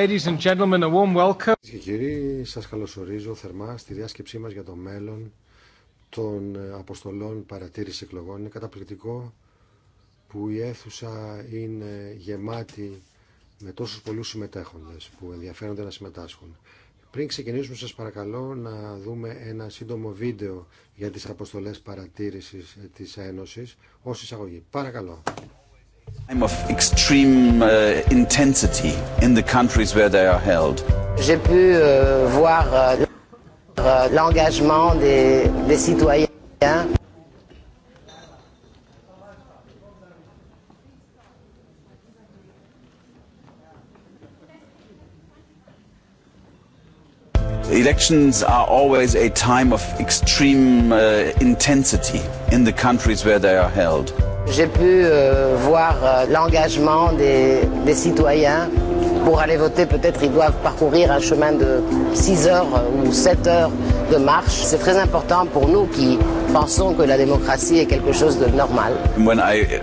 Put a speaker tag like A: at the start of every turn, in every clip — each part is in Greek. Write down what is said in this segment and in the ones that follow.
A: Ladies and gentlemen, a warm welcome. Και κύριοι, σας καλωσορίζω θερμά στη διάσκεψή μας για το μέλλον των ε, αποστολών παρατήρηση εκλογών. Είναι καταπληκτικό που η αίθουσα είναι γεμάτη με τόσους πολλούς συμμετέχοντες που ενδιαφέρονται να συμμετάσχουν. Πριν ξεκινήσουμε σας παρακαλώ να δούμε ένα σύντομο βίντεο για τις αποστολές παρατήρησης ε, της Ένωσης ως εισαγωγή. Παρακαλώ
B: of extreme intensity in the countries where they
C: J'ai pu euh, voir l'engagement des, des citoyens.
B: Elections are always a time of extreme intensity in the countries where they are held.
C: J'ai pu voir l'engagement des, des citoyens pour aller voter, peut-être ils doivent parcourir un chemin de 6 heures ou 7 heures de marche. C'est très important pour nous qui pensons que la démocratie est quelque chose de normal.
B: When I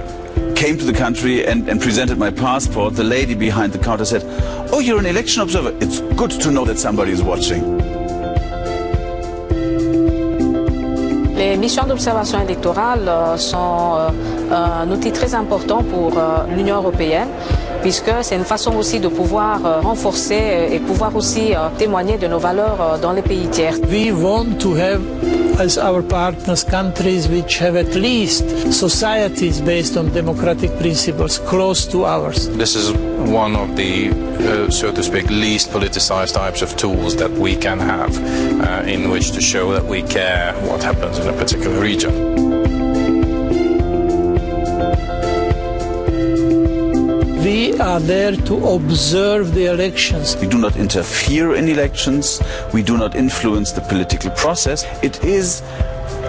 B: came to the country and, and presented my passport, the lady behind the counter said, "Oh, you're an election observer. It's good to know that somebody is watching."
D: Les missions d'observation électorale sont un outil très important pour l'Union européenne puisque c'est une façon aussi de pouvoir renforcer et pouvoir aussi témoigner de nos valeurs dans les pays tiers.
E: We want to have as our partners countries which have at least societies based on democratic principles close to ours.
F: This is one of the, uh, so to speak, least politicized types of tools that we can have uh, in which to show that we care what happens in a particular region. We are there
B: to observe the elections. We do not interfere in elections. We do not influence the political process. It is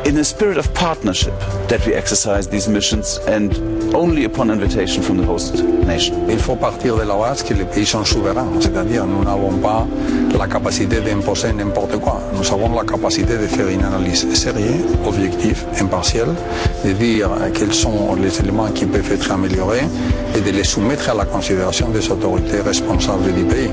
B: in a spirit of partnership that we exercise these missions and only upon invitation from the host nation. Il faut partir de la base que les pays sont souverains, c'est-à-dire nous n'avons pas la capacité d'imposer n'importe
E: quoi. Nous avons la capacité de faire une analyse sérieuse, objective, impartielle, de dire quels sont les éléments qui peuvent être améliorés et de les soumettre à la considération des
B: autorités responsables du pays.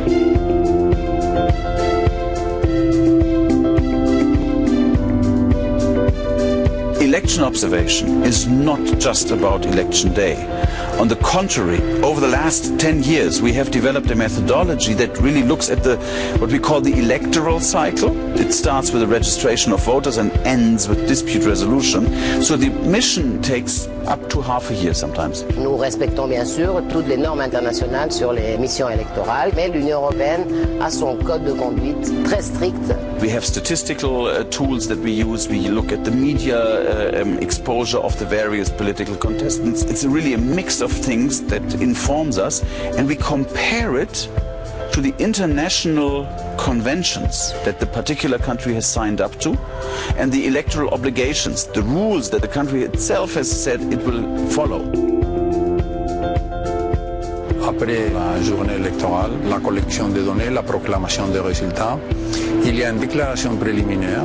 B: election observation is not just about election day. On the contrary, over the last 10 years, we have developed a methodology that really looks at the what we call the electoral cycle. It starts with the registration of voters and ends with dispute resolution. So the mission takes up to half a year sometimes.
C: Nous respectons bien sûr toutes les normes internationales sur les missions électorales, mais l'Union européenne a son code de conduite très strict We
B: have statistical tools that we use. We look at the media exposure of the various political contestants. It's really a mix of things that informs us, and we compare it to the international conventions that the particular country has signed up to and the electoral obligations, the rules that the country itself
F: has said it will follow après la journée électorale, la collection des données, la proclamation des résultats. Il y a une déclaration
E: préliminaire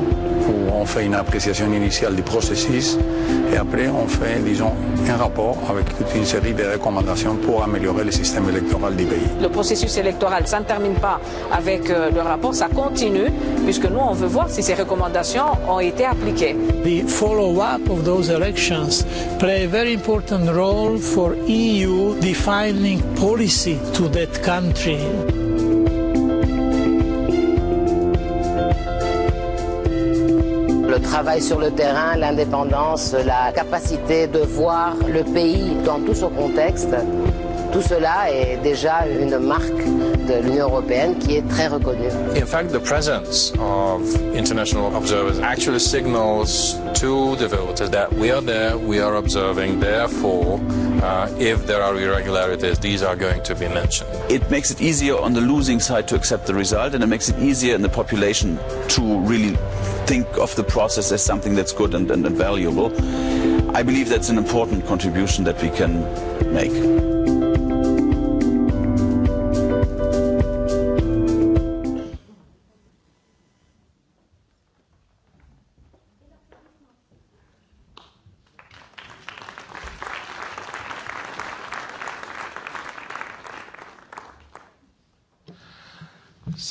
E: où on fait une appréciation initiale du processus et après on fait, disons, un rapport avec toute une série de recommandations pour améliorer le système électoral du
D: pays. Le processus électoral, ça ne termine pas avec le rapport, ça continue puisque nous on veut voir si ces recommandations ont été appliquées.
E: The follow-up of those elections play a very important role for EU defining policy to
C: that country. travail sur le terrain, l'indépendance, la capacité de voir le pays dans tout son contexte, tout cela est déjà une marque de l'Union européenne qui est très reconnue.
F: In fact, the presence of international observers actually signals to the voters that we are there, we are observing, therefore, uh, if there are irregularities, these are going to be mentioned.
B: It makes it easier on the losing side to accept the result, and it makes it easier in the population to really think of the process as something that's good and, and, and valuable. I believe that's an important contribution that we can
F: make.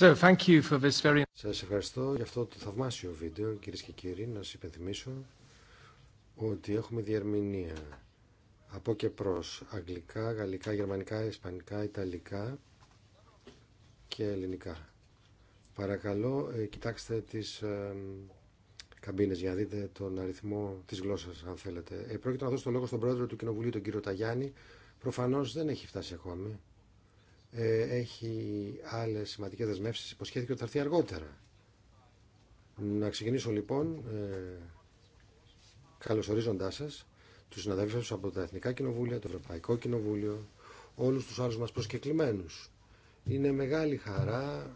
A: Σας ευχαριστώ για αυτό το θαυμάσιο βίντεο, κύριε και κύριοι. Να σας υπενθυμίσω ότι έχουμε διερμηνία από και προς αγγλικά, γαλλικά, γερμανικά, ισπανικά, ιταλικά και ελληνικά. Παρακαλώ, ε, κοιτάξτε τις ε, καμπίνες για να δείτε τον αριθμό της γλώσσας, αν θέλετε. Ε, πρόκειται να δώσω το λόγο στον πρόεδρο του Κοινοβουλίου, τον κύριο Ταγιάννη. Προφανώς δεν έχει φτάσει ακόμη. Ε, έχει άλλες σημαντικές δεσμεύσεις, υποσχέθηκε ότι θα έρθει αργότερα. Να ξεκινήσω λοιπόν ε, καλωσορίζοντάς σας τους συναδέλφους από τα Εθνικά Κοινοβούλια, το Ευρωπαϊκό Κοινοβούλιο, όλους τους άλλους μας προσκεκλημένους. Είναι μεγάλη χαρά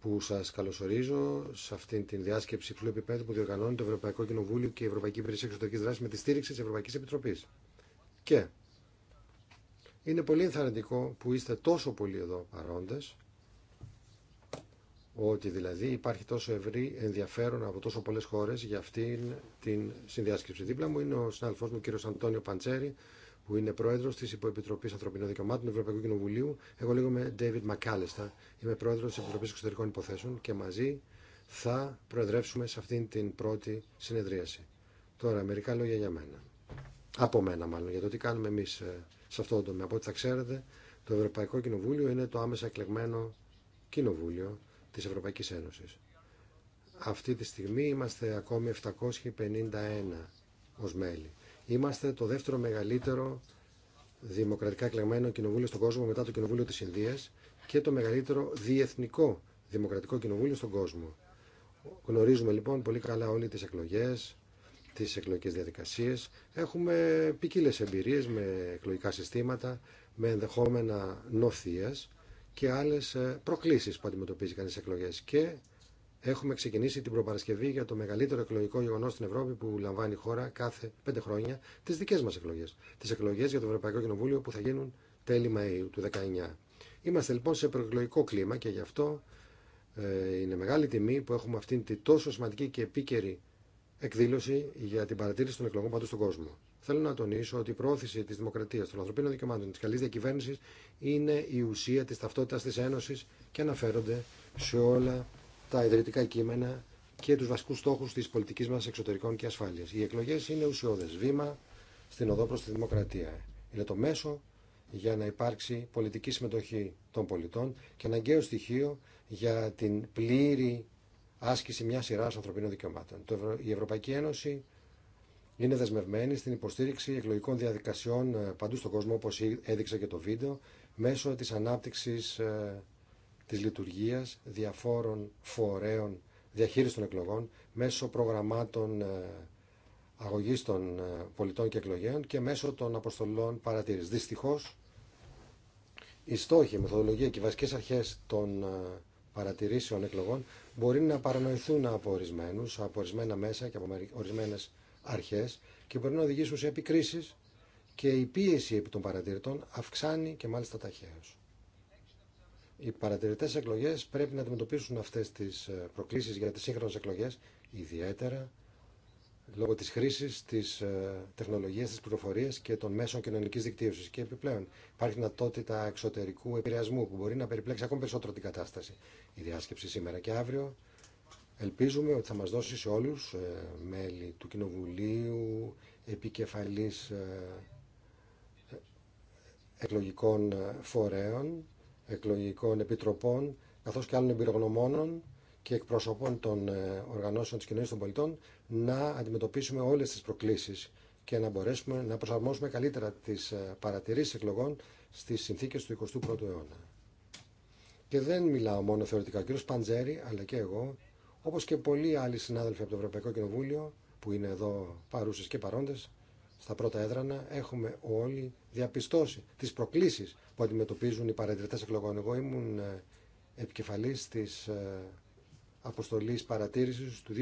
A: που σας καλωσορίζω σε αυτήν την διάσκεψη υψηλού επίπεδου που διοργανώνει το Ευρωπαϊκό Κοινοβούλιο και η Ευρωπαϊκή Υπηρεσία Εξωτερική Δράση με τη στήριξη τη Ευρωπαϊκής Επιτροπής. Και είναι πολύ ενθαρρυντικό που είστε τόσο πολύ εδώ παρόντες, ότι δηλαδή υπάρχει τόσο ευρύ ενδιαφέρον από τόσο πολλές χώρες για αυτήν την συνδιάσκεψη. Δίπλα μου είναι ο συνάδελφός μου κύριος Αντώνιο Παντσέρη, που είναι πρόεδρος της Υποεπιτροπής Ανθρωπινών Δικαιωμάτων του Ευρωπαϊκού Κοινοβουλίου. Εγώ λέγομαι David McAllister. είμαι πρόεδρος της Επιτροπής Εξωτερικών Υποθέσεων και μαζί θα προεδρεύσουμε σε αυτήν την πρώτη συνεδρίαση. Τώρα, μερικά λόγια για μένα. Από μένα μάλλον, για το τι κάνουμε εμείς ε, σε αυτό το τομέα. Από ό,τι θα ξέρετε, το Ευρωπαϊκό Κοινοβούλιο είναι το άμεσα εκλεγμένο κοινοβούλιο της Ευρωπαϊκής Ένωσης. Αυτή τη στιγμή είμαστε ακόμη 751 ως μέλη. Είμαστε το δεύτερο μεγαλύτερο δημοκρατικά εκλεγμένο κοινοβούλιο στον κόσμο μετά το Κοινοβούλιο της Ινδίας και το μεγαλύτερο διεθνικό δημοκρατικό κοινοβούλιο στον κόσμο. Γνωρίζουμε λοιπόν πολύ καλά όλοι τις εκλογές, τις εκλογικές διαδικασίες. Έχουμε ποικίλε εμπειρίες με εκλογικά συστήματα, με ενδεχόμενα νοθείας και άλλες ε, προκλήσεις που αντιμετωπίζει κανείς εκλογές. Και έχουμε ξεκινήσει την προπαρασκευή για το μεγαλύτερο εκλογικό γεγονός στην Ευρώπη που λαμβάνει η χώρα κάθε πέντε χρόνια, τις δικές μας εκλογές. Τις εκλογές για το Ευρωπαϊκό Κοινοβούλιο που θα γίνουν τέλη Μαΐου του 19. Είμαστε λοιπόν σε προεκλογικό κλίμα και γι' αυτό ε, είναι μεγάλη τιμή που έχουμε αυτήν τη τόσο σημαντική και επίκαιρη εκδήλωση για την παρατήρηση των εκλογών παντού στον κόσμο. Θέλω να τονίσω ότι η πρόθεση τη δημοκρατία, των ανθρωπίνων δικαιωμάτων, τη καλή διακυβέρνηση είναι η ουσία τη ταυτότητα τη Ένωση και αναφέρονται σε όλα τα ιδρυτικά κείμενα και του βασικού στόχου τη πολιτική μα εξωτερικών και ασφάλεια. Οι εκλογέ είναι ουσιώδε βήμα στην οδό προ τη δημοκρατία. Είναι το μέσο για να υπάρξει πολιτική συμμετοχή των πολιτών και αναγκαίο στοιχείο για την πλήρη άσκηση μια σειρά ανθρωπίνων δικαιωμάτων. Η Ευρωπαϊκή Ένωση είναι δεσμευμένη στην υποστήριξη εκλογικών διαδικασιών ε, παντού στον κόσμο, όπω έδειξε και το βίντεο, μέσω τη ανάπτυξη ε, τη λειτουργία διαφόρων φορέων διαχείριση των εκλογών, μέσω προγραμμάτων ε, αγωγή των πολιτών και εκλογέων και μέσω των αποστολών παρατήρηση. Δυστυχώ, η στόχη, η μεθοδολογία και οι βασικέ αρχέ των παρατηρήσεων εκλογών μπορεί να παρανοηθούν από ορισμένου, από ορισμένα μέσα και από ορισμένε αρχέ και μπορεί να οδηγήσουν σε επικρίσει και η πίεση επί των παρατηρητών αυξάνει και μάλιστα ταχαίω. Οι παρατηρητέ εκλογέ πρέπει να αντιμετωπίσουν αυτέ τι ε, προκλήσει για τι σύγχρονε εκλογέ, ιδιαίτερα λόγω της χρήσης της ε, τεχνολογίας, της πληροφορίας και των μέσων κοινωνικής δικτύωσης. Και επιπλέον υπάρχει δυνατότητα εξωτερικού επηρεασμού που μπορεί να περιπλέξει ακόμη περισσότερο την κατάσταση. Η διάσκεψη σήμερα και αύριο ελπίζουμε ότι θα μας δώσει σε όλους ε, μέλη του Κοινοβουλίου, επικεφαλής ε, εκλογικών φορέων, εκλογικών επιτροπών, καθώς και άλλων εμπειρογνωμόνων και εκπροσωπών των ε, οργανώσεων τη κοινωνία των πολιτών να αντιμετωπίσουμε όλε τι προκλήσει και να μπορέσουμε να προσαρμόσουμε καλύτερα τι ε, παρατηρήσει εκλογών στι συνθήκε του 21ου αιώνα. Και δεν μιλάω μόνο θεωρητικά. Ο κ. Παντζέρη, αλλά και εγώ, όπω και πολλοί άλλοι συνάδελφοι από το Ευρωπαϊκό Κοινοβούλιο, που είναι εδώ παρούσε και παρόντε, στα πρώτα έδρανα, έχουμε όλοι διαπιστώσει τι προκλήσει που αντιμετωπίζουν οι παρατηρητέ εκλογών. Εγώ ήμουν ε, επικεφαλή τη Αποστολή παρατήρησης του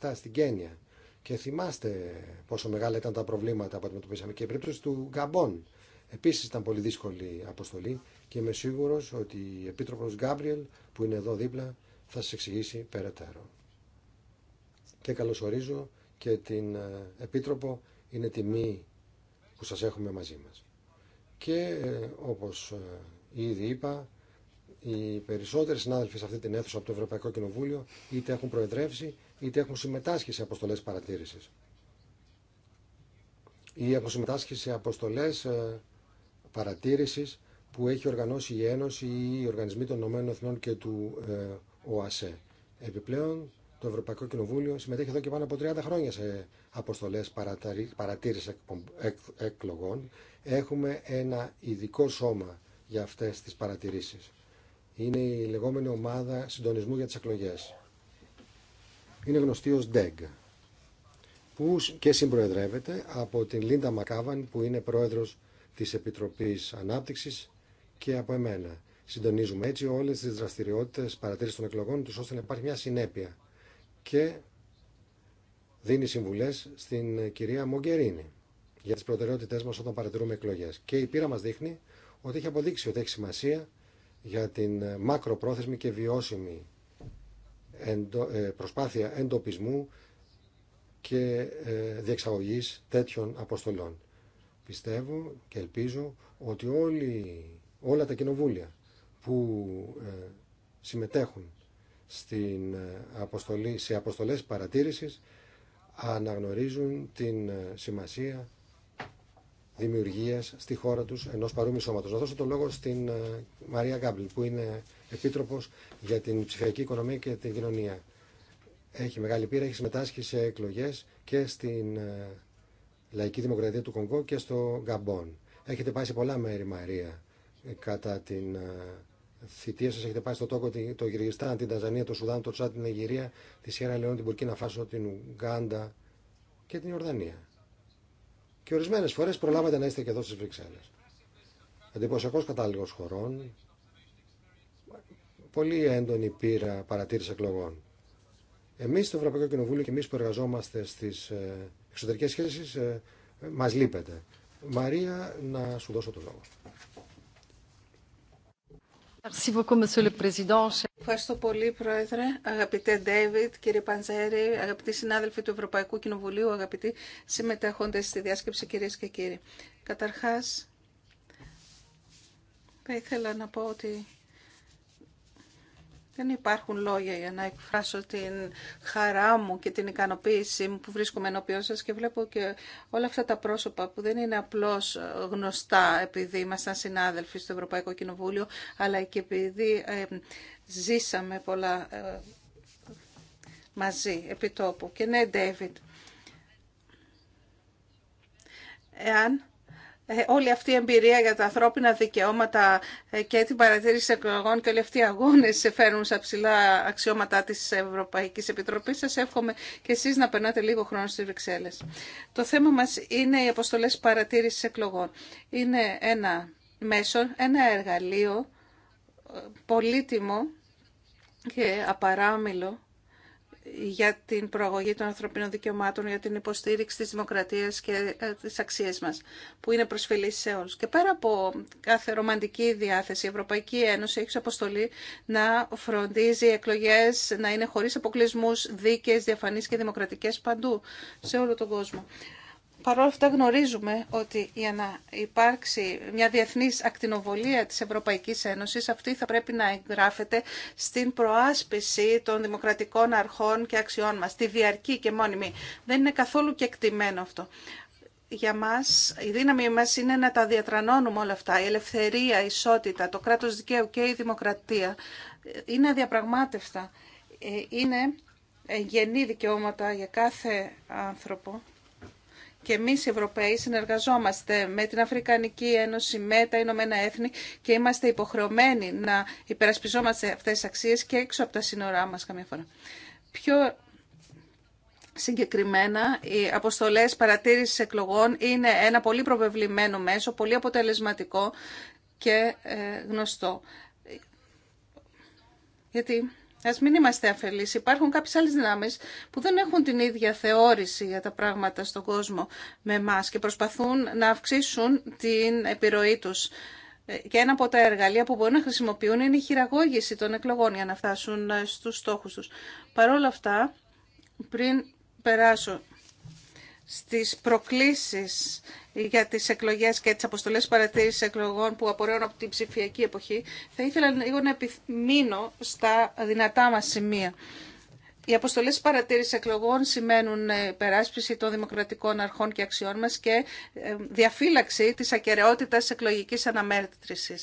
A: 2017 στην Κένια. Και θυμάστε πόσο μεγάλα ήταν τα προβλήματα που αντιμετωπίσαμε. Και η περίπτωση του Γκαμπών επίση ήταν πολύ δύσκολη αποστολή και είμαι σίγουρο ότι η Επίτροπο Γκάμπριελ που είναι εδώ δίπλα θα σα εξηγήσει περαιτέρω. Και καλωσορίζω και την ε, Επίτροπο. Είναι τιμή που σας έχουμε μαζί μας. Και ε, όπως ε, ήδη είπα, οι περισσότεροι συνάδελφοι σε αυτή την αίθουσα από το Ευρωπαϊκό Κοινοβούλιο είτε έχουν προεδρεύσει είτε έχουν συμμετάσχει σε αποστολέ παρατήρηση ή έχουν συμμετάσχει σε αποστολέ ε, παρατήρηση που έχει οργανώσει η Ένωση ή οι οργανισμοί των Ηνωμένων και του ε, ΟΑΣΕ. Επιπλέον, το Ευρωπαϊκό Κοινοβούλιο συμμετέχει εδώ και πάνω από 30 χρόνια σε αποστολέ παρατήρηση εκλογών. Έχουμε ένα ειδικό σώμα για αυτές τις παρατηρήσεις. Είναι η λεγόμενη ομάδα συντονισμού για τις εκλογές. Είναι γνωστή ως DEG που και συμπροεδρεύεται από την Λίντα Μακάβαν που είναι πρόεδρος της Επιτροπής Ανάπτυξης και από εμένα. Συντονίζουμε έτσι όλες τις δραστηριότητες παρατήρησης των εκλογών τους ώστε να υπάρχει μια συνέπεια και δίνει συμβουλές στην κυρία Μογκερίνη για τις προτεραιότητές μας όταν παρατηρούμε εκλογές. Και η πείρα μας δείχνει ότι έχει αποδείξει ότι έχει σημασία για την ε, μακροπρόθεσμη και βιώσιμη ε, προσπάθεια εντοπισμού και ε, διεξαγωγής τέτοιων αποστολών. Πιστεύω και ελπίζω ότι όλοι, όλα τα κοινοβούλια που συμμετέχουν στην σε αποστολές παρατήρησης αναγνωρίζουν την σημασία Δημιουργία στη χώρα του ενό παρόμοιου σώματος. Να δώσω το λόγο στην ε, Μαρία Γκάμπλ που είναι επίτροπο για την ψηφιακή οικονομία και την κοινωνία. Έχει μεγάλη πείρα, έχει συμμετάσχει σε εκλογέ και στην ε, Λαϊκή Δημοκρατία του Κονγκό και στο Γκαμπόν. Έχετε πάει σε πολλά μέρη Μαρία κατά την ε, θητεία σα. Έχετε πάει στο Τόκο, το Γυργιστάν, την Τανζανία, το Σουδάν, το Τσάτ, την Αιγυρία, τη Σιέρα Λεόν, την Μπουρκίνα Φάσο, την Ουγγάντα και την Ιορδανία. Και ορισμένε φορές προλάβατε να είστε και εδώ στι Βρυξέλλε. Εντυπωσιακός κατάλληλο χωρών, πολύ έντονη πείρα παρατήρηση εκλογών. Εμείς στο Ευρωπαϊκό Κοινοβούλιο και εμείς που εργαζόμαστε στις ε, εξωτερικές σχέσεις ε, ε, μας λείπετε. Μαρία, να σου δώσω το λόγο.
D: Ευχαριστώ πολύ, Πρόεδρε. Αγαπητέ Ντέιβιτ, κύριε Παντζέρη, αγαπητοί συνάδελφοι του Ευρωπαϊκού Κοινοβουλίου, αγαπητοί συμμετέχοντες στη διάσκεψη, κυρίες και κύριοι. Καταρχάς, θα ήθελα να πω ότι δεν υπάρχουν λόγια για να εκφράσω την χαρά μου και την ικανοποίησή μου που βρίσκομαι ενώπιόν σας και βλέπω και όλα αυτά τα πρόσωπα που δεν είναι απλώς γνωστά επειδή ήμασταν συνάδελφοι στο Ευρωπαϊκό Κοινοβούλιο αλλά και επειδή ε, ζήσαμε πολλά ε, μαζί επί τόπου. Και ναι, Ντέιβιτ, εάν ε, όλη αυτή η εμπειρία για τα ανθρώπινα δικαιώματα ε, και την παρατήρηση εκλογών και όλοι αυτοί οι αγώνες σε φέρουν στα ψηλά αξιώματα της Ευρωπαϊκής Επιτροπής, σας εύχομαι και εσείς να περνάτε λίγο χρόνο στις Βρυξέλλες. Το θέμα μας είναι οι αποστολές παρατήρησης εκλογών. Είναι ένα μέσο, ένα εργαλείο ε, πολύτιμο και απαράμιλο για την προαγωγή των ανθρωπίνων δικαιωμάτων, για την υποστήριξη της δημοκρατίας και ε, της αξίας μας, που είναι προσφυλής σε όλους. Και πέρα από κάθε ρομαντική διάθεση, η Ευρωπαϊκή Ένωση έχει αποστολή να φροντίζει εκλογές να είναι χωρίς αποκλεισμούς δίκαιες, διαφανείς και δημοκρατικές παντού, σε όλο τον κόσμο. Παρ' αυτά γνωρίζουμε ότι για να υπάρξει μια διεθνής ακτινοβολία της Ευρωπαϊκής Ένωσης, αυτή θα πρέπει να εγγράφεται στην προάσπιση των δημοκρατικών αρχών και αξιών μας, τη διαρκή και μόνιμη. Δεν είναι καθόλου και εκτιμένο αυτό. Για μας, η δύναμη μας είναι να τα διατρανώνουμε όλα αυτά. Η ελευθερία, η ισότητα, το κράτος δικαίου και η δημοκρατία είναι αδιαπραγμάτευτα. Ε, είναι γενή δικαιώματα για κάθε άνθρωπο και εμεί οι Ευρωπαίοι συνεργαζόμαστε με την Αφρικανική Ένωση, με τα Ηνωμένα Έθνη και είμαστε υποχρεωμένοι να υπερασπιζόμαστε αυτές τις αξίες και έξω από τα σύνορά μας καμιά φορά. Πιο συγκεκριμένα οι αποστολέ παρατήρησης εκλογών είναι ένα πολύ προβεβλημένο μέσο, πολύ αποτελεσματικό και ε, γνωστό. Γιατί Α μην είμαστε αφελεί. Υπάρχουν κάποιε άλλε δυνάμει που δεν έχουν την ίδια θεώρηση για τα πράγματα στον κόσμο με εμά και προσπαθούν να αυξήσουν την επιρροή του. Και ένα από τα εργαλεία που μπορούν να χρησιμοποιούν είναι η χειραγώγηση των εκλογών για να φτάσουν στου στόχου του. Παρ' όλα αυτά, πριν περάσω στις προκλήσεις για τις εκλογές και τις αποστολές παρατήρησης εκλογών που απορρέουν από την ψηφιακή εποχή, θα ήθελα λίγο να επιμείνω στα δυνατά μας σημεία. Οι αποστολέ παρατήρηση εκλογών σημαίνουν ε, περάσπιση των δημοκρατικών αρχών και αξιών μα και ε, διαφύλαξη τη ακαιρεότητα εκλογική αναμέτρηση.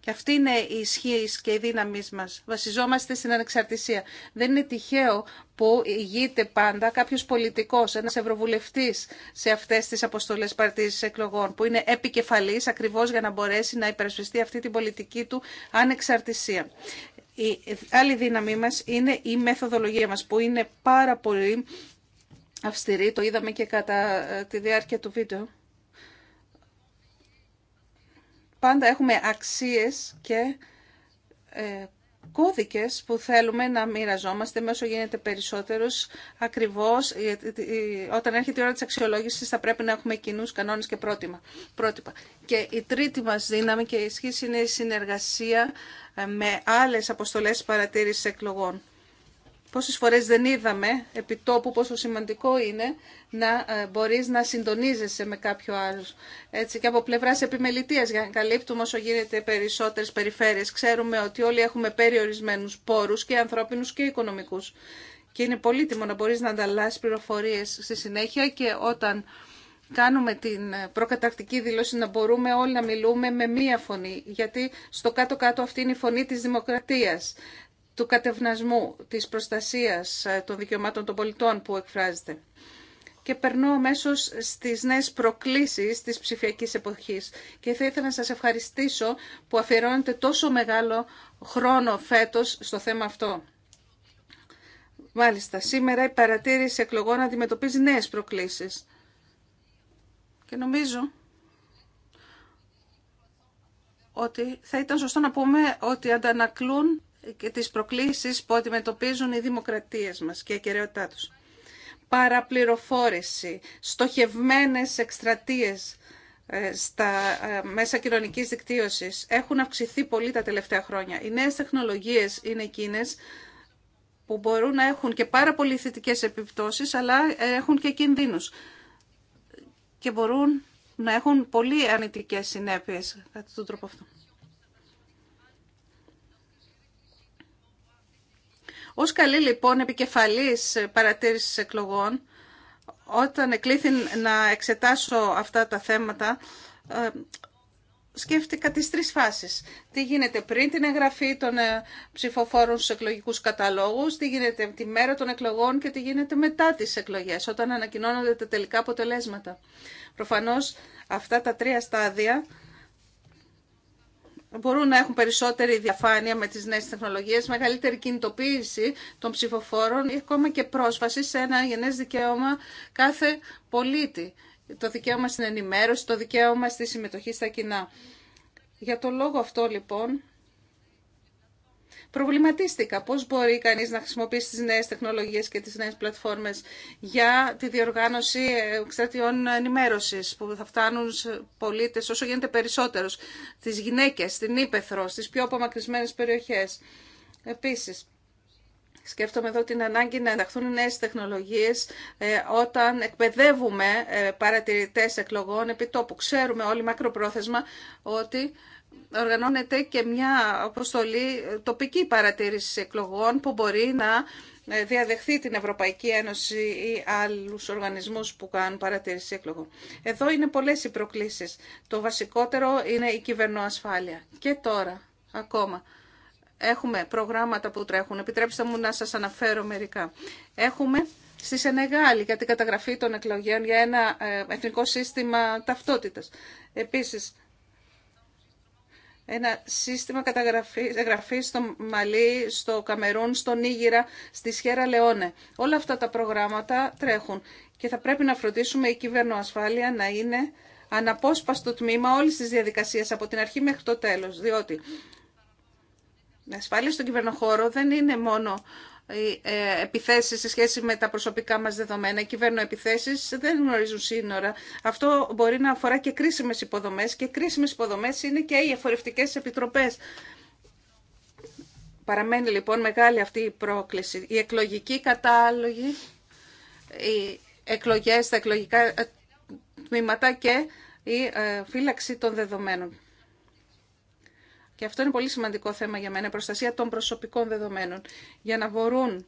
D: Και αυτή είναι η ισχύ και η δύναμή μα. Βασιζόμαστε στην ανεξαρτησία. Δεν είναι τυχαίο που ηγείται πάντα κάποιο πολιτικό, ένα ευρωβουλευτή σε αυτέ τι αποστολέ παρατήρηση εκλογών, που είναι επικεφαλή, ακριβώ για να μπορέσει να υπερασπιστεί αυτή την πολιτική του ανεξαρτησία. Η άλλη δύναμή μας είναι η μεθοδολογία μας που είναι πάρα πολύ αυστηρή. Το είδαμε και κατά ε, τη διάρκεια του βίντεο. Πάντα έχουμε αξίες και ε, κώδικες που θέλουμε να μοιραζόμαστε με όσο γίνεται περισσότερος ακριβώς ε, όταν έρχεται η ώρα της αξιολόγησης θα πρέπει να έχουμε κοινού κανόνες και πρότυπα. Και η τρίτη μας δύναμη και είναι η συνεργασία με άλλες αποστολές παρατήρησης εκλογών. Πόσες φορές δεν είδαμε επί τόπου πόσο σημαντικό είναι να ε, μπορείς να συντονίζεσαι με κάποιο άλλο. Έτσι και από πλευράς επιμελητίας για να καλύπτουμε όσο γίνεται περισσότερες περιφέρειες. Ξέρουμε ότι όλοι έχουμε περιορισμένους πόρους και ανθρώπινους και οικονομικούς. Και είναι πολύτιμο να μπορείς να ανταλλάσσεις πληροφορίες στη συνέχεια και όταν κάνουμε την προκαταρκτική δήλωση να μπορούμε όλοι να μιλούμε με μία φωνή, γιατί στο κάτω-κάτω αυτή είναι η φωνή της δημοκρατίας, του κατευνασμού, της προστασίας ε, των δικαιωμάτων των πολιτών που εκφράζεται. Και περνώ αμέσω στις νέες προκλήσεις της ψηφιακής εποχής. Και θα ήθελα να σας ευχαριστήσω που αφιερώνετε τόσο μεγάλο χρόνο φέτος στο θέμα αυτό. Μάλιστα, σήμερα η παρατήρηση εκλογών αντιμετωπίζει νέες προκλήσεις και νομίζω ότι θα ήταν σωστό να πούμε ότι αντανακλούν και τις προκλήσεις που αντιμετωπίζουν οι δημοκρατίες μας και η κυριότητά τους. Παραπληροφόρηση, στοχευμένες εκστρατείες ε, στα ε, μέσα κοινωνικής δικτύωσης έχουν αυξηθεί πολύ τα τελευταία χρόνια. Οι νέες τεχνολογίες είναι εκείνες που μπορούν να έχουν και πάρα πολύ θετικές επιπτώσεις, αλλά έχουν και κινδύνους και μπορούν να έχουν πολύ αρνητικές συνέπειες κατά τον τρόπο αυτό. Ως καλή λοιπόν επικεφαλής παρατήρησης εκλογών, όταν εκλήθη να εξετάσω αυτά τα θέματα, ε, σκέφτηκα τις τρεις φάσεις. Τι γίνεται πριν την εγγραφή των ε, ψηφοφόρων στους εκλογικούς καταλόγους, τι γίνεται τη μέρα των εκλογών και τι γίνεται μετά τις εκλογές, όταν ανακοινώνονται τα τελικά αποτελέσματα. Προφανώς αυτά τα τρία στάδια μπορούν να έχουν περισσότερη διαφάνεια με τις νέες τεχνολογίες, μεγαλύτερη κινητοποίηση των ψηφοφόρων ή ακόμα και πρόσβαση σε ένα γενές δικαίωμα κάθε πολίτη το δικαίωμα στην ενημέρωση, το δικαίωμα στη συμμετοχή στα κοινά. Για τον λόγο αυτό λοιπόν προβληματίστηκα πώς μπορεί κανείς να χρησιμοποιήσει τις νέες τεχνολογίες και τις νέες πλατφόρμες για τη διοργάνωση εξτρατιών ενημέρωσης που θα φτάνουν σε πολίτες όσο γίνεται περισσότερος, τις γυναίκες, στην Ήπεθρο, στις πιο απομακρυσμένες περιοχές. Επίσης, Σκέφτομαι εδώ την ανάγκη να ενταχθούν νέες τεχνολογίες ε, όταν εκπαιδεύουμε ε, παρατηρητές εκλογών επί τόπου. Ξέρουμε όλοι μακροπρόθεσμα ότι οργανώνεται και μια αποστολή ε, τοπική παρατήρηση εκλογών που μπορεί να διαδεχθεί την Ευρωπαϊκή Ένωση ή άλλους οργανισμούς που κάνουν παρατήρηση εκλογών. Εδώ είναι πολλές οι προκλήσεις. Το βασικότερο είναι η κυβερνοασφάλεια. Και τώρα ακόμα. Έχουμε προγράμματα που τρέχουν. Επιτρέψτε μου να σα αναφέρω μερικά. Έχουμε στη Σενεγάλη για την καταγραφή των εκλογέων για ένα ε, εθνικό σύστημα ταυτότητας. Επίσης, ένα σύστημα καταγραφής στο Μαλί, στο Καμερούν, στο Νίγηρα, στη Σιέρα Λεόνε. Όλα αυτά τα προγράμματα τρέχουν και θα πρέπει να φροντίσουμε η κυβερνοασφάλεια να είναι αναπόσπαστο τμήμα όλης της διαδικασίας από την αρχή μέχρι το τέλος, διότι η ασφάλεια στον κυβερνοχώρο δεν είναι μόνο οι ε, επιθέσεις σε σχέση με τα προσωπικά μας δεδομένα. Οι κυβερνοεπιθέσεις δεν γνωρίζουν σύνορα. Αυτό μπορεί να αφορά και κρίσιμες υποδομές και κρίσιμες υποδομές είναι και οι εφορευτικές επιτροπές. Παραμένει λοιπόν μεγάλη αυτή η πρόκληση. Η εκλογική κατάλογη, οι εκλογές, τα εκλογικά τμήματα και η ε, φύλαξη των δεδομένων και αυτό είναι πολύ σημαντικό θέμα για μένα, προστασία των προσωπικών δεδομένων, για να μπορούν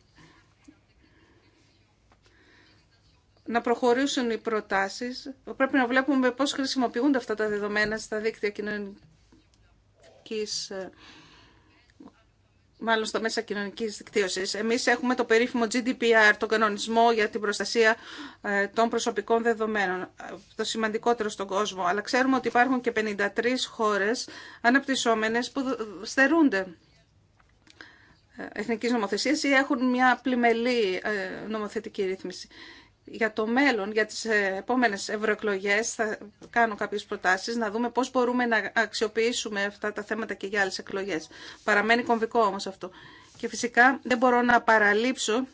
D: να προχωρήσουν οι προτάσεις. Πρέπει να βλέπουμε πώς χρησιμοποιούνται αυτά τα δεδομένα στα δίκτυα κοινωνικής ε, μάλλον στα μέσα κοινωνικής δικτύωσης. Εμείς έχουμε το περίφημο GDPR, τον κανονισμό για την προστασία ε, των προσωπικών δεδομένων, το σημαντικότερο στον κόσμο. Αλλά ξέρουμε ότι υπάρχουν και 53 χώρες αναπτυσσόμενες που στερούνται ε, εθνικής νομοθεσίας ή έχουν μια πλημελή ε, νομοθετική ρύθμιση για το μέλλον, για τις ε, επόμενες ευρωεκλογέ θα κάνω κάποιες προτάσεις, να δούμε πώς μπορούμε να αξιοποιήσουμε αυτά τα θέματα και για άλλες εκλογές. Παραμένει κομβικό όμως αυτό. Και φυσικά δεν μπορώ να παραλείψω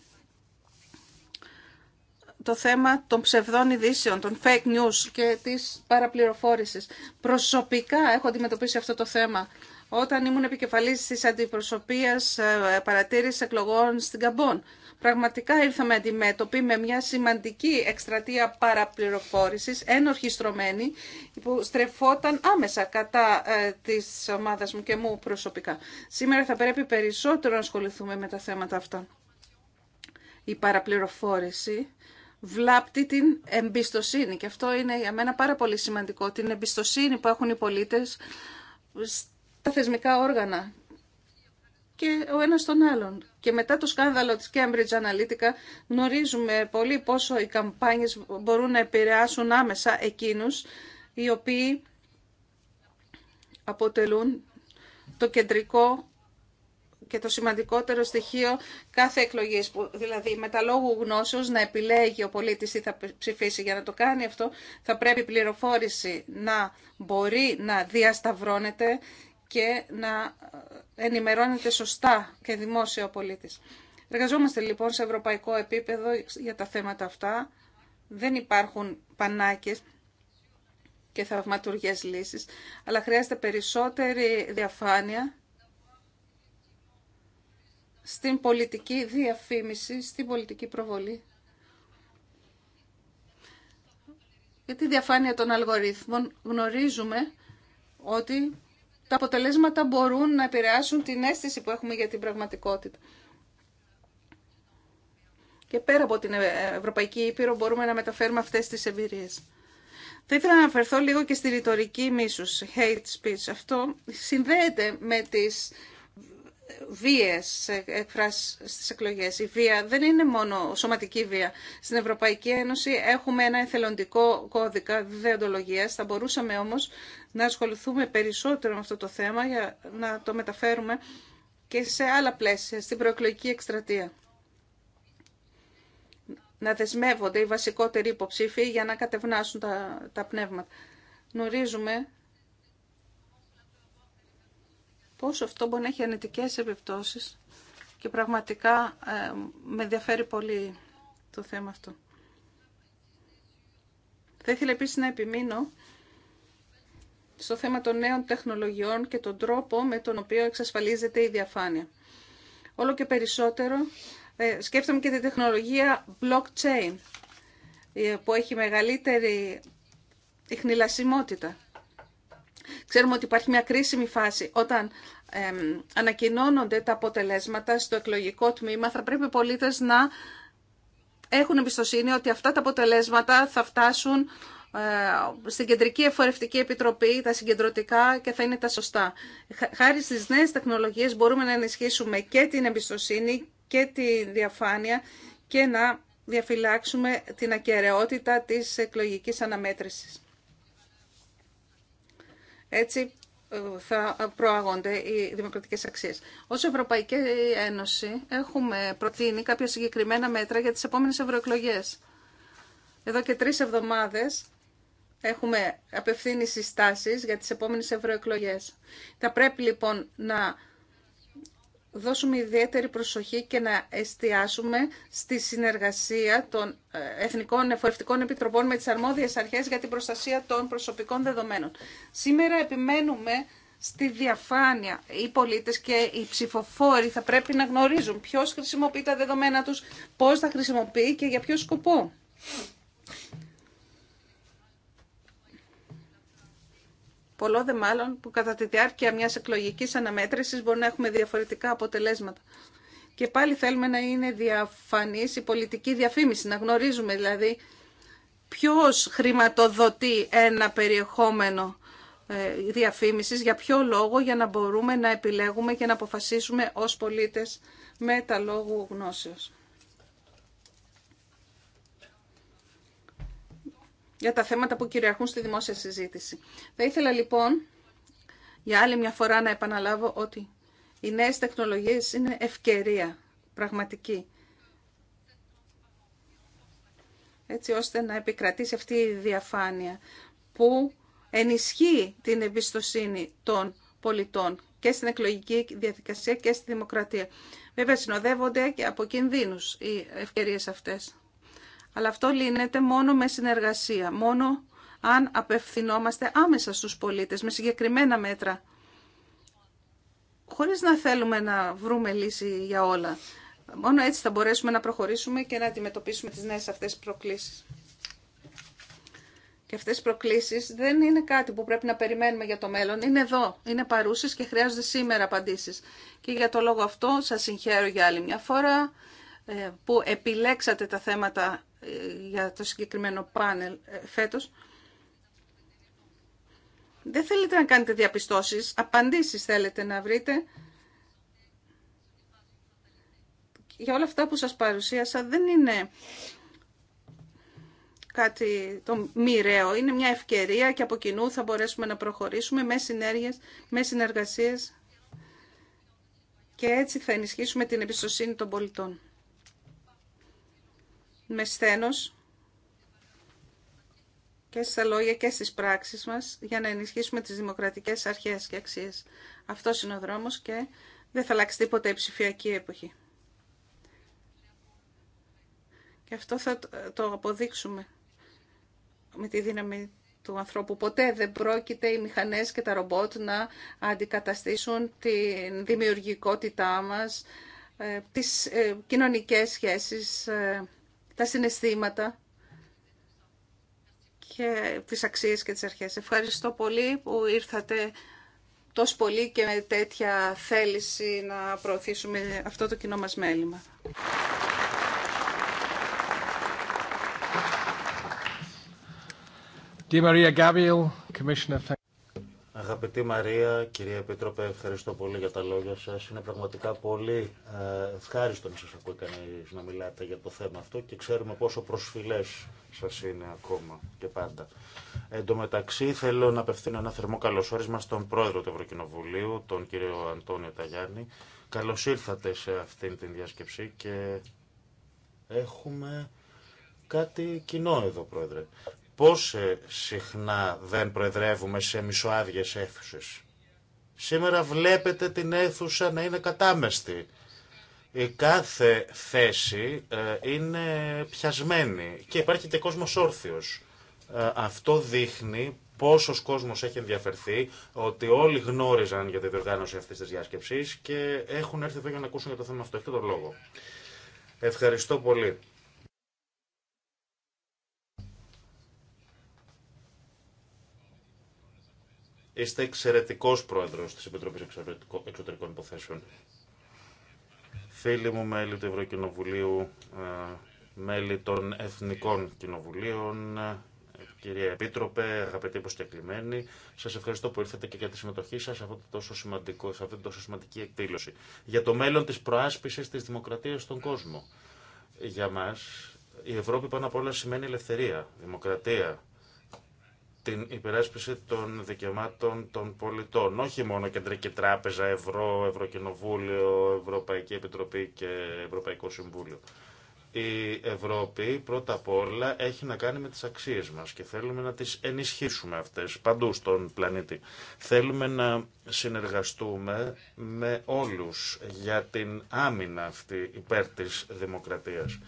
D: το θέμα των ψευδών ειδήσεων, των fake news και της παραπληροφόρησης. Προσωπικά έχω αντιμετωπίσει αυτό το θέμα. Όταν ήμουν επικεφαλής της αντιπροσωπείας ε, παρατήρησης εκλογών στην Καμπών. Πραγματικά ήρθαμε αντιμέτωποι με μια σημαντική εκστρατεία παραπληροφόρησης, ενορχιστρωμένη, που στρεφόταν άμεσα κατά ε, της ομάδας μου και μου προσωπικά. Σήμερα θα πρέπει περισσότερο να ασχοληθούμε με τα θέματα αυτά. Η παραπληροφόρηση βλάπτει την εμπιστοσύνη και αυτό είναι για μένα πάρα πολύ σημαντικό. Την εμπιστοσύνη που έχουν οι πολίτες στα θεσμικά όργανα και ο ένας τον άλλον. Και μετά το σκάνδαλο της Cambridge Analytica γνωρίζουμε πολύ πόσο οι καμπάνιες μπορούν να επηρεάσουν άμεσα εκείνους οι οποίοι αποτελούν το κεντρικό και το σημαντικότερο στοιχείο κάθε εκλογής, δηλαδή με τα λόγου γνώσεως να επιλέγει ο πολίτης τι θα ψηφίσει για να το κάνει αυτό, θα πρέπει η πληροφόρηση να μπορεί να διασταυρώνεται και να ενημερώνεται σωστά και δημόσια ο πολίτης. Εργαζόμαστε λοιπόν σε ευρωπαϊκό επίπεδο για τα θέματα αυτά. Δεν υπάρχουν πανάκες και θαυματουργές λύσεις, αλλά χρειάζεται περισσότερη διαφάνεια στην πολιτική διαφήμιση, στην πολιτική προβολή. Για τη διαφάνεια των αλγορίθμων γνωρίζουμε ότι τα αποτελέσματα μπορούν να επηρεάσουν την αίσθηση που έχουμε για την πραγματικότητα. Και πέρα από την Ευρωπαϊκή Ήπειρο μπορούμε να μεταφέρουμε αυτές τις εμπειρίες. Θα ήθελα να αναφερθώ λίγο και στη ρητορική μίσους, hate speech. Αυτό συνδέεται με τις βίες εκφράσεις στις εκλογές. Η βία δεν είναι μόνο σωματική βία. Στην Ευρωπαϊκή Ένωση έχουμε ένα εθελοντικό κώδικα διοντολογίας. Θα μπορούσαμε όμως να ασχοληθούμε περισσότερο με αυτό το θέμα για να το μεταφέρουμε και σε άλλα πλαίσια, στην προεκλογική εκστρατεία. Να δεσμεύονται οι βασικότεροι υποψήφοι για να κατευνάσουν τα, τα πνεύματα. Γνωρίζουμε πόσο αυτό μπορεί να έχει ανετικές επιπτώσεις και πραγματικά ε, με ενδιαφέρει πολύ το θέμα αυτό. Θα ήθελα επίσης να επιμείνω στο θέμα των νέων τεχνολογιών και τον τρόπο με τον οποίο εξασφαλίζεται η διαφάνεια. Όλο και περισσότερο ε, σκέφτομαι και τη τεχνολογία blockchain ε, που έχει μεγαλύτερη ιχνηλασιμότητα. Ξέρουμε ότι υπάρχει μια κρίσιμη φάση. Όταν ανακοινώνονται τα αποτελέσματα στο εκλογικό τμήμα, θα πρέπει οι πολίτες να έχουν εμπιστοσύνη ότι αυτά τα αποτελέσματα θα φτάσουν ε, στην Κεντρική Εφορευτική Επιτροπή, τα συγκεντρωτικά και θα είναι τα σωστά. Χάρη στις νέες τεχνολογίες μπορούμε να ενισχύσουμε και την εμπιστοσύνη και τη διαφάνεια και να διαφυλάξουμε την ακαιρεότητα της εκλογικής αναμέτρησης. Έτσι ε, θα προάγονται οι δημοκρατικές αξίες. Ως Ευρωπαϊκή Ένωση έχουμε προτείνει κάποια συγκεκριμένα μέτρα για τις επόμενες ευρωεκλογέ. Εδώ και τρεις εβδομάδες έχουμε απευθύνει συστάσεις για τις επόμενες ευρωεκλογέ. Θα πρέπει λοιπόν να δώσουμε ιδιαίτερη προσοχή και να εστιάσουμε στη συνεργασία των ε, Εθνικών Εφορευτικών Επιτροπών με τις αρμόδιες αρχές για την προστασία των προσωπικών δεδομένων. Σήμερα επιμένουμε στη διαφάνεια. Οι πολίτες και οι ψηφοφόροι θα πρέπει να γνωρίζουν ποιος χρησιμοποιεί τα δεδομένα τους, πώς τα χρησιμοποιεί και για ποιο σκοπό. Πολλό δε μάλλον που κατά τη διάρκεια μιας εκλογικής αναμέτρησης μπορεί να έχουμε διαφορετικά αποτελέσματα. Και πάλι θέλουμε να είναι διαφανής η πολιτική διαφήμιση, να γνωρίζουμε δηλαδή ποιος χρηματοδοτεί ένα περιεχόμενο ε, διαφήμισης, για ποιο λόγο, για να μπορούμε να επιλέγουμε και να αποφασίσουμε ως πολίτες με τα λόγου γνώσεως. για τα θέματα που κυριαρχούν στη δημόσια συζήτηση. Θα ήθελα λοιπόν για άλλη μια φορά να επαναλάβω ότι οι νέες τεχνολογίες είναι ευκαιρία πραγματική. Έτσι ώστε να επικρατήσει αυτή η διαφάνεια που ενισχύει την εμπιστοσύνη των πολιτών και στην εκλογική διαδικασία και στη δημοκρατία. Βέβαια συνοδεύονται και από κινδύνους οι ευκαιρίες αυτές. Αλλά αυτό λύνεται μόνο με συνεργασία, μόνο αν απευθυνόμαστε άμεσα στους πολίτες, με συγκεκριμένα μέτρα, χωρίς να θέλουμε να βρούμε λύση για όλα. Μόνο έτσι θα μπορέσουμε να προχωρήσουμε και να αντιμετωπίσουμε τις νέες αυτές προκλήσεις. Και αυτές οι προκλήσεις δεν είναι κάτι που πρέπει να περιμένουμε για το μέλλον. Είναι εδώ, είναι παρούσες και χρειάζονται σήμερα απαντήσεις. Και για το λόγο αυτό σας συγχαίρω για άλλη μια φορά ε, που επιλέξατε τα θέματα για το συγκεκριμένο πάνελ ε, φέτος. Δεν θέλετε να κάνετε διαπιστώσεις, απαντήσεις θέλετε να βρείτε. Για όλα αυτά που σας παρουσίασα δεν είναι κάτι το μοιραίο. Είναι μια ευκαιρία και από κοινού θα μπορέσουμε να προχωρήσουμε με συνέργειες, με συνεργασίες και έτσι θα ενισχύσουμε την εμπιστοσύνη των πολιτών με σθένος και στα λόγια και στις πράξεις μας για να ενισχύσουμε τις δημοκρατικές αρχές και αξίες. Αυτός είναι ο δρόμος και δεν θα αλλάξει τίποτα η ψηφιακή εποχή. Και αυτό θα το αποδείξουμε με τη δύναμη του ανθρώπου. Ποτέ δεν πρόκειται οι μηχανές και τα ρομπότ να αντικαταστήσουν τη δημιουργικότητά μας, ε, τις ε, κοινωνικές σχέσεις, ε, τα συναισθήματα και τις αξίες και τις αρχές. Ευχαριστώ πολύ που ήρθατε τόσο πολύ και με τέτοια θέληση να προωθήσουμε αυτό το κοινό μας μέλημα.
E: Maria Gabriel, Commissioner.
G: Αγαπητή Μαρία, κυρία Επίτροπε, ευχαριστώ πολύ για τα λόγια σας. Είναι πραγματικά πολύ ε, ευχάριστο να σας ακούει κανείς να μιλάτε για το θέμα αυτό και ξέρουμε πόσο προσφυλές σας είναι ακόμα και πάντα. Εν τω μεταξύ θέλω να απευθύνω ένα θερμό καλωσόρισμα στον πρόεδρο του Ευρωκοινοβουλίου, τον κύριο Αντώνιο Ταγιάννη. Καλώς ήρθατε σε αυτήν την διάσκεψη και έχουμε κάτι κοινό εδώ, πρόεδρε. Πώς συχνά δεν προεδρεύουμε σε μισοάδιες αίθουσες. Σήμερα βλέπετε την αίθουσα να είναι κατάμεστη. Η κάθε θέση ε, είναι πιασμένη και υπάρχει και κόσμος όρθιος. Ε, αυτό δείχνει πόσο κόσμο έχει ενδιαφερθεί, ότι όλοι γνώριζαν για τη διοργάνωση αυτή τη διάσκεψη και έχουν έρθει εδώ για να ακούσουν για το θέμα αυτό. Έχετε τον λόγο. Ευχαριστώ πολύ. Είστε εξαιρετικό πρόεδρο τη Επιτροπή Εξωτερικών Υποθέσεων. Φίλοι μου, μέλη του Ευρωκοινοβουλίου, ε, μέλη των Εθνικών Κοινοβουλίων, ε, κυρία Επίτροπε, αγαπητοί υποστηκλημένοι, σα ευχαριστώ που ήρθατε και για τη συμμετοχή σα σε, αυτήν τόσο αυτή τόσο σημαντική εκδήλωση. Για το μέλλον τη προάσπιση τη δημοκρατία στον κόσμο. Για μα, η Ευρώπη πάνω απ' όλα σημαίνει ελευθερία, δημοκρατία, την υπεράσπιση των δικαιωμάτων των πολιτών. Όχι μόνο Κεντρική Τράπεζα, Ευρώ, Ευρωκοινοβούλιο, Ευρωπαϊκή Επιτροπή και Ευρωπαϊκό Συμβούλιο. Η Ευρώπη πρώτα απ' όλα έχει να κάνει με τις αξίες μας και θέλουμε να τις ενισχύσουμε αυτές παντού στον πλανήτη. Θέλουμε να συνεργαστούμε με όλους για την άμυνα αυτή υπέρ της δημοκρατίας.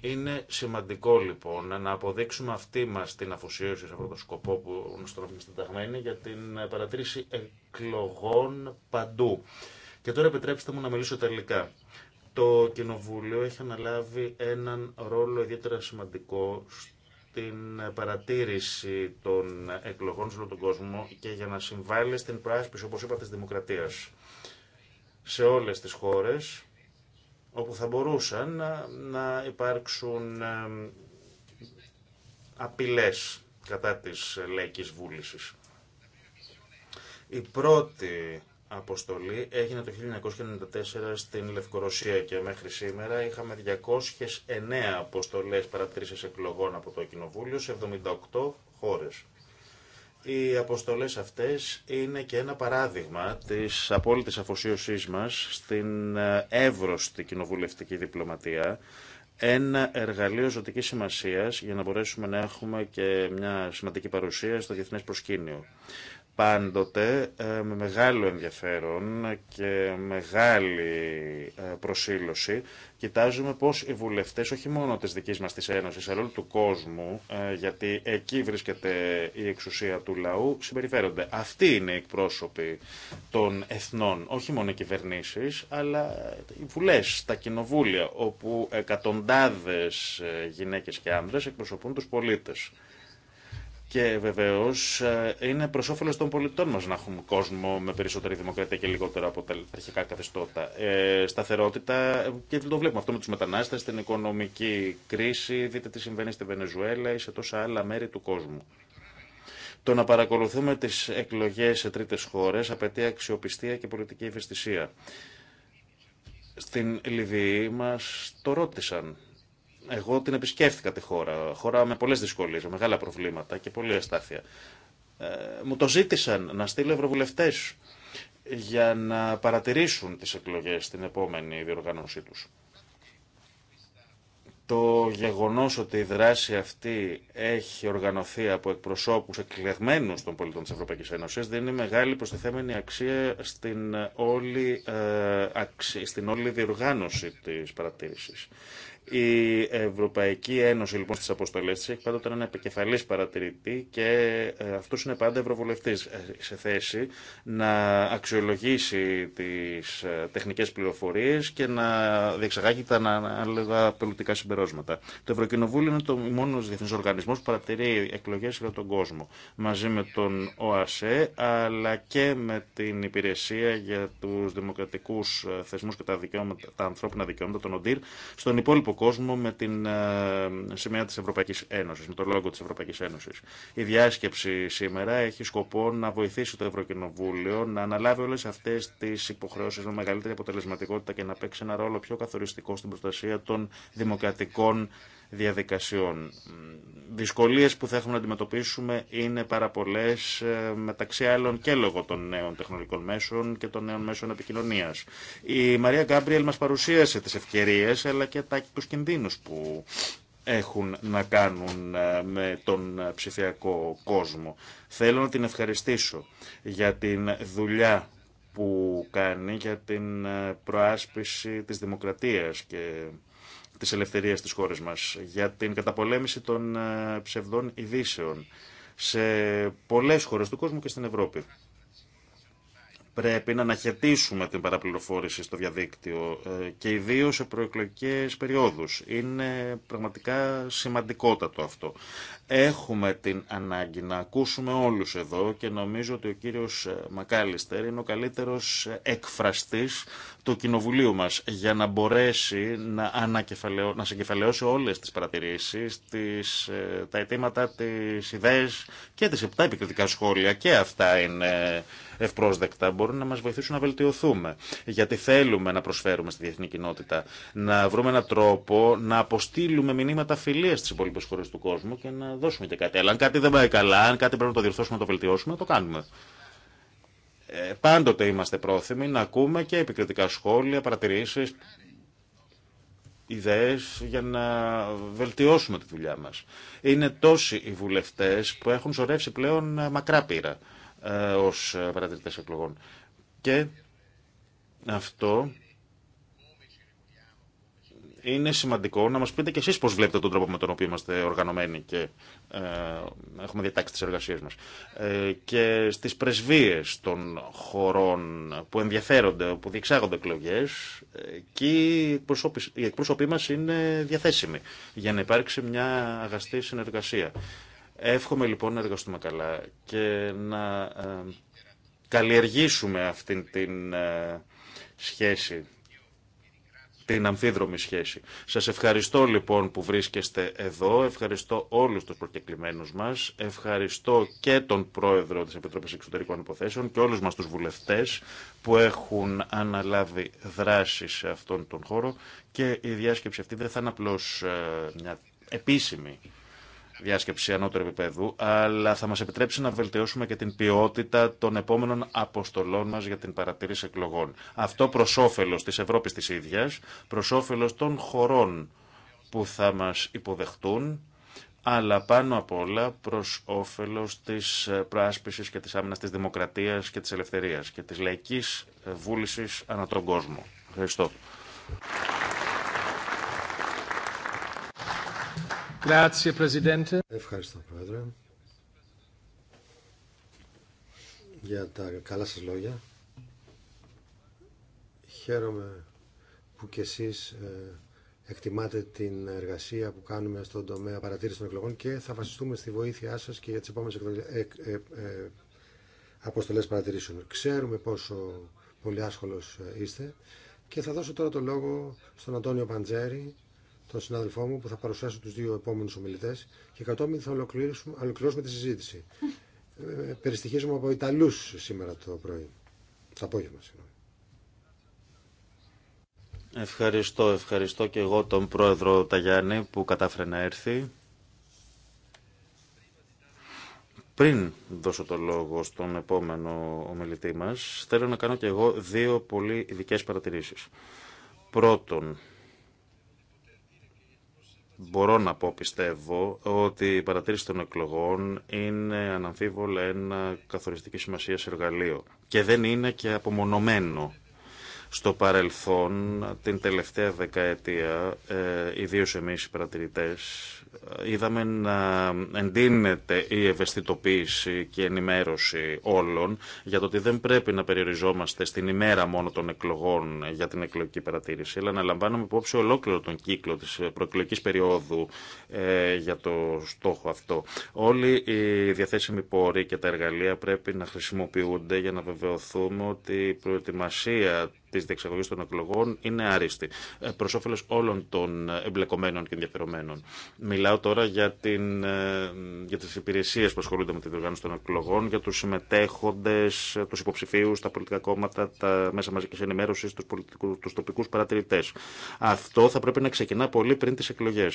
G: Είναι σημαντικό λοιπόν να αποδείξουμε αυτή μα την αφοσίωση σε αυτόν τον σκοπό που στον έχουμε συνταγμένη για την παρατήρηση εκλογών παντού. Και τώρα επιτρέψτε μου να μιλήσω τελικά. Το Κοινοβούλιο έχει αναλάβει έναν ρόλο ιδιαίτερα σημαντικό στην παρατήρηση των εκλογών σε όλο τον κόσμο και για να συμβάλλει στην πράσπιση, όπως είπα, της δημοκρατίας. Σε όλες τις χώρες όπου θα μπορούσαν να, υπάρξουν απειλές κατά της λαϊκής βούλησης. Η πρώτη αποστολή έγινε το 1994 στην Λευκορωσία και μέχρι σήμερα είχαμε 209 αποστολές παρατήρησης εκλογών από το Κοινοβούλιο σε 78 χώρες. Οι αποστολές αυτές είναι και ένα παράδειγμα της απόλυτης αφοσίωσής μας στην ε, εύρωστη κοινοβουλευτική διπλωματία, ένα εργαλείο ζωτική σημασίας για να μπορέσουμε να έχουμε και μια σημαντική παρουσία στο διεθνές προσκήνιο πάντοτε ε, με μεγάλο ενδιαφέρον και μεγάλη ε, προσήλωση κοιτάζουμε πώς οι βουλευτές όχι μόνο της δικής μας της Ένωσης αλλά όλου του κόσμου ε, γιατί εκεί βρίσκεται η εξουσία του λαού συμπεριφέρονται. Αυτοί είναι οι εκπρόσωποι των εθνών, όχι μόνο οι κυβερνήσεις αλλά οι βουλές, τα κοινοβούλια όπου εκατοντάδες γυναίκες και άνδρες εκπροσωπούν τους πολίτες. Και βεβαίω ε, είναι προ όφελο των πολιτών μα να έχουμε κόσμο με περισσότερη δημοκρατία και λιγότερα από τα αρχικά καθεστώτα. Ε, σταθερότητα, και το βλέπουμε αυτό με του μετανάστε, την οικονομική κρίση, δείτε τι συμβαίνει στη Βενεζουέλα ή σε τόσα άλλα μέρη του κόσμου. Το να παρακολουθούμε τι εκλογέ σε τρίτε χώρε απαιτεί αξιοπιστία και πολιτική ευαισθησία. Στην Λιβύη μα το ρώτησαν εγώ την επισκέφθηκα τη χώρα, χώρα με πολλές δυσκολίες, με μεγάλα προβλήματα και πολλή αστάθεια. Ε, μου το ζήτησαν να στείλω ευρωβουλευτέ για να παρατηρήσουν τις εκλογές στην επόμενη διοργάνωσή τους. Το γεγονός ότι η δράση αυτή έχει οργανωθεί από εκπροσώπους εκλεγμένους των πολιτών της Ευρωπαϊκής Ένωσης δίνει μεγάλη προστιθέμενη αξία στην όλη, ε, στην όλη διοργάνωση της παρατήρησης. Η Ευρωπαϊκή Ένωση λοιπόν στις αποστολές της έχει πάντοτε έναν επικεφαλής παρατηρητή και ε, αυτός είναι πάντα ευρωβουλευτής ε, σε θέση να αξιολογήσει τις ε, τεχνικές πληροφορίες και να διεξαγάγει τα ανάλογα πολιτικά συμπερόσματα. Το Ευρωκοινοβούλιο είναι το μόνο διεθνής οργανισμός που παρατηρεί εκλογές σε τον κόσμο μαζί με τον ΟΑΣΕ αλλά και με την Υπηρεσία για τους Δημοκρατικούς Θεσμούς και τα, δικαιώματα, τα Ανθρώπινα Δικαιώματα, τον ΟΔΙΡ, στον υπόλοιπο κόσμο με την ε, σημαία της Ευρωπαϊκής Ένωσης, με το λόγο της Ευρωπαϊκής Ένωσης. Η διάσκεψη σήμερα έχει σκοπό να βοηθήσει το Ευρωκοινοβούλιο να αναλάβει όλες αυτές τις υποχρεώσεις με μεγαλύτερη αποτελεσματικότητα και να παίξει ένα ρόλο πιο καθοριστικό στην προστασία των δημοκρατικών διαδικασιών. Δυσκολίες που θα έχουμε να αντιμετωπίσουμε είναι πάρα πολλέ ε, μεταξύ άλλων και λόγω των νέων τεχνολογικών μέσων και των νέων μέσων επικοινωνία. Η Μαρία Γκάμπριελ μας παρουσίασε τις ευκαιρίε, αλλά και του κινδύνου που έχουν να κάνουν ε, με τον ψηφιακό κόσμο. Θέλω να την ευχαριστήσω για την δουλειά που κάνει για την ε, προάσπιση της δημοκρατίας και Τη ελευθερίας της χώρας μας, για την καταπολέμηση των ε, ψευδών ειδήσεων σε πολλές χώρες του κόσμου και στην Ευρώπη. Πρέπει να αναχαιτήσουμε την παραπληροφόρηση στο διαδίκτυο ε, και ιδίως σε προεκλογικές περιόδους. Είναι πραγματικά σημαντικότατο αυτό. Έχουμε την ανάγκη να ακούσουμε όλους εδώ και νομίζω ότι ο κύριος ε, Μακάλιστερ είναι ο καλύτερος ε, εκφραστής του Κοινοβουλίου μας για να μπορέσει να, να συγκεφαλαιώσει όλες τις παρατηρήσεις, τα αιτήματα, τις ιδέες και τις επτά επικριτικά σχόλια και αυτά είναι ευπρόσδεκτα μπορούν να μα βοηθήσουν να βελτιωθούμε. Γιατί θέλουμε να προσφέρουμε στη διεθνή κοινότητα, να βρούμε έναν τρόπο να αποστείλουμε μηνύματα φιλίας στι υπόλοιπε χώρε του κόσμου και να δώσουμε και κάτι. Αλλά αν κάτι δεν πάει καλά, αν κάτι πρέπει να το διορθώσουμε, να το βελτιώσουμε, να το κάνουμε. Ε, πάντοτε είμαστε πρόθυμοι να ακούμε και επικριτικά σχόλια, παρατηρήσει ιδέε για να βελτιώσουμε τη δουλειά μα. Είναι τόσοι οι βουλευτέ που έχουν σωρεύσει πλέον μακρά πείρα ε, ως ε, παρατηρητές εκλογών. Και αυτό είναι σημαντικό να μας πείτε και εσείς πώς βλέπετε τον τρόπο με τον οποίο είμαστε οργανωμένοι και ε, έχουμε διατάξει τις εργασίες μας. και στις πρεσβείες των χωρών που ενδιαφέρονται, που διεξάγονται εκλογέ, εκεί οι εκπρόσωποι μας είναι διαθέσιμοι για να υπάρξει μια αγαστή συνεργασία. Εύχομαι λοιπόν να εργαστούμε καλά και να ε, καλλιεργήσουμε αυτήν την ε, σχέση, την αμφίδρομη σχέση. Σας ευχαριστώ λοιπόν που βρίσκεστε εδώ, ευχαριστώ όλους τους προκεκλημένους μας, ευχαριστώ και τον Πρόεδρο της Επιτροπής Εξωτερικών Υποθέσεων και όλους μας τους βουλευτές που έχουν αναλάβει δράση σε αυτόν τον χώρο και η διάσκεψη αυτή δεν θα είναι απλώς ε, μια επίσημη διάσκεψη ανώτερου επίπεδου, αλλά θα μας επιτρέψει να βελτιώσουμε και την ποιότητα των επόμενων αποστολών μας για την παρατήρηση εκλογών. Αυτό προ όφελο της Ευρώπης της ίδιας, προ όφελο των χωρών που θα μας υποδεχτούν, αλλά πάνω απ' όλα προ όφελο της προάσπισης και της άμυνας της δημοκρατίας και της ελευθερία και της λαϊκή βούληση ανά τον κόσμο. Ευχαριστώ.
A: Ευχαριστώ, Πρόεδρε, για τα καλά σας λόγια. Χαίρομαι που κι εσείς ε, εκτιμάτε την εργασία που κάνουμε στον τομέα παρατήρησης των εκλογών και θα βασιστούμε στη βοήθειά σας και για τις επόμενες ε, ε, αποστολές παρατηρήσεων. Ξέρουμε πόσο πολύ άσχολος είστε και θα δώσω τώρα το λόγο στον Αντώνιο Παντζέρη τον συνάδελφό μου που θα παρουσιάσω τους δύο επόμενους ομιλητέ και κατόπιν θα ολοκληρώσουμε, ολοκληρώσουμε τη συζήτηση. Ε, περιστοιχίζουμε από ιταλού σήμερα το πρωί. Το απόγευμα, συγγνώμη.
G: Ευχαριστώ, ευχαριστώ και εγώ τον πρόεδρο Ταγιάννη που κατάφερε να έρθει. Πριν δώσω το λόγο στον επόμενο ομιλητή μας, θέλω να κάνω και εγώ δύο πολύ ειδικές παρατηρήσεις. Πρώτον, Μπορώ να πω, πιστεύω, ότι η παρατήρηση των εκλογών είναι αναμφίβολα ένα καθοριστική σημασία εργαλείο και δεν είναι και απομονωμένο στο παρελθόν, την τελευταία δεκαετία, ε, ιδίως εμείς οι παρατηρητές, είδαμε να εντείνεται η ευαισθητοποίηση και η ενημέρωση όλων για το ότι δεν πρέπει να περιοριζόμαστε στην ημέρα μόνο των εκλογών για την εκλογική παρατήρηση, αλλά να λαμβάνουμε υπόψη ολόκληρο τον κύκλο της προεκλογικής περίοδου ε, για το στόχο αυτό. Όλοι οι διαθέσιμοι πόροι και τα εργαλεία πρέπει να χρησιμοποιούνται για να βεβαιωθούμε ότι η προετοιμασία τη διεξαγωγή των εκλογών είναι άριστη ε, προ όφελο όλων των ε, εμπλεκομένων και ενδιαφερομένων. Μιλάω τώρα για, την, ε, για τις υπηρεσίες που ασχολούνται με την διοργάνωση των εκλογών, για τους συμμετέχοντες, τους υποψηφίους, τα πολιτικά κόμματα, τα μέσα μαζικής ενημέρωσης, τους, πολιτικούς, τους τοπικούς Αυτό θα πρέπει να ξεκινά πολύ πριν τι εκλογέ.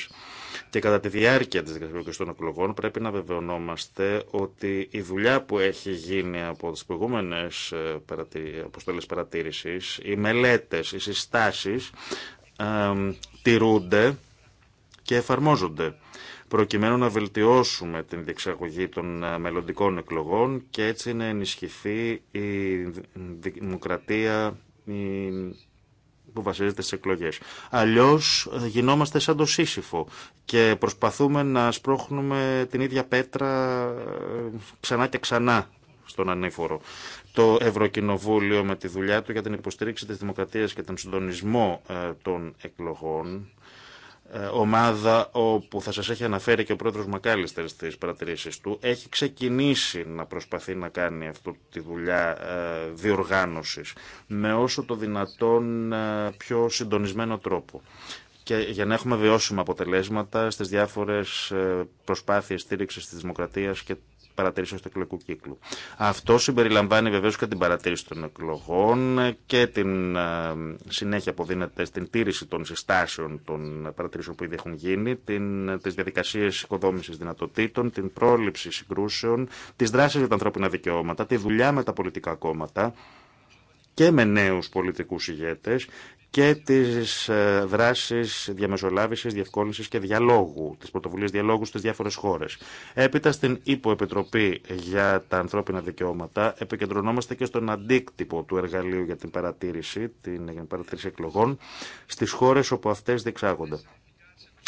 G: Και κατά τη διάρκεια τη διαδικασία των εκλογών πρέπει να βεβαιωνόμαστε ότι η δουλειά που έχει γίνει από τι προηγούμενες ε, αποστόλες παρατήρηση, οι μελέτες, οι συστάσει ε, τηρούνται και εφαρμόζονται προκειμένου να βελτιώσουμε την διεξαγωγή των ε, μελλοντικών εκλογών και έτσι να ενισχυθεί η δημοκρατία, η που βασίζεται στι εκλογέ. Αλλιώ ε, γινόμαστε σαν το σύσυφο και προσπαθούμε να σπρώχνουμε την ίδια πέτρα ε, ξανά και ξανά στον ανήφορο. Το Ευρωκοινοβούλιο με τη δουλειά του για την υποστήριξη της δημοκρατίας και τον συντονισμό ε, των εκλογών ε, ομάδα όπου θα σας έχει αναφέρει και ο πρόεδρος Μακάλιστερ στις παρατηρήσεις του έχει ξεκινήσει να προσπαθεί να κάνει αυτή τη δουλειά ε, διοργάνωσης με όσο το δυνατόν ε, πιο συντονισμένο τρόπο και για να έχουμε βιώσιμα αποτελέσματα στις διάφορες προσπάθειες στήριξης της δημοκρατίας και παρατηρήσεων του εκλογικού κύκλου. Αυτό συμπεριλαμβάνει βεβαίω και την παρατήρηση των εκλογών και την ε, συνέχεια που δίνεται στην τήρηση των συστάσεων των παρατηρήσεων που ήδη έχουν γίνει, τι διαδικασίε οικοδόμηση δυνατοτήτων, την πρόληψη συγκρούσεων, τι δράσει για τα ανθρώπινα δικαιώματα, τη δουλειά με τα πολιτικά κόμματα και με νέους πολιτικούς ηγέτες και τι ε, δράσει διαμεσολάβηση, διευκόλυνση και διαλόγου, τι πρωτοβουλίε διαλόγου στις διάφορες χώρες. Έπειτα στην Υποεπιτροπή για τα ανθρώπινα δικαιώματα επικεντρωνόμαστε και στον αντίκτυπο του εργαλείου για την παρατήρηση, την παρατήρηση εκλογών, στις χώρες όπου αυτές διεξάγονται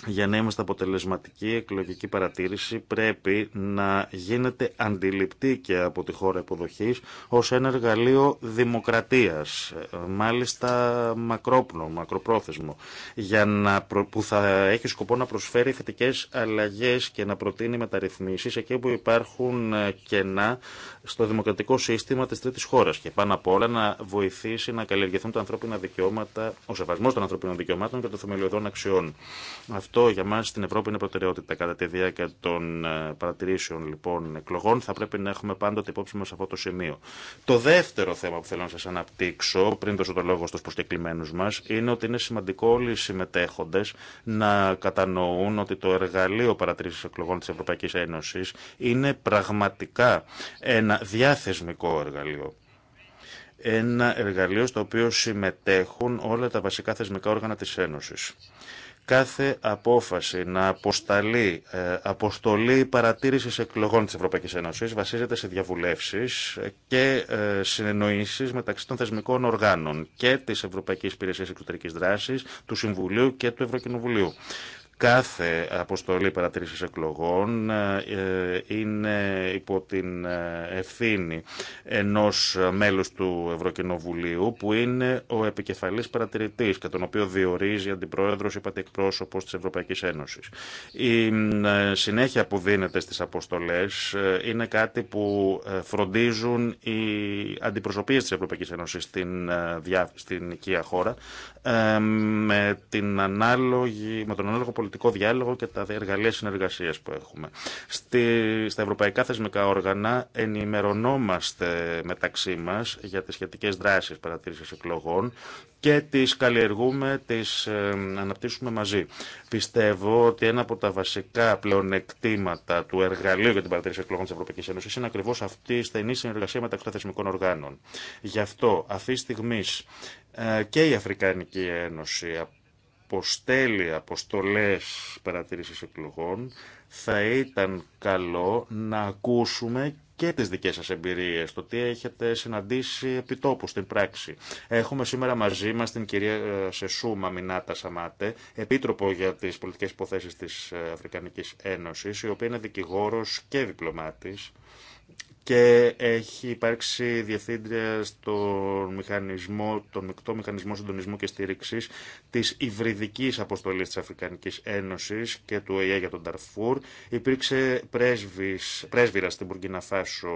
G: για να είμαστε αποτελεσματικοί, εκλογική παρατήρηση πρέπει να γίνεται αντιληπτή και από τη χώρα υποδοχής ως ένα εργαλείο δημοκρατίας, μάλιστα μακρόπνο, μακροπρόθεσμο, για να, που θα έχει σκοπό να προσφέρει θετικές αλλαγές και να προτείνει μεταρρυθμίσεις εκεί που υπάρχουν ε, κενά στο δημοκρατικό σύστημα της τρίτης χώρας και πάνω απ' όλα να βοηθήσει να καλλιεργηθούν τα ανθρώπινα δικαιώματα, ο σεβασμός των ανθρωπίνων δικαιωμάτων και των θεμελιωδών αξιών αυτό για μας στην Ευρώπη είναι προτεραιότητα. Κατά τη διάρκεια των ε, παρατηρήσεων λοιπόν εκλογών θα πρέπει να έχουμε πάντοτε υπόψη μας αυτό το σημείο. Το δεύτερο θέμα που θέλω να σας αναπτύξω πριν δώσω το λόγο στους προσκεκλημένους μας είναι ότι είναι σημαντικό όλοι οι συμμετέχοντες να κατανοούν ότι το εργαλείο παρατηρήσεων εκλογών της Ευρωπαϊκής Ένωσης είναι πραγματικά ένα διαθεσμικό εργαλείο ένα εργαλείο στο οποίο συμμετέχουν όλα τα βασικά θεσμικά όργανα της Ένωσης κάθε απόφαση να αποσταλεί ε, αποστολή παρατήρησης εκλογών τη Ευρωπαϊκή Ένωση βασίζεται σε διαβουλεύσεις και ε, συνεννοήσεις μεταξύ των θεσμικών οργάνων και τη Ευρωπαϊκή Υπηρεσίας Εξωτερικής Δράσης, του Συμβουλίου και του Ευρωκοινοβουλίου. Κάθε αποστολή παρατήρησης εκλογών ε, είναι υπό την ε, ευθύνη ενός μέλους του Ευρωκοινοβουλίου που είναι ο επικεφαλής παρατηρητής και τον οποίο διορίζει αντιπρόεδρος ή πατεκπρόσωπος της Ευρωπαϊκής Ένωσης. Η ε, συνέχεια που δίνεται στις αποστολές είναι κάτι που φροντίζουν οι αντιπροσωπείες της Ευρωπαϊκής Ένωσης στην, στην οικία χώρα ε, με, την τον ανάλογο πολιτικό διάλογο και τα εργαλεία συνεργασίας που έχουμε. Στη, στα ευρωπαϊκά θεσμικά όργανα ενημερωνόμαστε μεταξύ μας για τις σχετικές δράσεις παρατήρησης εκλογών και τις καλλιεργούμε, τις ε, αναπτύσσουμε μαζί. Πιστεύω ότι ένα από τα βασικά πλεονεκτήματα του εργαλείου για την παρατήρηση εκλογών της Ευρωπαϊκής Ένωσης είναι ακριβώς αυτή η στενή συνεργασία μεταξύ των θεσμικών οργάνων. Γι' αυτό αυτή τη στιγμή ε, και η Αφρικανική Ένωση αποστέλει αποστολές παρατήρησης εκλογών, θα ήταν καλό να ακούσουμε και τις δικές σας εμπειρίες, το τι έχετε συναντήσει επιτόπου στην πράξη. Έχουμε σήμερα μαζί μας την κυρία ε, Σεσούμα Μινάτα Σαμάτε, επίτροπο για τις πολιτικές υποθέσεις της ε, Αφρικανικής Ένωσης, η οποία είναι δικηγόρος και διπλωμάτης και έχει υπάρξει διευθύντρια στον μηχανισμό, τον μεικτό μηχανισμό συντονισμού και στήριξη τη υβριδική αποστολή τη Αφρικανική Ένωση και του ΟΗΕ για τον Ταρφούρ. Υπήρξε πρέσβυρα στην Μπουργκίνα Φάσο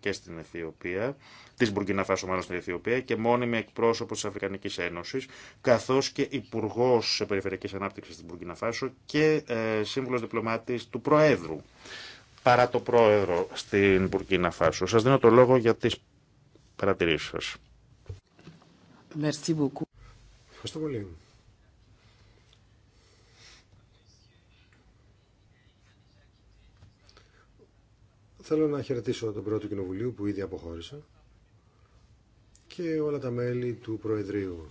G: και στην Αιθιοπία, τη Μπουργκίνα Φάσο μάλλον στην Αιθιοπία και μόνιμη εκπρόσωπο τη Αφρικανική Ένωση, καθώ και υπουργό περιφερειακή ανάπτυξη στην Μπουργκίνα Φάσο και ε, σύμβουλο διπλωμάτη του Προέδρου παρά το πρόεδρο στην Μπουρκίνα Φάσο. Σας δίνω το λόγο για τις παρατηρήσεις σας.
A: Ευχαριστώ πολύ. Θέλω να χαιρετήσω τον πρώτο κοινοβουλίου που ήδη αποχώρησα και όλα τα μέλη του Προεδρείου.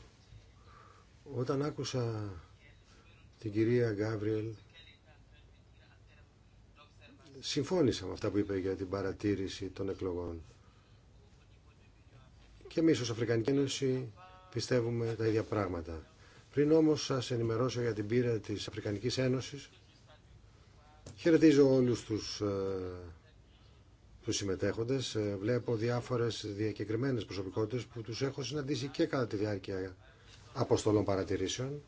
A: Όταν άκουσα την κυρία Γκάβριελ συμφώνησα με αυτά που είπε για την παρατήρηση των εκλογών. Και εμείς ως Αφρικανική Ένωση πιστεύουμε τα ίδια πράγματα. Πριν όμως σας ενημερώσω για την πείρα της Αφρικανικής Ένωσης, χαιρετίζω όλους τους, ε, τους συμμετέχοντες. Ε, βλέπω διάφορες διακεκριμένες προσωπικότητες που τους έχω συναντήσει και κατά τη διάρκεια αποστολών παρατηρήσεων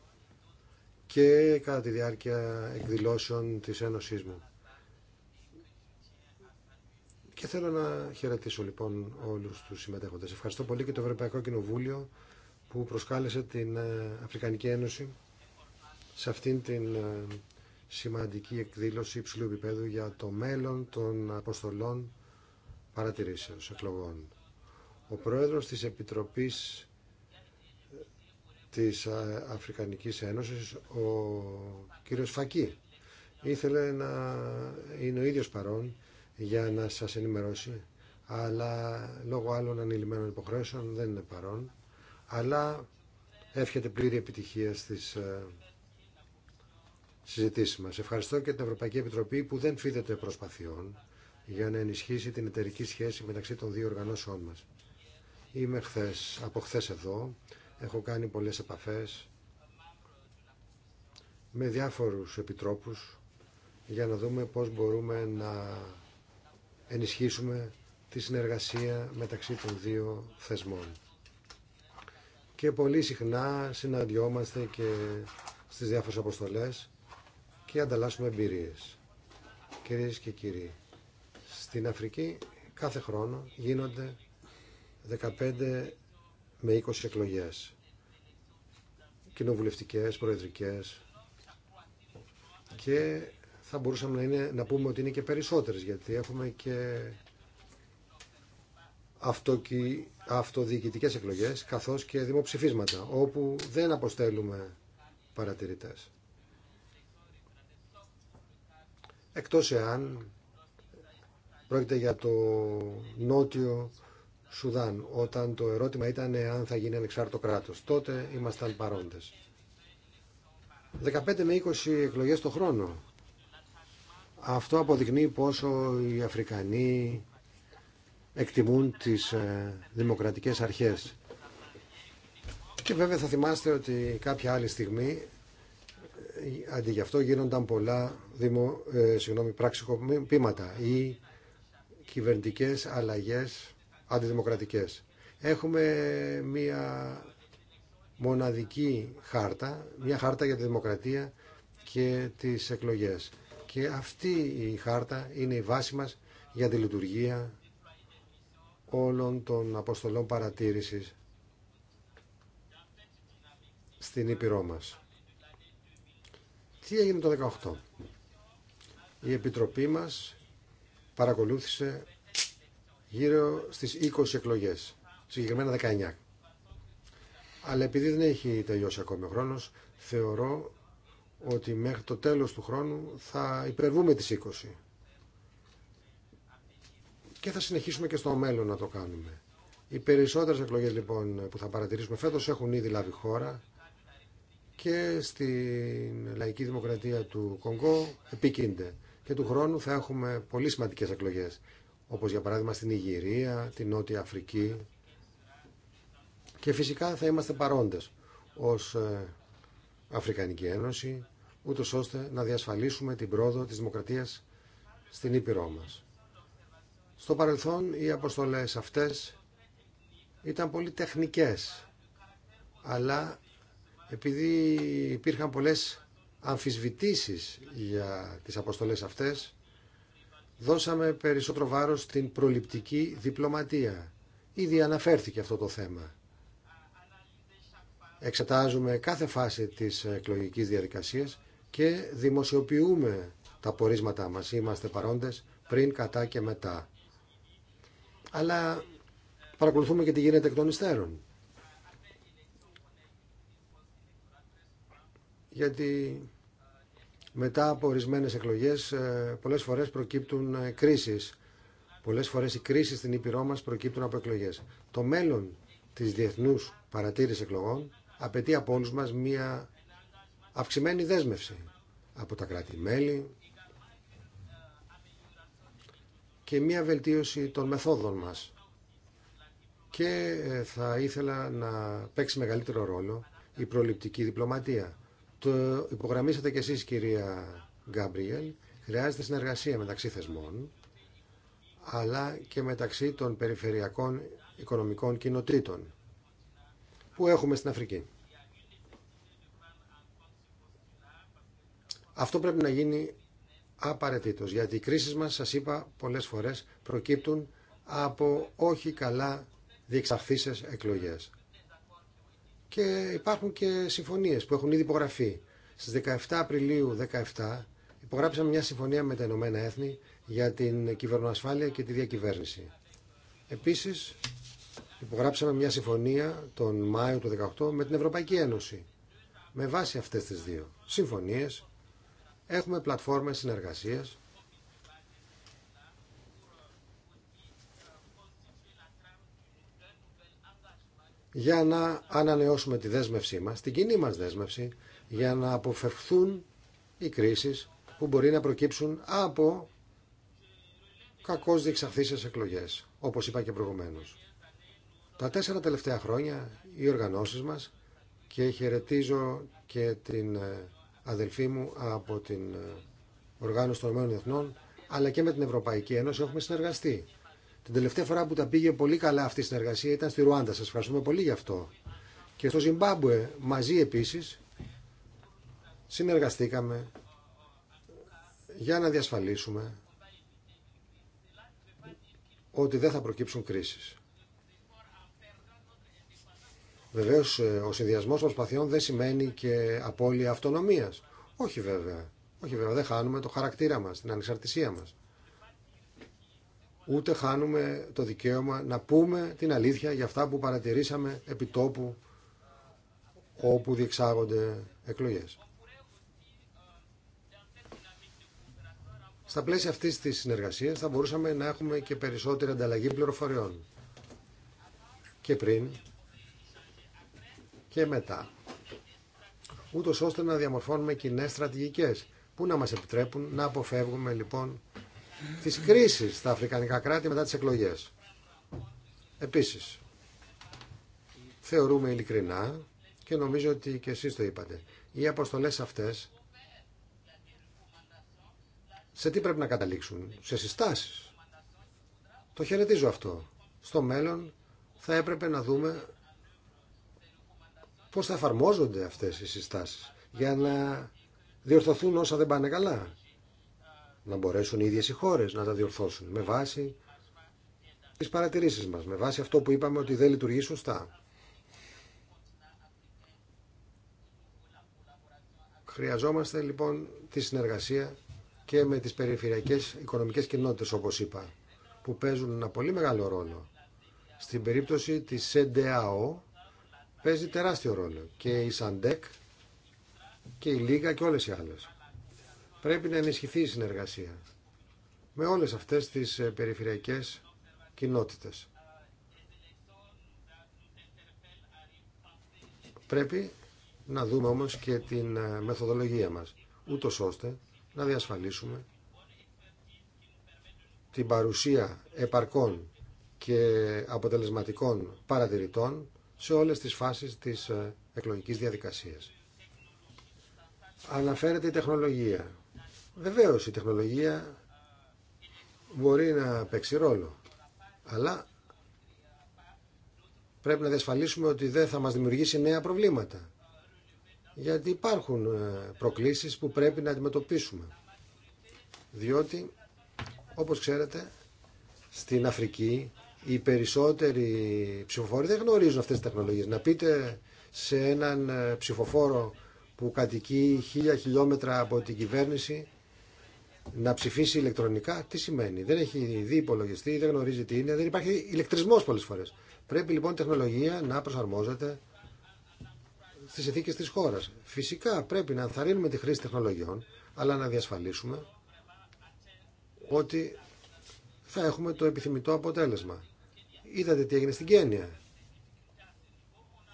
A: και κατά τη διάρκεια εκδηλώσεων της Ένωσής μου. Και θέλω να χαιρετήσω λοιπόν όλους τους συμμετέχοντες. Ευχαριστώ πολύ και το Ευρωπαϊκό Κοινοβούλιο που προσκάλεσε την ε, Αφρικανική Ένωση σε αυτήν την ε, σημαντική εκδήλωση υψηλού επίπεδου για το μέλλον των αποστολών παρατηρήσεως εκλογών. Ο πρόεδρος της Επιτροπής ε, της Αφρικανικής Ένωσης, ο κύριος Φακή, ήθελε να είναι ο ίδιος παρόν για να σας ενημερώσει αλλά λόγω άλλων ανηλυμένων υποχρέσεων δεν είναι παρόν αλλά εύχεται πλήρη επιτυχία στις ε, συζητήσεις μας. Ευχαριστώ και την Ευρωπαϊκή Επιτροπή που δεν φίδεται προσπαθειών για να ενισχύσει την εταιρική σχέση μεταξύ των δύο οργανώσεών μας. Είμαι χθες, από χθε εδώ, έχω κάνει πολλές επαφές με διάφορους επιτρόπους για να δούμε πώς μπορούμε να ενισχύσουμε τη συνεργασία μεταξύ των δύο θεσμών. Και πολύ συχνά συναντιόμαστε και στις διάφορες αποστολές και ανταλλάσσουμε εμπειρίες. Κυρίες και κύριοι, στην Αφρική κάθε χρόνο γίνονται 15 με 20 εκλογές. Κοινοβουλευτικές, προεδρικές και θα μπορούσαμε να, είναι, να πούμε ότι είναι και περισσότερες γιατί έχουμε και αυτοκι, αυτοδιοικητικές εκλογές καθώς και δημοψηφίσματα όπου δεν αποστέλουμε παρατηρητές. Εκτός εάν πρόκειται για το νότιο Σουδάν όταν το ερώτημα ήταν αν θα γίνει ανεξάρτητο κράτος. Τότε ήμασταν παρόντες. 15 με 20 εκλογές το χρόνο αυτό αποδεικνύει πόσο οι Αφρικανοί εκτιμούν τις ε, δημοκρατικές αρχές. Και βέβαια θα θυμάστε ότι κάποια άλλη στιγμή ε, αντί γι' αυτό γίνονταν πολλά δημο, ε, συγγνώμη, ή κυβερνητικές αλλαγές αντιδημοκρατικές. Έχουμε μία μοναδική χάρτα, μία χάρτα για τη δημοκρατία και τις εκλογές. Και αυτή η χάρτα είναι η βάση μας για τη λειτουργία όλων των αποστολών παρατήρησης στην Ήπειρό μας. Τι έγινε το 18. Η Επιτροπή μας παρακολούθησε γύρω στις 20 εκλογές, συγκεκριμένα 19. Αλλά επειδή δεν έχει τελειώσει ακόμη ο χρόνος, θεωρώ ότι μέχρι το τέλος του χρόνου θα υπερβούμε τις 20 και θα συνεχίσουμε και στο μέλλον να το κάνουμε. Οι περισσότερες εκλογές λοιπόν που θα παρατηρήσουμε φέτος έχουν ήδη λάβει χώρα και στην λαϊκή δημοκρατία του Κονγκό επικίνδε. Και του χρόνου θα έχουμε πολύ σημαντικές εκλογές, όπως για παράδειγμα στην Ιγυρία, την Νότια Αφρική. Και φυσικά θα είμαστε παρόντες ως ε, Αφρικανική Ένωση ούτως ώστε να διασφαλίσουμε την πρόοδο της δημοκρατίας στην Ήπειρό μας. Στο παρελθόν οι αποστολές αυτές ήταν πολύ τεχνικές, αλλά επειδή υπήρχαν πολλές αμφισβητήσεις για τις αποστολές αυτές, δώσαμε περισσότερο βάρος στην προληπτική διπλωματία. Ήδη αναφέρθηκε αυτό το θέμα. Εξετάζουμε κάθε φάση της εκλογικής διαδικασίας και δημοσιοποιούμε τα πορίσματά μας. Είμαστε παρόντες πριν, κατά και μετά. Αλλά παρακολουθούμε και τι γίνεται εκ των υστέρων. Γιατί μετά από ορισμένε εκλογές ε, πολλές φορές προκύπτουν ε, κρίσεις. Πολλές φορές οι κρίσεις στην Ήπειρό μας προκύπτουν από εκλογές. Το μέλλον της διεθνούς παρατήρησης εκλογών απαιτεί από όλους μας μία αυξημένη δέσμευση από τα κράτη-μέλη και μία βελτίωση των μεθόδων μας. Και ε, θα ήθελα να παίξει μεγαλύτερο ρόλο η προληπτική διπλωματία. Το υπογραμμίσατε κι εσείς κυρία Γκάμπριελ, χρειάζεται συνεργασία μεταξύ θεσμών, αλλά και μεταξύ των περιφερειακών οικονομικών κοινοτήτων που έχουμε στην Αφρική. Αυτό πρέπει να γίνει απαραίτητο, γιατί οι κρίσει μας, σας είπα πολλές φορές, προκύπτουν από όχι καλά διεξαρθήσει εκλογές. Και υπάρχουν και συμφωνίες που έχουν ήδη υπογραφεί. Στις 17 Απριλίου 2017 υπογράψαμε μια συμφωνία με τα Ηνωμένα Έθνη για την κυβερνοασφάλεια και τη διακυβέρνηση. Επίσης, υπογράψαμε μια συμφωνία τον Μάιο του 2018 με την Ευρωπαϊκή Ένωση. Με βάση αυτέ τι δύο συμφωνίε. Έχουμε πλατφόρμες συνεργασίας για να ανανεώσουμε τη δέσμευσή μας, την κοινή μας δέσμευση, για να αποφευχθούν οι κρίσεις που μπορεί να προκύψουν από κακώς διεξαχθήσεις εκλογές, όπως είπα και προηγουμένως. Τα τέσσερα τελευταία χρόνια οι οργανώσεις μας και χαιρετίζω και την ε, αδελφοί μου από την ε, Οργάνωση των Ηνωμένων Εθνών, αλλά και με την Ευρωπαϊκή Ένωση έχουμε συνεργαστεί. Την τελευταία φορά που τα πήγε πολύ καλά αυτή η συνεργασία ήταν στη Ρουάντα. σα ευχαριστούμε πολύ γι' αυτό. Και στο Ζιμπάμπουε μαζί επίσης συνεργαστήκαμε για να διασφαλίσουμε ότι δεν θα προκύψουν κρίσεις. Βεβαίω, ε, ο συνδυασμό προσπαθειών δεν σημαίνει και απώλεια αυτονομίας. Όχι βέβαια. Όχι βέβαια, δεν χάνουμε το χαρακτήρα μας, την ανεξαρτησία μας. Ούτε χάνουμε το δικαίωμα να πούμε την αλήθεια για αυτά που παρατηρήσαμε επί τόπου όπου διεξάγονται εκλογές. Στα πλαίσια αυτής της συνεργασίας θα μπορούσαμε να έχουμε και περισσότερη ανταλλαγή πληροφοριών. Και πριν και μετά, ούτως ώστε να διαμορφώνουμε κοινέ στρατηγικές που να μας επιτρέπουν να αποφεύγουμε λοιπόν τις κρίσεις στα αφρικανικά κράτη μετά τις εκλογές. Επίσης, θεωρούμε ειλικρινά και νομίζω ότι και εσείς το είπατε, οι αποστολές αυτές σε τι πρέπει να καταλήξουν, σε συστάσεις. Το χαιρετίζω αυτό. Στο μέλλον θα έπρεπε να δούμε πώς θα εφαρμόζονται αυτές οι συστάσεις για να διορθωθούν όσα δεν πάνε καλά. Να μπορέσουν οι ίδιες οι χώρες να τα διορθώσουν με βάση τις παρατηρήσεις μας, με βάση αυτό που είπαμε ότι δεν λειτουργεί σωστά. Χρειαζόμαστε λοιπόν τη συνεργασία και με τις περιφερειακές οικονομικές κοινότητες όπως είπα που παίζουν ένα πολύ μεγάλο ρόλο. Στην περίπτωση της ΣΕΝΤΕΑΟ παίζει τεράστιο ρόλο και η Σαντέκ και η Λίγα και όλες οι άλλες. Πρέπει να ενισχυθεί η συνεργασία με όλες αυτές τις ε, περιφερειακές κοινότητες. Πρέπει να δούμε όμως και την ε, μεθοδολογία μας, ούτω ώστε να διασφαλίσουμε την παρουσία επαρκών και αποτελεσματικών παρατηρητών σε όλες τις φάσεις της ε, εκλογικής διαδικασίας. Αναφέρεται η τεχνολογία. Βεβαίως η τεχνολογία μπορεί να παίξει ρόλο, αλλά πρέπει να διασφαλίσουμε ότι δεν θα μας δημιουργήσει νέα προβλήματα. Γιατί υπάρχουν ε, προκλήσεις που πρέπει να αντιμετωπίσουμε. Διότι, όπως ξέρετε, στην Αφρική οι περισσότεροι ψηφοφόροι δεν γνωρίζουν αυτές τις τεχνολογίες. Να πείτε σε έναν ε, ψηφοφόρο που κατοικεί χίλια χιλιόμετρα από την κυβέρνηση να ψηφίσει ηλεκτρονικά, τι σημαίνει. Δεν έχει δει υπολογιστή, δεν γνωρίζει τι είναι, δεν υπάρχει ηλεκτρισμός πολλές φορές. Πρέπει λοιπόν η τεχνολογία να προσαρμόζεται στις ηθίκες της χώρας. Φυσικά πρέπει να ανθαρρύνουμε τη χρήση τεχνολογιών, αλλά να διασφαλίσουμε ότι θα έχουμε το επιθυμητό αποτέλεσμα. Είδατε τι έγινε στην Κένια.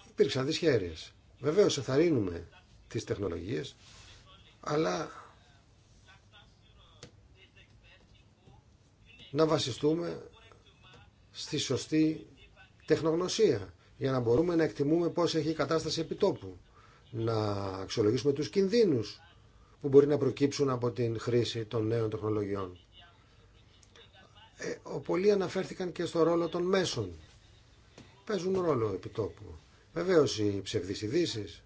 A: Υπήρξαν δυσχέρειες. Βεβαίως εθαρρύνουμε τις τεχνολογίες, αλλά να βασιστούμε στη σωστή τεχνογνωσία για να μπορούμε να εκτιμούμε πώς έχει η κατάσταση επιτόπου. Να αξιολογήσουμε τους κινδύνους που μπορεί να προκύψουν από την χρήση των νέων τεχνολογιών. Ε, πολλοί αναφέρθηκαν και στο ρόλο των μέσων. Παίζουν ρόλο επιτόπου. Βεβαίω οι ψευδείς ειδήσει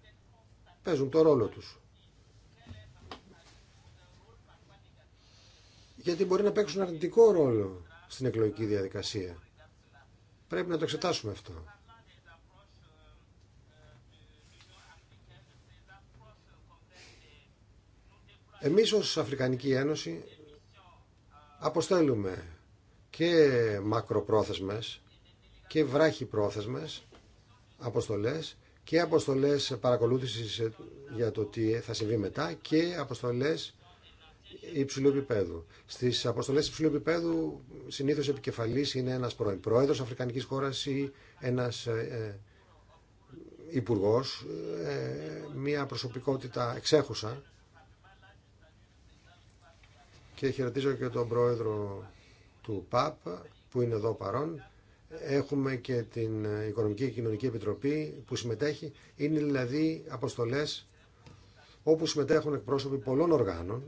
A: παίζουν το ρόλο τους. Γιατί μπορεί να παίξουν αρνητικό ρόλο στην εκλογική διαδικασία. Πρέπει να το εξετάσουμε αυτό. Εμείς ως Αφρικανική Ένωση αποστέλουμε και μακροπρόθεσμες και βράχοι πρόθεσμες αποστολές και αποστολές παρακολούθησης για το τι θα συμβεί μετά και αποστολές υψηλού επίπεδου. Στι αποστολέ υψηλού επίπεδου συνήθω επικεφαλή είναι ένας πρώην πρόεδρο Αφρικανική χώρα ή ένα ε, ε υπουργό, ε, μια προσωπικότητα εξέχουσα. Και χαιρετίζω και τον πρόεδρο του ΠΑΠ που είναι εδώ παρόν. Έχουμε και την Οικονομική και Κοινωνική Επιτροπή που συμμετέχει. Είναι δηλαδή αποστολές όπου συμμετέχουν εκπρόσωποι πολλών οργάνων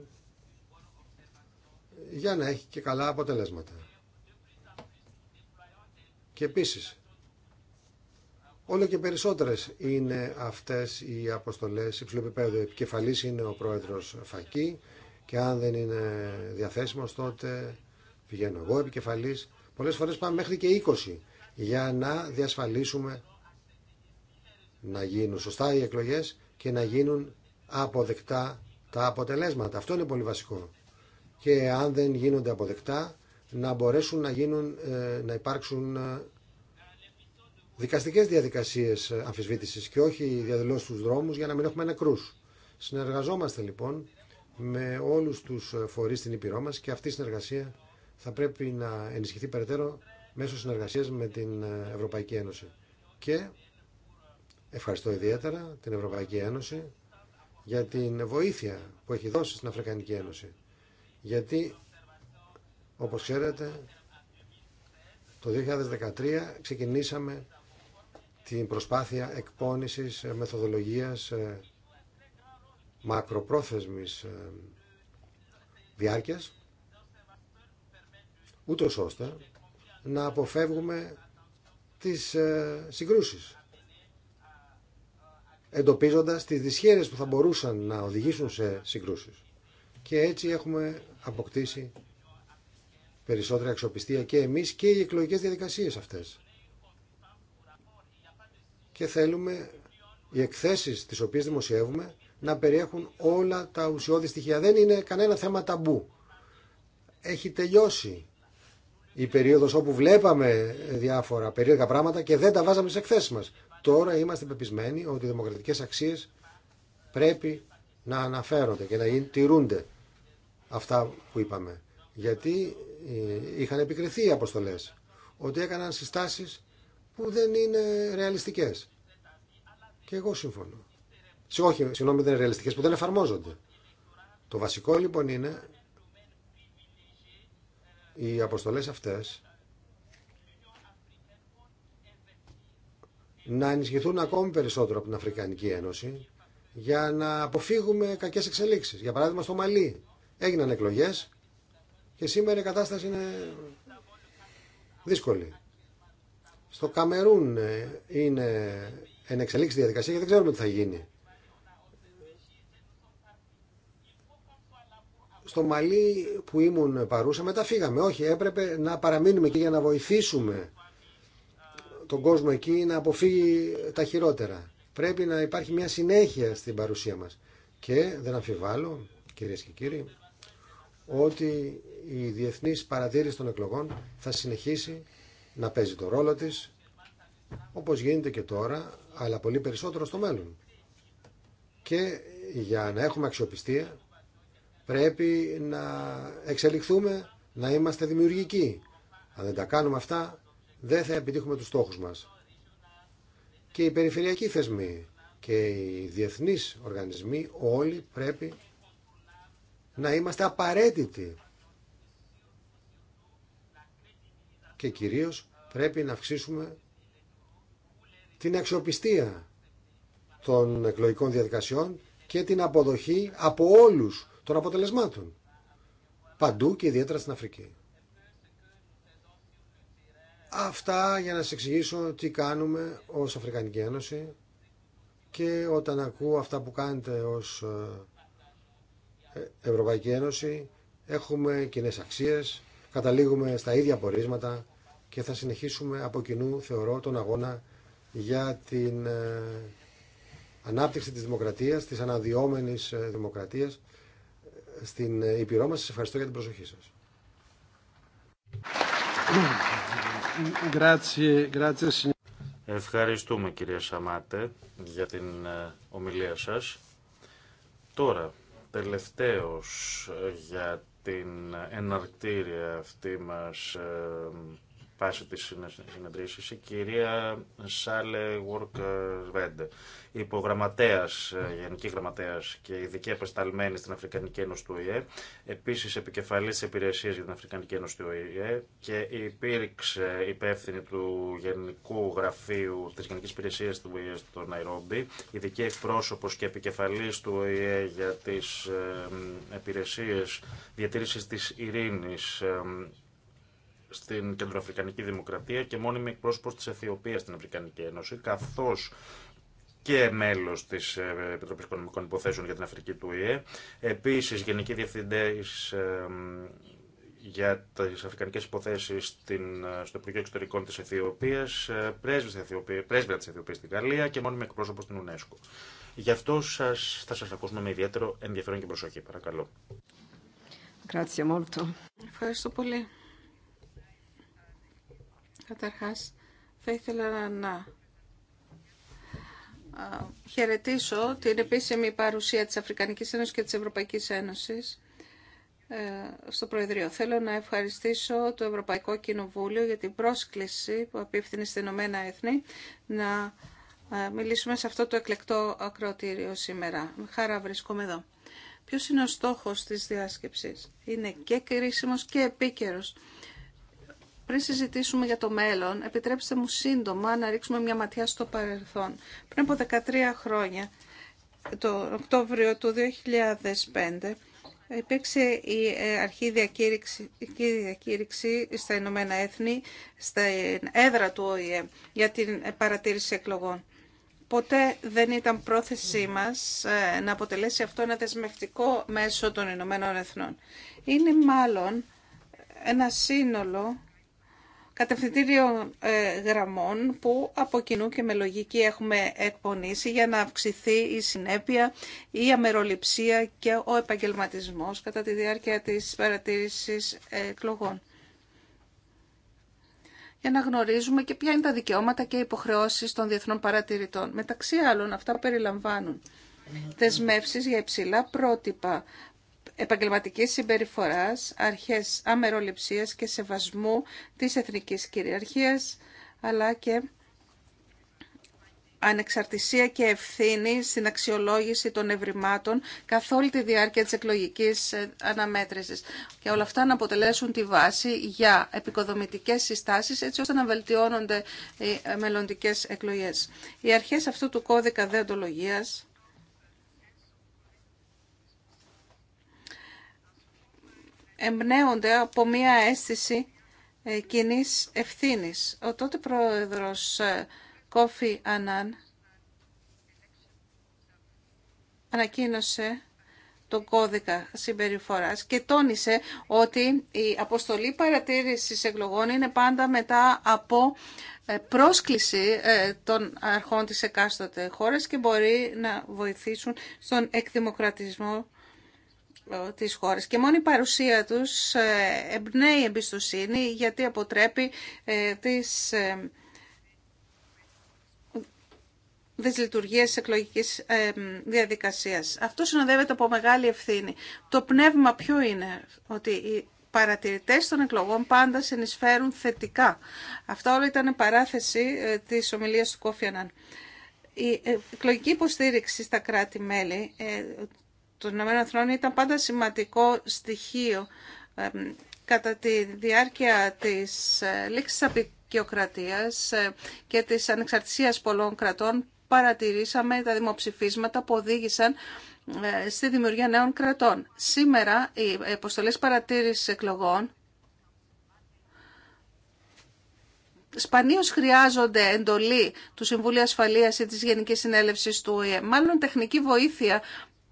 A: για να έχει και καλά αποτελέσματα. Και επίσης, όλο και περισσότερες είναι αυτές οι αποστολές υψηλού επίπεδου. Επικεφαλής είναι ο πρόεδρος Φακή και αν δεν είναι διαθέσιμος τότε πηγαίνω εγώ επικεφαλή, πολλές φορές πάμε μέχρι και 20 για να διασφαλίσουμε να γίνουν σωστά οι εκλογές και να γίνουν αποδεκτά τα αποτελέσματα. Αυτό είναι πολύ βασικό. Και αν δεν γίνονται αποδεκτά, να μπορέσουν να, γίνουν, ε, να υπάρξουν ε, δικαστικές διαδικασίες αμφισβήτηση και όχι διαδηλώσει στους δρόμους για να μην έχουμε νεκρού. Συνεργαζόμαστε λοιπόν με όλους τους φορείς στην Ήπειρό μας και αυτή η συνεργασία θα πρέπει να ενισχυθεί περαιτέρω μέσω συνεργασίας με την ε, Ευρωπαϊκή Ένωση. Και ευχαριστώ ιδιαίτερα την Ευρωπαϊκή Ένωση για την βοήθεια που έχει δώσει στην Αφρικανική Ένωση. Γιατί, όπως ξέρετε, το 2013 ξεκινήσαμε την προσπάθεια εκπόνησης ε, μεθοδολογίας ε, μακροπρόθεσμης διάρκειας ούτως ώστε να αποφεύγουμε τις ε, συγκρούσεις εντοπίζοντας τις δυσχέρειες που θα μπορούσαν να οδηγήσουν σε συγκρούσεις. Και έτσι έχουμε αποκτήσει περισσότερη αξιοπιστία και εμείς και οι εκλογικές διαδικασίες αυτές. Και θέλουμε οι εκθέσεις τις οποίες δημοσιεύουμε να περιέχουν όλα τα ουσιώδη στοιχεία. Δεν είναι κανένα θέμα ταμπού. Έχει τελειώσει η περίοδος όπου βλέπαμε διάφορα περίεργα πράγματα και δεν τα βάζαμε σε εκθέσεις μας. Τώρα είμαστε πεπισμένοι ότι οι δημοκρατικές αξίες πρέπει να αναφέρονται και να τηρούνται αυτά που είπαμε. Γιατί ε, είχαν επικριθεί οι αποστολές ότι έκαναν συστάσεις που δεν είναι ρεαλιστικές. Και εγώ συμφωνώ. Όχι, συγγνώμη, δεν είναι ρεαλιστικές, που δεν εφαρμόζονται. Το βασικό λοιπόν είναι οι αποστολές αυτές να ενισχυθούν ακόμη περισσότερο από την Αφρικανική Ένωση για να αποφύγουμε κακές εξελίξεις. Για παράδειγμα στο Μαλί έγιναν εκλογές και σήμερα η κατάσταση είναι δύσκολη. Στο Καμερούν ε, είναι εν εξελίξει διαδικασία και δεν ξέρουμε τι θα γίνει. στο Μαλί που ήμουν παρούσα, μετά φύγαμε. Όχι, έπρεπε να παραμείνουμε εκεί για να βοηθήσουμε τον κόσμο εκεί να αποφύγει τα χειρότερα. Πρέπει να υπάρχει μια συνέχεια στην παρουσία μας. Και δεν αμφιβάλλω, κυρίες και κύριοι, ότι η διεθνής παρατήρηση των εκλογών θα συνεχίσει να παίζει το ρόλο της, όπως γίνεται και τώρα, αλλά πολύ περισσότερο στο μέλλον. Και για να έχουμε αξιοπιστία, Πρέπει να εξελιχθούμε, να είμαστε δημιουργικοί. Αν δεν τα κάνουμε αυτά, δεν θα επιτύχουμε τους στόχους μας. Και οι περιφερειακοί θεσμοί και οι διεθνείς οργανισμοί όλοι πρέπει να είμαστε απαραίτητοι. Και κυρίως πρέπει να αυξήσουμε την αξιοπιστία των εκλογικών διαδικασιών και την αποδοχή από όλους των αποτελεσμάτων. Παντού και ιδιαίτερα στην Αφρική. Αυτά για να σας εξηγήσω τι κάνουμε ως Αφρικανική Ένωση και όταν ακούω αυτά που κάνετε ως ε, Ευρωπαϊκή Ένωση έχουμε κοινέ αξίες, καταλήγουμε στα ίδια πορίσματα και θα συνεχίσουμε από κοινού, θεωρώ, τον αγώνα για την ε, ανάπτυξη της δημοκρατίας, της αναδυόμενης ε, δημοκρατίας στην Υπηρώμα. Ε, μας. Σας ευχαριστώ για την προσοχή σας.
G: Ευχαριστούμε κυρία Σαμάτε για την ε, ομιλία σας. Τώρα, τελευταίος ε, για την εναρκτήρια αυτή μας Πάση τη συνεδρίαση, η κυρία Σάλε Βέντε, υπογραμματέα, ε, γενική γραμματέας και ειδική επεσταλμένη στην Αφρικανική Ένωση του ΟΗΕ, επίσης επικεφαλής της υπηρεσία για την Αφρικανική Ένωση του ΟΗΕ και υπήρξε υπεύθυνη του Γενικού Γραφείου της Γενικής Υπηρεσία του ΟΗΕ στο Ναϊρόμπι, ειδική εκπρόσωπο και επικεφαλή του ΟΗΕ για τις Επιρεσίες διατήρηση της Ειρηνή. Ε, στην Κεντροαφρικανική Δημοκρατία και μόνιμη εκπρόσωπο της Αιθιοπίας στην Αφρικανική Ένωση, καθώς και μέλο τη ε, Επιτροπή Οικονομικών Υποθέσεων για την Αφρική του ΙΕ. Επίση, Γενική Διευθυντή ε, για τι Αφρικανικέ Υποθέσει ε, στο Υπουργείο Εξωτερικών τη Αιθιοπία, πρέσβυρα τη Αιθιοπία στην Γαλλία και μόνιμη εκπρόσωπο στην UNESCO. Γι' αυτό σας, θα σα ακούσουμε με ιδιαίτερο ενδιαφέρον και προσοχή. Παρακαλώ.
D: Ευχαριστώ πολύ. Καταρχάς, θα ήθελα να χαιρετήσω την επίσημη παρουσία της Αφρικανικής Ένωσης και της Ευρωπαϊκής Ένωσης ε, στο Προεδρείο. Θέλω να ευχαριστήσω το Ευρωπαϊκό Κοινοβούλιο για την πρόσκληση που απίφθηνε στην Ηνωμένα Έθνη να ε, μιλήσουμε σε αυτό το εκλεκτό ακροατήριο σήμερα. Με χαρά βρίσκομαι εδώ. Ποιος είναι ο στόχος της διάσκεψης. Είναι και κρίσιμος και επίκαιρος. Πριν συζητήσουμε για το μέλλον, επιτρέψτε μου σύντομα να ρίξουμε μια ματιά στο παρελθόν. Πριν από 13 χρόνια, το Οκτώβριο του 2005, υπήρξε η ε, αρχή διακήρυξη, η διακήρυξη στα Ηνωμένα Έθνη, στα έδρα του ΟΗΕ, για την παρατήρηση εκλογών. Ποτέ δεν ήταν πρόθεσή μας ε, να αποτελέσει αυτό ένα δεσμευτικό μέσο των Ηνωμένων Εθνών. Είναι μάλλον ένα σύνολο κατευθυντήριο ε, γραμμών που από κοινού και με λογική έχουμε εκπονήσει για να αυξηθεί η συνέπεια, η αμεροληψία και ο επαγγελματισμός κατά τη διάρκεια της παρατήρησης εκλογών. Για να γνωρίζουμε και ποια είναι τα δικαιώματα και υποχρεώσεις των διεθνών παρατηρητών. Μεταξύ άλλων αυτά περιλαμβάνουν δεσμεύσεις για υψηλά πρότυπα επαγγελματικής συμπεριφοράς, αρχές αμεροληψίας και σεβασμού της εθνικής κυριαρχίας, αλλά και ανεξαρτησία και ευθύνη στην αξιολόγηση των ευρημάτων καθ' όλη τη διάρκεια της εκλογικής ε, αναμέτρησης. Και όλα αυτά να αποτελέσουν τη βάση για επικοδομητικές συστάσεις έτσι ώστε να βελτιώνονται οι μελλοντικές εκλογές. Οι αρχές αυτού του κώδικα δεοντολογίας εμπνέονται από μία αίσθηση ε, κοινή ευθύνη. Ο τότε πρόεδρος ε, Κόφι Ανάν ανακοίνωσε τον κώδικα συμπεριφοράς και τόνισε ότι η αποστολή παρατήρησης εκλογών είναι πάντα μετά από ε, πρόσκληση των αρχών της εκάστοτε χώρας και μπορεί να βοηθήσουν στον εκδημοκρατισμό ε, της χώρας και μόνο η παρουσία τους ε, εμπνέει εμπιστοσύνη γιατί αποτρέπει ε, τις δυσλειτουργίες της εκλογικής διαδικασίας. Αυτό συνοδεύεται από μεγάλη ευθύνη. Το πνεύμα ποιο είναι, ότι οι παρατηρητές των εκλογών πάντα συνεισφέρουν θετικά. Αυτό όλο ήταν παράθεση της ομιλίας του Κόφιαναν. Η εκλογική υποστήριξη στα κράτη-μέλη το Ηνωμένων Εθνών ήταν πάντα σημαντικό στοιχείο κατά τη διάρκεια της ε, λήξης απεικιοκρατίας ε, και της ανεξαρτησίας πολλών κρατών παρατηρήσαμε τα δημοψηφίσματα που οδήγησαν ε, στη δημιουργία νέων κρατών. Σήμερα οι αποστολές παρατήρησης εκλογών σπανίως χρειάζονται εντολή του Συμβουλίου Ασφαλείας ή της Γενικής Συνέλευσης του ΟΗΕ. Μάλλον τεχνική βοήθεια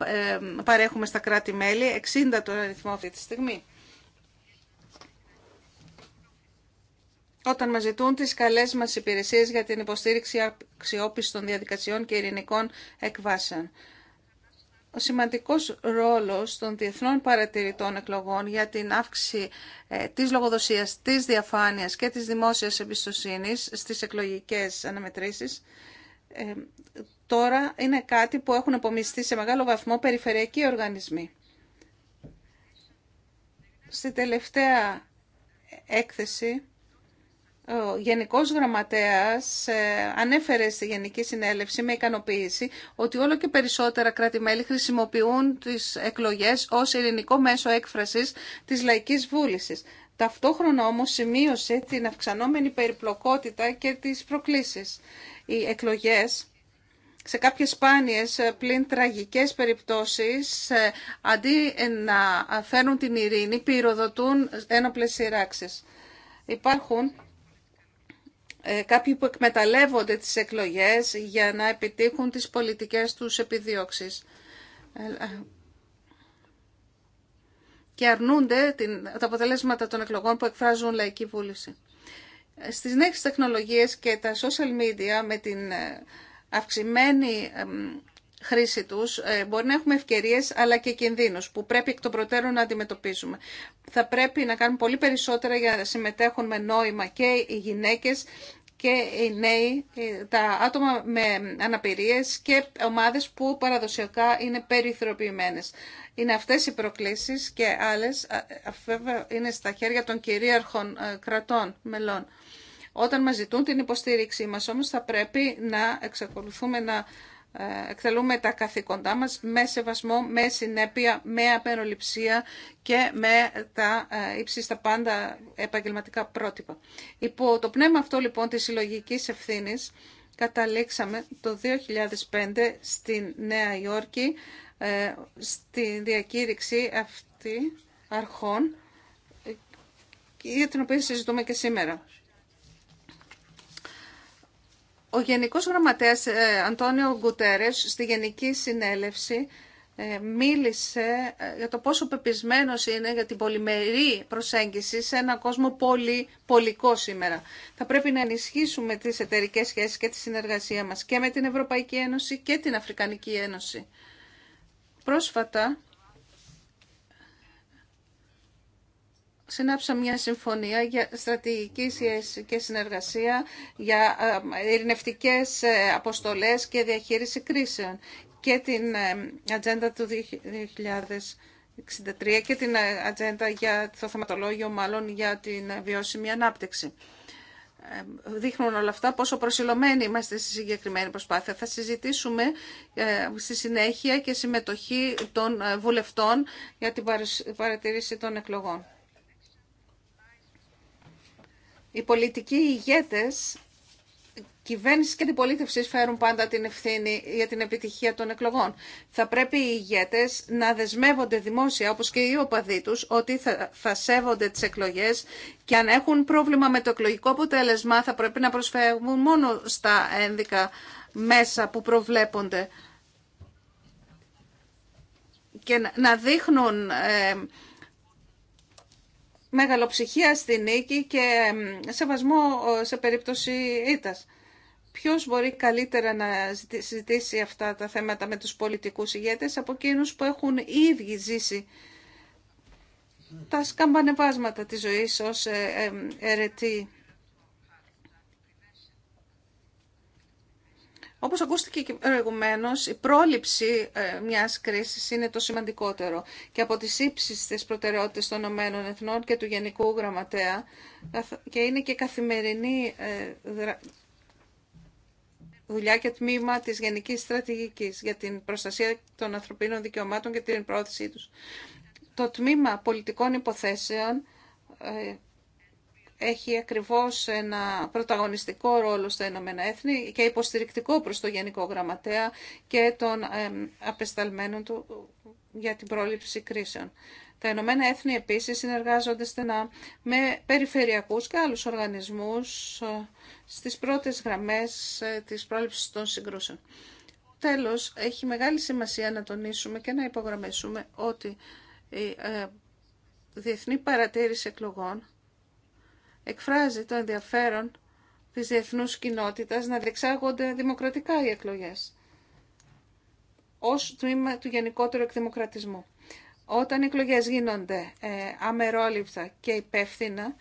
D: ε, παρέχουμε στα κράτη-μέλη, 60 το αριθμό αυτή τη στιγμή. Όταν μας ζητούν τις καλές μας υπηρεσίες για την υποστήριξη αξιόπιστων διαδικασιών και ειρηνικών εκβάσεων. Ο σημαντικός ρόλος των διεθνών παρατηρητών εκλογών για την αύξηση ε, της λογοδοσίας, της διαφάνειας και της δημόσιας εμπιστοσύνης στις εκλογικές αναμετρήσεις ε, τώρα είναι κάτι που έχουν απομειστεί σε μεγάλο βαθμό περιφερειακοί οργανισμοί. Στη τελευταία έκθεση, ο Γενικός Γραμματέας ε, ανέφερε στη Γενική Συνέλευση με ικανοποίηση ότι όλο και περισσότερα κράτη-μέλη χρησιμοποιούν τις εκλογές ως ειρηνικό μέσο έκφρασης της λαϊκής βούλησης. Ταυτόχρονα όμως σημείωσε την αυξανόμενη περιπλοκότητα και τις προκλήσεις. Οι εκλογές σε κάποιες σπάνιες πλην τραγικές περιπτώσεις ε, αντί να φέρουν την ειρήνη πυροδοτούν ένοπλες σειράξεις. Υπάρχουν ε, κάποιοι που εκμεταλλεύονται τις εκλογές για να επιτύχουν τις πολιτικές τους επιδιώξεις. Ε, και αρνούνται τα αποτελέσματα των εκλογών που εκφράζουν λαϊκή βούληση. Στις νέες τεχνολογίες και τα social media με την ε, αυξημένη χρήση τους ε, μπορεί να έχουμε ευκαιρίες αλλά και κινδύνους που πρέπει εκ των προτέρων να αντιμετωπίζουμε. Θα πρέπει να κάνουμε πολύ περισσότερα για να συμμετέχουν με νόημα και οι γυναίκες και οι νέοι, ε, τα άτομα με αναπηρίες και ομάδες που παραδοσιακά είναι περιθωριοποιημένες. Είναι αυτές οι προκλήσεις και άλλες ε, βέβαια είναι στα χέρια των κυρίαρχων ε, κρατών μελών. Όταν μας ζητούν την υποστήριξή μας όμως θα πρέπει να εξακολουθούμε να εκτελούμε τα καθήκοντά μας με σεβασμό, με συνέπεια, με απεροληψία και με τα ε, ύψιστα πάντα επαγγελματικά πρότυπα. Υπό το πνεύμα αυτό λοιπόν της συλλογική ευθύνη καταλήξαμε το 2005 στη Νέα Υόρκη ε, στη διακήρυξη αυτή αρχών ε, για την οποία συζητούμε και σήμερα. Ο Γενικός Γραμματέας ε, Αντώνιο Γκουτέρες στη Γενική Συνέλευση ε, μίλησε ε, για το πόσο πεπισμένος είναι για την πολυμερή προσέγγιση σε ένα κόσμο πολύ πολικό σήμερα. Θα πρέπει να ενισχύσουμε τις εταιρικές σχέσεις και τη συνεργασία μας και με την Ευρωπαϊκή Ένωση και την Αφρικανική Ένωση. Πρόσφατα συνάψαμε μια συμφωνία για στρατηγική και συνεργασία για ε, ειρηνευτικές ε, αποστολές και διαχείριση κρίσεων και την ε, ατζέντα του 2063 και την ατζέντα για το θεματολόγιο μάλλον για την βιώσιμη ανάπτυξη. Δείχνουν όλα αυτά πόσο προσιλωμένοι είμαστε στη συγκεκριμένη προσπάθεια. Θα συζητήσουμε στη συνέχεια και συμμετοχή των βουλευτών για την παρατηρήση των εκλογών. Οι πολιτικοί ηγέτες, κυβέρνηση και αντιπολίτευση φέρουν πάντα την ευθύνη για την επιτυχία των εκλογών. Θα πρέπει οι ηγέτες να δεσμεύονται δημόσια, όπως και οι οπαδοί τους, ότι θα, θα σέβονται τις εκλογές και αν έχουν πρόβλημα με το εκλογικό αποτέλεσμα θα πρέπει να προσφεύγουν μόνο στα ένδικα μέσα που προβλέπονται και να δείχνουν ε, μεγαλοψυχία στη νίκη και σεβασμό σε περίπτωση ήττας. Ποιος μπορεί καλύτερα να συζητήσει αυτά τα θέματα με τους πολιτικούς ηγέτες από εκείνους που έχουν ήδη ζήσει τα σκαμπανεβάσματα της ζωής ως ερετή ε, Όπως ακούστηκε και προηγουμένως, η πρόληψη ε, μιας κρίσης είναι το σημαντικότερο και από τις ύψιστες προτεραιότητες των ΟΕΕ και του Γενικού Γραμματέα και είναι και καθημερινή ε, δουλειά και τμήμα της Γενικής Στρατηγικής για την προστασία των ανθρωπίνων δικαιωμάτων και την πρόθεσή τους. Το τμήμα πολιτικών υποθέσεων ε, έχει ακριβώς ένα πρωταγωνιστικό ρόλο στα Ηνωμένα Έθνη και υποστηρικτικό προς το Γενικό Γραμματέα και των απεσταλμένων του για την πρόληψη κρίσεων. Τα Ηνωμένα Έθνη επίσης συνεργάζονται στενά με περιφερειακούς και άλλους οργανισμούς ε, στις πρώτες γραμμές ε, της πρόληψης των συγκρούσεων. Τέλος, έχει μεγάλη σημασία να τονίσουμε και να υπογραμμίσουμε ότι η ε, διεθνή παρατήρηση εκλογών εκφράζει το ενδιαφέρον της διεθνούς κοινότητας να διεξάγονται δημοκρατικά οι εκλογές ως τμήμα του γενικότερου εκδημοκρατισμού. Όταν οι εκλογές γίνονται ε, αμερόληπτα και υπεύθυνα,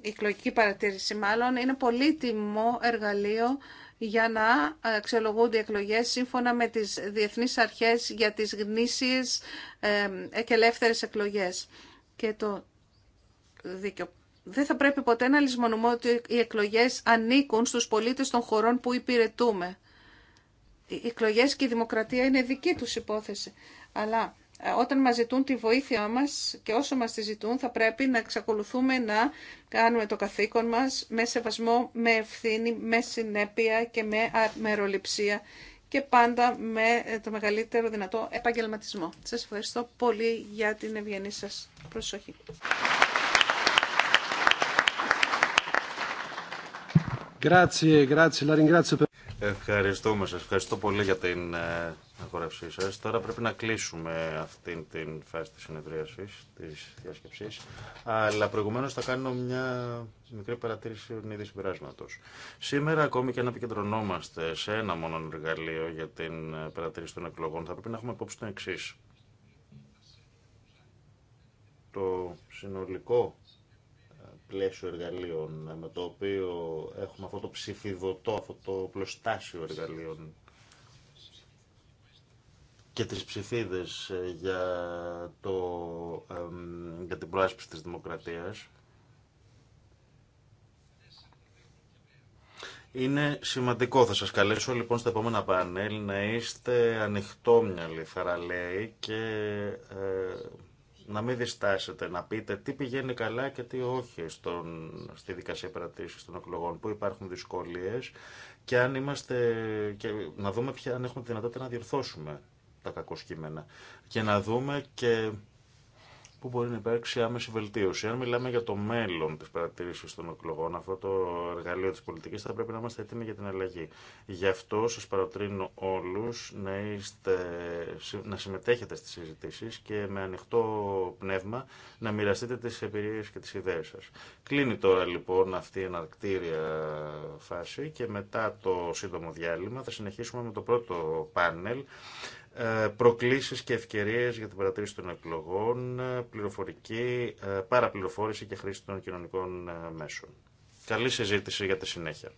D: η εκλογική παρατήρηση μάλλον, είναι πολύτιμο εργαλείο για να αξιολογούνται οι εκλογές σύμφωνα με τις διεθνείς αρχές για τις γνήσιες ε, και ελεύθερες εκλογές και το δίκαιο δεν θα πρέπει ποτέ να λησμονούμε ότι οι εκλογές ανήκουν στους πολίτες των χωρών που υπηρετούμε. Οι εκλογές και η δημοκρατία είναι δική τους υπόθεση. Αλλά ε, όταν μας ζητούν τη βοήθειά μας και όσο μας τη ζητούν θα πρέπει να εξακολουθούμε να κάνουμε το καθήκον μας με σεβασμό, με ευθύνη, με συνέπεια και με αμεροληψία και πάντα με ε, το μεγαλύτερο δυνατό επαγγελματισμό. Σας ευχαριστώ πολύ για την ευγενή σας προσοχή.
G: Ευχαριστούμε σας. Ευχαριστώ πολύ για την ε, σας. Τώρα πρέπει να κλείσουμε αυτή την φάση της συνεδρίασης, της διάσκεψης. Αλλά προηγουμένως θα κάνω μια μικρή παρατήρηση ήδη συμπεράσματος. Σήμερα ακόμη και να επικεντρωνόμαστε σε ένα μόνο εργαλείο για την ε, παρατήρηση των εκλογών, θα πρέπει να έχουμε υπόψη το εξή. Το συνολικό πλαίσιο εργαλείων με το οποίο έχουμε αυτό το ψηφιδωτό, αυτό το πλωστάσιο εργαλείων και τις ψηφίδες ε, για, το, για την προάσπιση της δημοκρατίας Είναι σημαντικό. Θα σας καλέσω λοιπόν στα επόμενα πάνελ να είστε ανοιχτόμυαλοι, λέει και ε, να μην διστάσετε να πείτε τι πηγαίνει καλά και τι όχι στον, στη δικασία παρατήρησης των εκλογών, που υπάρχουν δυσκολίες και αν είμαστε, και να δούμε ποια, αν έχουμε τη δυνατότητα να διορθώσουμε τα κακοσκήμενα και να δούμε και που μπορεί να υπάρξει άμεση βελτίωση. Αν μιλάμε για το μέλλον τη παρατήρηση των εκλογών, αυτό το εργαλείο τη πολιτική θα πρέπει να είμαστε έτοιμοι για την αλλαγή. Γι' αυτό σα παροτρύνω όλου να, να συμμετέχετε στι συζητήσει και με ανοιχτό πνεύμα να μοιραστείτε τι εμπειρίε και τι ιδέε σα. Κλείνει τώρα λοιπόν αυτή η εναρκτήρια φάση και μετά το σύντομο διάλειμμα θα συνεχίσουμε με το πρώτο πάνελ ε, προκλήσεις και ευκαιρίες για την παρατήρηση των εκλογών, ε, πληροφορική, ε, παραπληροφόρηση και χρήση των κοινωνικών μέσων. Καλή συζήτηση για τη συνέχεια.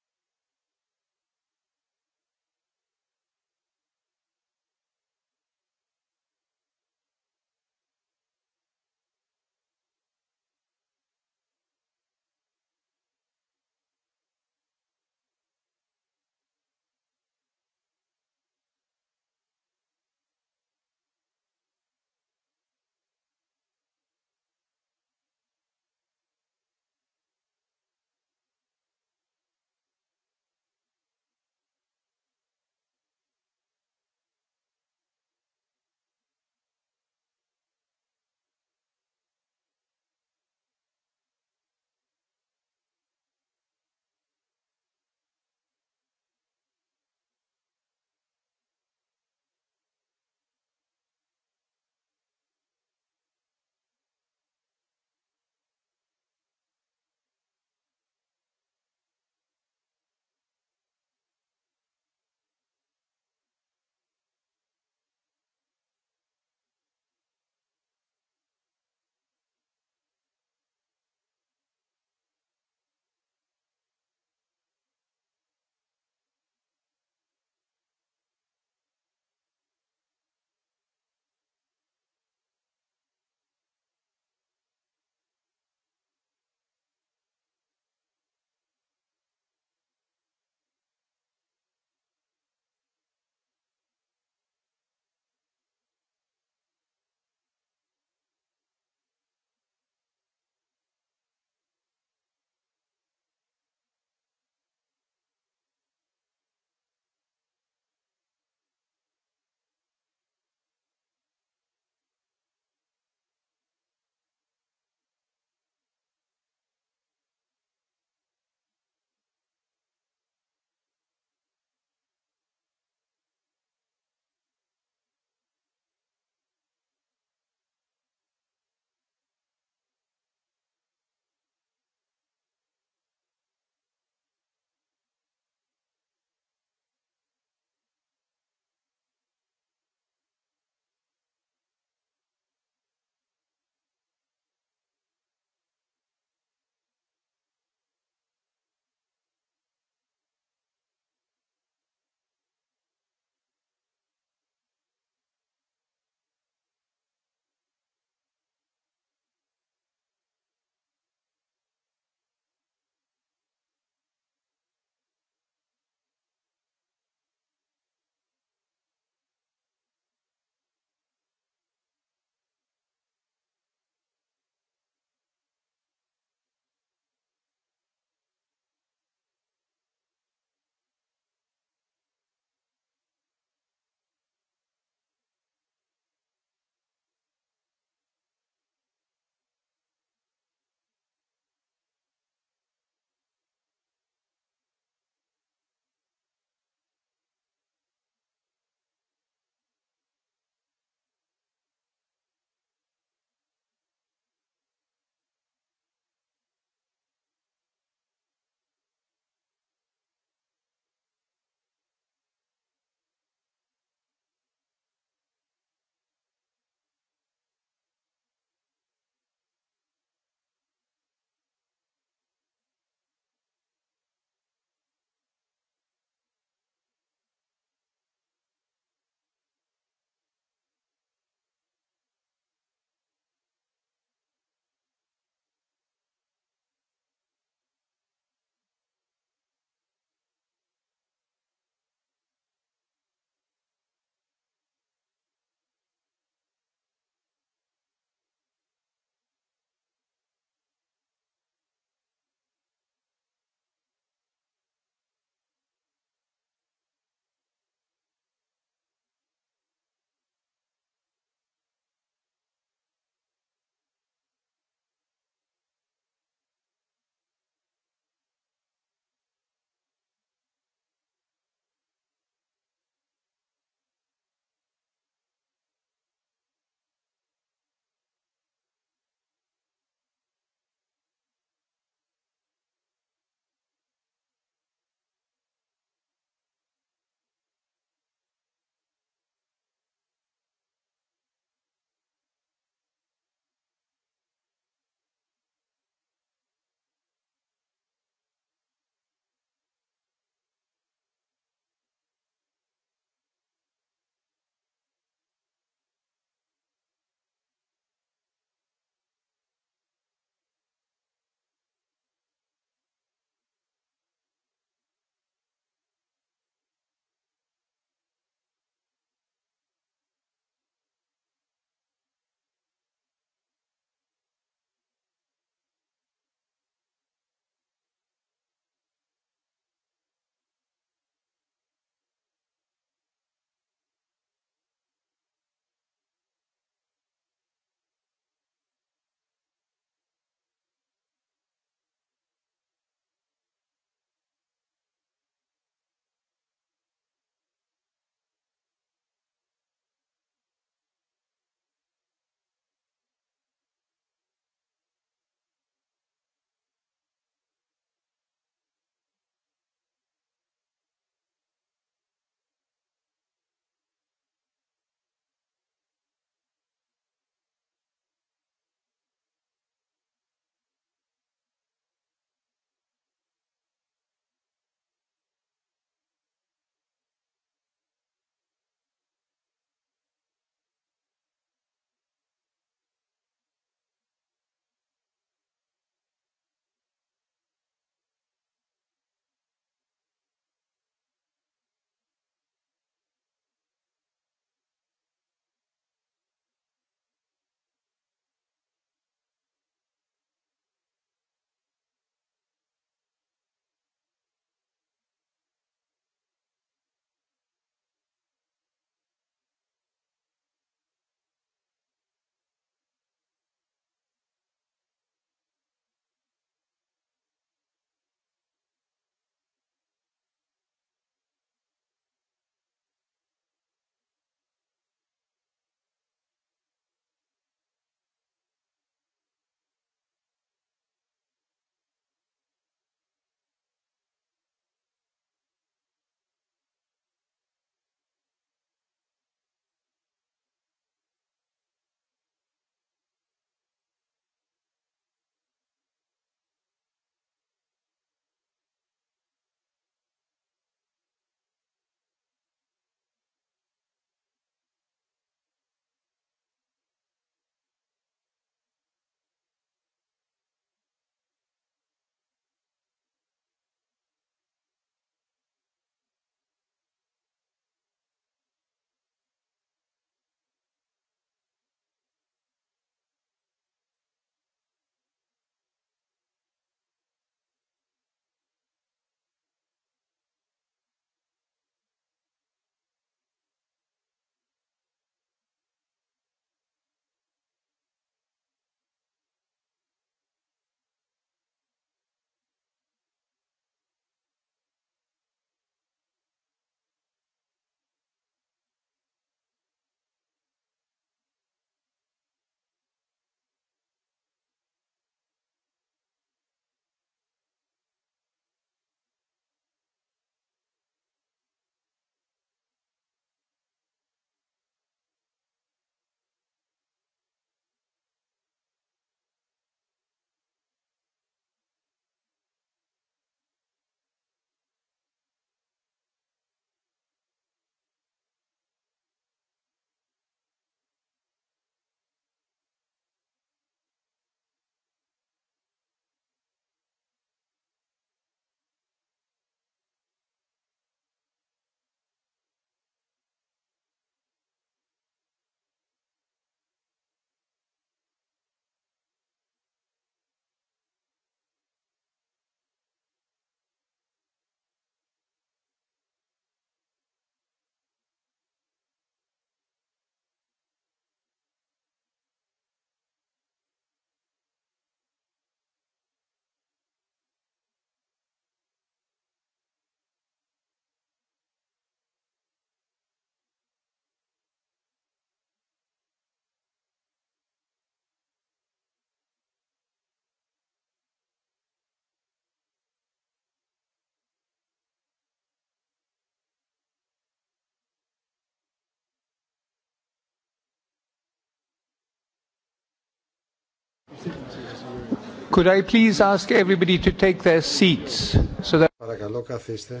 E: Could I please ask everybody to take their seats so that...
A: Παρακαλώ καθίστε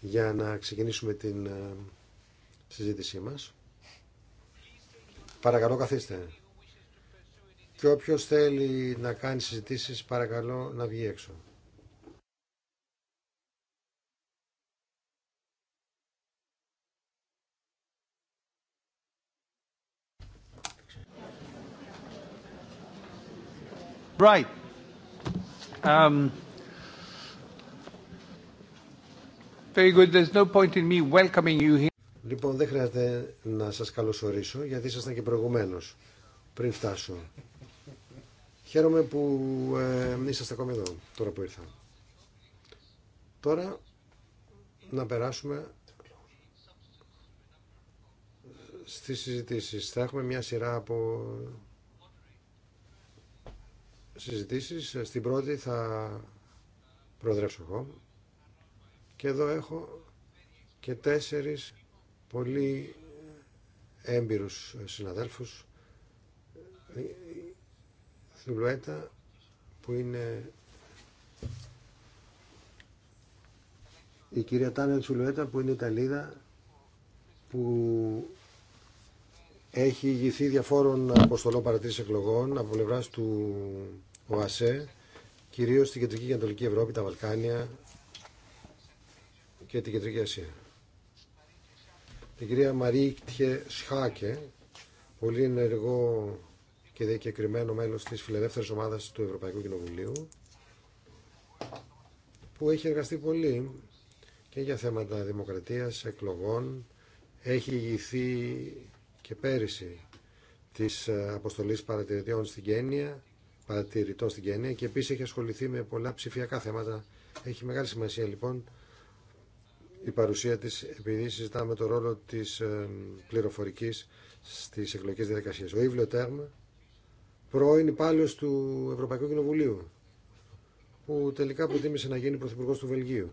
A: για να ξεκινήσουμε την ε, συζήτησή μας. Παρακαλώ καθίστε. Και όποιος θέλει να κάνει συζητήσεις παρακαλώ να βγει έξω.
E: Right. Um, very good. There's no point in me welcoming you here.
A: Λοιπόν, δεν χρειάζεται να σας καλωσορίσω, γιατί ήσασταν και προηγουμένως, πριν φτάσω. Χαίρομαι που ε, είσαστε ακόμη εδώ, τώρα που ήρθα. Τώρα, να περάσουμε στις συζητήσεις. Θα έχουμε μια σειρά από συζητήσεις. Στην πρώτη θα προεδρεύσω εγώ. Και εδώ έχω και τέσσερις πολύ έμπειρους συναδέλφους. Θουλουέτα που είναι η κυρία Τάνια Τσουλουέτα που είναι Ιταλίδα που έχει ηγηθεί διαφόρων αποστολών παρατήρηση εκλογών από πλευρά του ο ΑΣΕ, κυρίω στην Κεντρική και Ανατολική Ευρώπη, τα Βαλκάνια και την Κεντρική Ασία. Την κυρία Μαρίκτιε Σχάκε, πολύ ενεργό και διακεκριμένο μέλος της φιλελεύθερης ομάδας του Ευρωπαϊκού Κοινοβουλίου, που έχει εργαστεί πολύ και για θέματα δημοκρατίας, εκλογών, έχει ηγηθεί και πέρυσι της ε, αποστολής παρατηρητών στην Κένια παρατηρητό στην Κένια και επίση έχει ασχοληθεί με πολλά ψηφιακά θέματα. Έχει μεγάλη σημασία λοιπόν η παρουσία της επειδή συζητάμε το ρόλο της ε, πληροφορικής στις εκλογικές διαδικασίες. Ο Ιβλιο Τέρμ, πρώην υπάλληλος του Ευρωπαϊκού Κοινοβουλίου, που τελικά προτίμησε να γίνει Πρωθυπουργό του Βελγίου.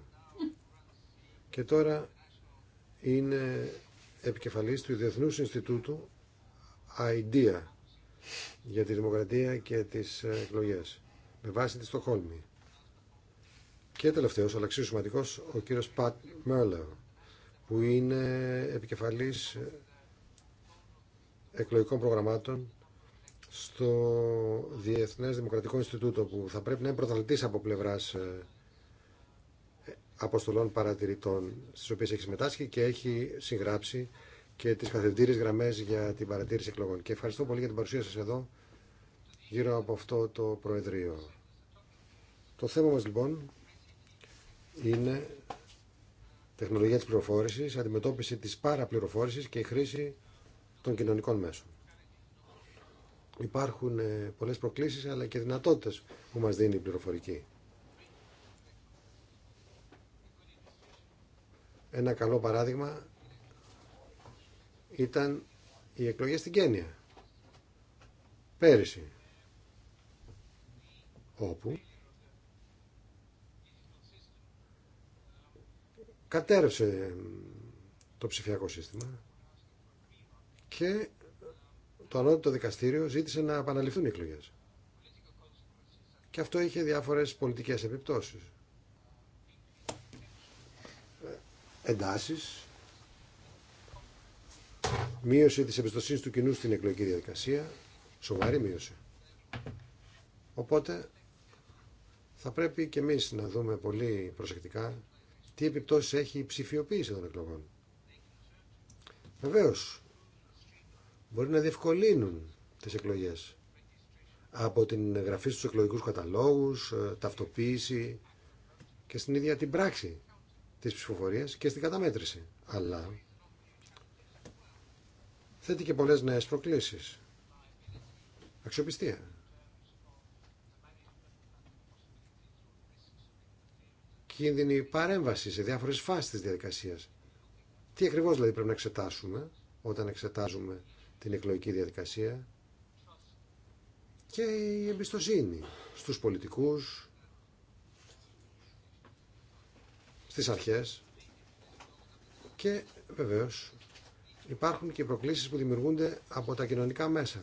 A: Και τώρα είναι επικεφαλής του Διεθνούς Ινστιτούτου IDEA για τη δημοκρατία και τις ε, εκλογές με βάση τη Στοχόλμη. Και τελευταίος, αλλά αξίω σημαντικός, ο κύριος Πατ Μέρλερ, που είναι επικεφαλής ε, εκλογικών προγραμμάτων στο Διεθνές Δημοκρατικό Ινστιτούτο, που θα πρέπει να είναι πρωταλλητής από πλευράς ε, αποστολών παρατηρητών στις οποίες έχει συμμετάσχει και έχει συγγράψει και τις καθευτήρες γραμμές για την παρατήρηση εκλογών. Και ευχαριστώ πολύ για την παρουσία σας εδώ γύρω από αυτό το Προεδρείο. Το θέμα μας λοιπόν είναι τεχνολογία τη πληροφόρηση, αντιμετώπιση της παραπληροφόρησης και η χρήση των κοινωνικών μέσων. Υπάρχουν ε, πολλές προκλήσεις αλλά και δυνατότητες που μας δίνει η πληροφορική. Ένα καλό παράδειγμα ήταν οι εκλογές στην Κένια πέρυσι όπου κατέρευσε το ψηφιακό σύστημα και το ανώτατο δικαστήριο ζήτησε να επαναληφθούν οι εκλογές. Και αυτό είχε διάφορες πολιτικές επιπτώσεις. Ε, εντάσεις Μείωση της εμπιστοσύνη του κοινού στην εκλογική διαδικασία. Σοβαρή μείωση. Οπότε θα πρέπει και εμείς να δούμε πολύ προσεκτικά τι επιπτώσεις έχει η ψηφιοποίηση των εκλογών. Βεβαίω, μπορεί να διευκολύνουν τις εκλογέ. από την γραφή στους εκλογικούς καταλόγους, ε, ταυτοποίηση και στην ίδια την πράξη τη ψηφοφορία και στην καταμέτρηση. Αλλά θέτει και πολλές νέες προκλήσεις. Αξιοπιστία. Κίνδυνη παρέμβαση σε διάφορες φάσεις της διαδικασίας. Τι ακριβώς δηλαδή πρέπει να εξετάσουμε όταν εξετάζουμε την εκλογική διαδικασία και η εμπιστοσύνη στους πολιτικούς, στις αρχές και βεβαίως υπάρχουν και προκλήσεις που δημιουργούνται από τα κοινωνικά μέσα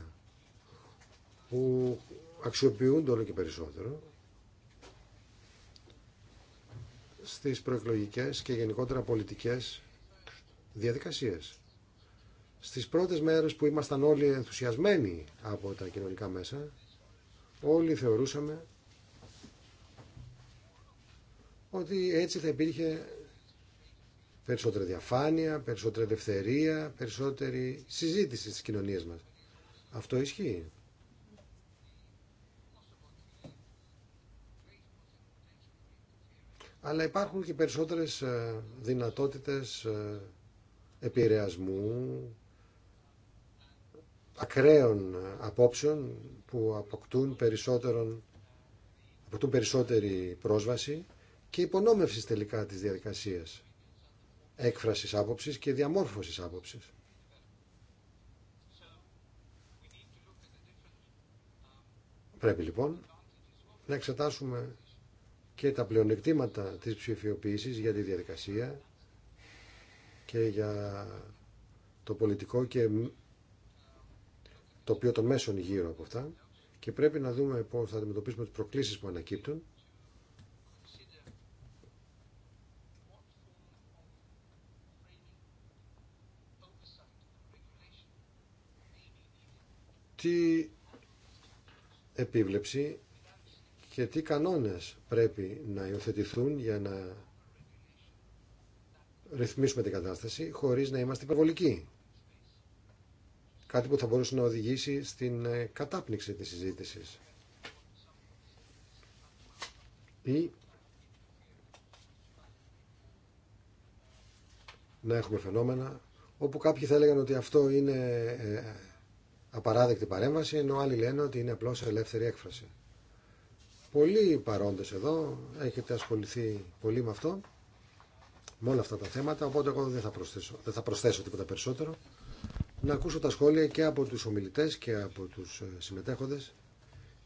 A: που αξιοποιούνται όλο και περισσότερο στις προεκλογικές και γενικότερα πολιτικές διαδικασίες. Στις πρώτες μέρες που ήμασταν όλοι ενθουσιασμένοι από τα κοινωνικά μέσα, όλοι θεωρούσαμε ότι έτσι θα υπήρχε περισσότερη διαφάνεια, περισσότερη ελευθερία, περισσότερη συζήτηση στις κοινωνίες μας. Αυτό ισχύει. Αλλά υπάρχουν και περισσότερες ε, δυνατότητες ε, επηρεασμού, ακραίων ε, απόψεων που αποκτούν, περισσότερον, αποκτούν περισσότερη πρόσβαση και υπονόμευση τελικά της διαδικασίας έκφρασης άποψης και διαμόρφωσης άποψης. Πρέπει λοιπόν να εξετάσουμε και τα πλεονεκτήματα της ψηφιοποίησης για τη διαδικασία και για το πολιτικό και το οποίο των μέσων γύρω από αυτά και πρέπει να δούμε πώς θα αντιμετωπίσουμε τις προκλήσεις που ανακύπτουν τι επίβλεψη και τι κανόνες πρέπει να υιοθετηθούν για να ρυθμίσουμε την κατάσταση χωρίς να είμαστε υπερβολικοί. Κάτι που θα μπορούσε να οδηγήσει στην ε, κατάπνιξη της συζήτησης. Ή να έχουμε φαινόμενα όπου κάποιοι θα έλεγαν ότι αυτό είναι ε, απαράδεκτη παρέμβαση, ενώ άλλοι λένε ότι είναι απλώς ελεύθερη έκφραση. Πολλοί παρόντες εδώ, έχετε ασχοληθεί πολύ με αυτό, με όλα αυτά τα θέματα, οπότε εγώ δεν θα προσθέσω, δεν θα προσθέσω τίποτα περισσότερο. Να ακούσω τα σχόλια και από τους ομιλητές και από τους ε, συμμετέχοντες.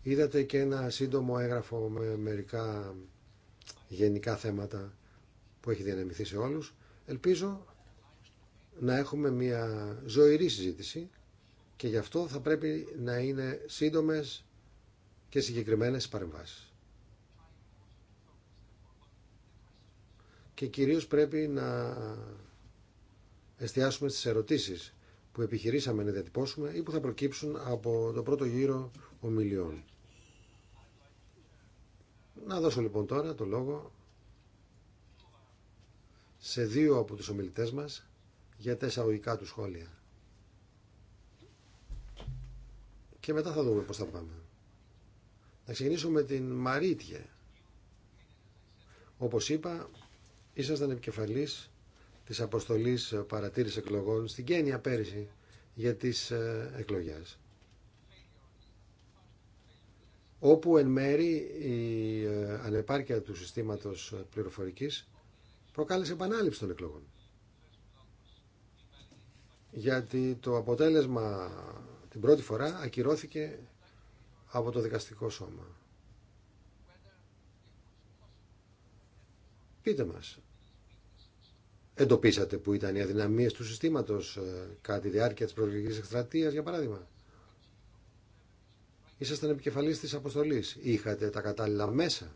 A: Είδατε και ένα σύντομο έγγραφο με μερικά γενικά θέματα που έχει διανεμηθεί σε όλους. Ελπίζω να έχουμε μια ζωηρή συζήτηση και γι' αυτό θα πρέπει να είναι σύντομες και συγκεκριμένες παρεμβάσεις. Και κυρίως πρέπει να εστιάσουμε στις ερωτήσεις που επιχειρήσαμε να διατυπώσουμε ή που θα προκύψουν από το πρώτο γύρο ομιλιών. Να δώσω λοιπόν τώρα το λόγο σε δύο από τους ομιλητές μας για τα εισαγωγικά του σχόλια. και μετά θα δούμε πώς θα πάμε. Να ξεκινήσω με την Μαρίτια. Όπως είπα, ήσασταν επικεφαλής της αποστολής παρατήρησης εκλογών στην Κένια πέρυσι για τις ε, εκλογές. Όπου εν μέρη η ε, ανεπάρκεια του συστήματος πληροφορικής προκάλεσε επανάληψη των εκλογών. Γιατί το αποτέλεσμα την πρώτη φορά ακυρώθηκε από το δικαστικό σώμα. Πείτε μας, εντοπίσατε που ήταν οι αδυναμίες του συστήματος ε, κατά τη διάρκεια της προεκλογικής εκστρατείας, για παράδειγμα. Ήσασταν επικεφαλής της αποστολής. Είχατε τα κατάλληλα μέσα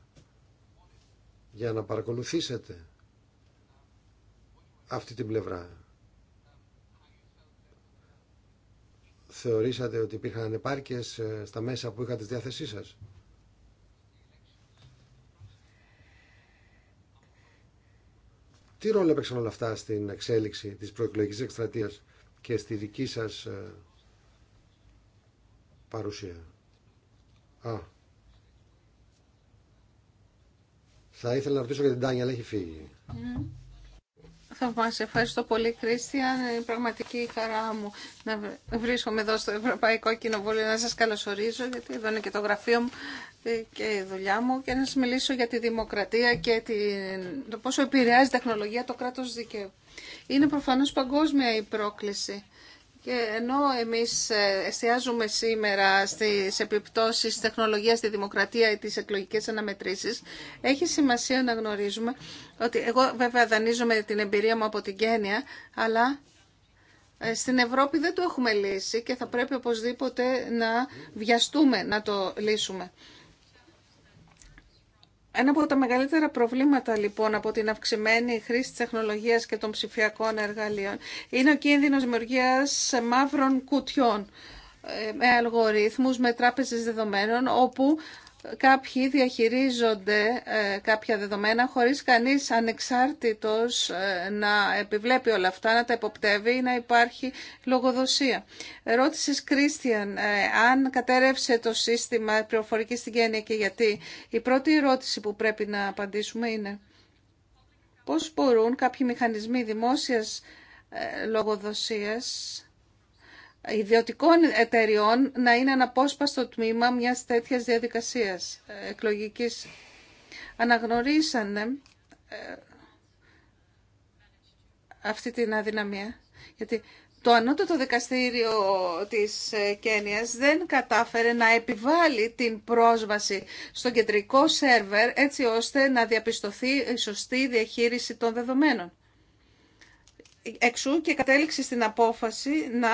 A: για να παρακολουθήσετε αυτή την πλευρά. θεωρήσατε ότι υπήρχαν ανεπάρκειες ε, στα μέσα που είχατε στη διάθεσή σας. Τι ρόλο έπαιξαν όλα αυτά στην εξέλιξη της προεκλογικής εκστρατείας και στη δική σας ε, παρουσία. Α. Θα ήθελα να ρωτήσω για την Τάνια, αλλά έχει φύγει.
D: Ναι. Θαυμάσαι. Ευχαριστώ πολύ, Κρίστια. Είναι πραγματική η χαρά μου να βρίσκομαι εδώ στο Ευρωπαϊκό Κοινοβούλιο να σας καλωσορίζω, γιατί εδώ είναι και το γραφείο μου ε, και η δουλειά μου και να σας μιλήσω για τη δημοκρατία και την... το πόσο επηρεάζει η τεχνολογία το κράτος δικαίου. Είναι προφανώς παγκόσμια η πρόκληση και ενώ εμείς ε, εστιάζουμε σήμερα στις επιπτώσεις της τεχνολογίας τη δημοκρατία ή τις εκλογικές αναμετρήσεις, έχει σημασία να γνωρίζουμε ότι εγώ βέβαια δανείζομαι την εμπειρία μου από την Κένια, αλλά ε, στην Ευρώπη δεν το έχουμε λύσει και θα πρέπει οπωσδήποτε να βιαστούμε να το λύσουμε. Ένα από τα μεγαλύτερα προβλήματα λοιπόν από την αυξημένη χρήση της τεχνολογίας και των ψηφιακών εργαλείων είναι ο κίνδυνος δημιουργίας μαύρων κουτιών ε, με αλγορίθμους, με τράπεζες δεδομένων, όπου κάποιοι διαχειρίζονται ε, κάποια δεδομένα χωρίς κανείς ανεξάρτητος ε, να επιβλέπει όλα αυτά, να τα εποπτεύει ή να υπάρχει λογοδοσία. Ρώτησες, Κρίστιαν, ε, αν κατέρευσε το σύστημα πληροφορική στην Κένια και γιατί. Η πρώτη ερώτηση που πρέπει να απαντήσουμε είναι πώς μπορούν κάποιοι μηχανισμοί δημόσιας λογοδοσίας ιδιωτικών εταιριών να είναι αναπόσπαστο τμήμα μιας τέτοιας διαδικασίας ε, εκλογικής. Αναγνωρίσανε ε, αυτή την αδυναμία, γιατί το ανώτατο δικαστήριο της ε, Κένιας δεν κατάφερε να επιβάλει την πρόσβαση στο κεντρικό σερβερ έτσι ώστε να διαπιστωθεί η σωστή διαχείριση των δεδομένων. Εξού και κατέληξε στην απόφαση να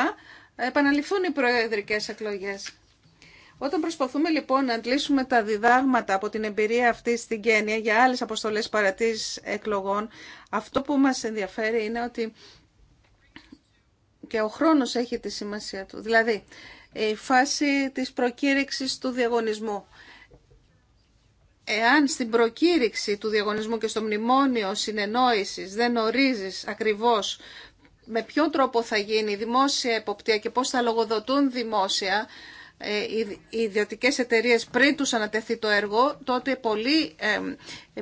D: επαναληφθούν οι προεδρικές εκλογές. Όταν προσπαθούμε λοιπόν να αντλήσουμε τα διδάγματα από την εμπειρία αυτή στην Κένια για άλλες αποστολές παρατήρηση εκλογών, αυτό που μας ενδιαφέρει είναι ότι και ο χρόνος έχει τη σημασία του. Δηλαδή, η φάση της προκήρυξης του διαγωνισμού. Εάν στην προκήρυξη του διαγωνισμού και στο μνημόνιο συνεννόησης δεν ορίζεις ακριβώς με ποιον τρόπο θα γίνει η δημόσια εποπτεία και πώς θα λογοδοτούν δημόσια ε, οι ιδιωτικές εταιρείες πριν τους ανατεθεί το έργο, τότε πολύ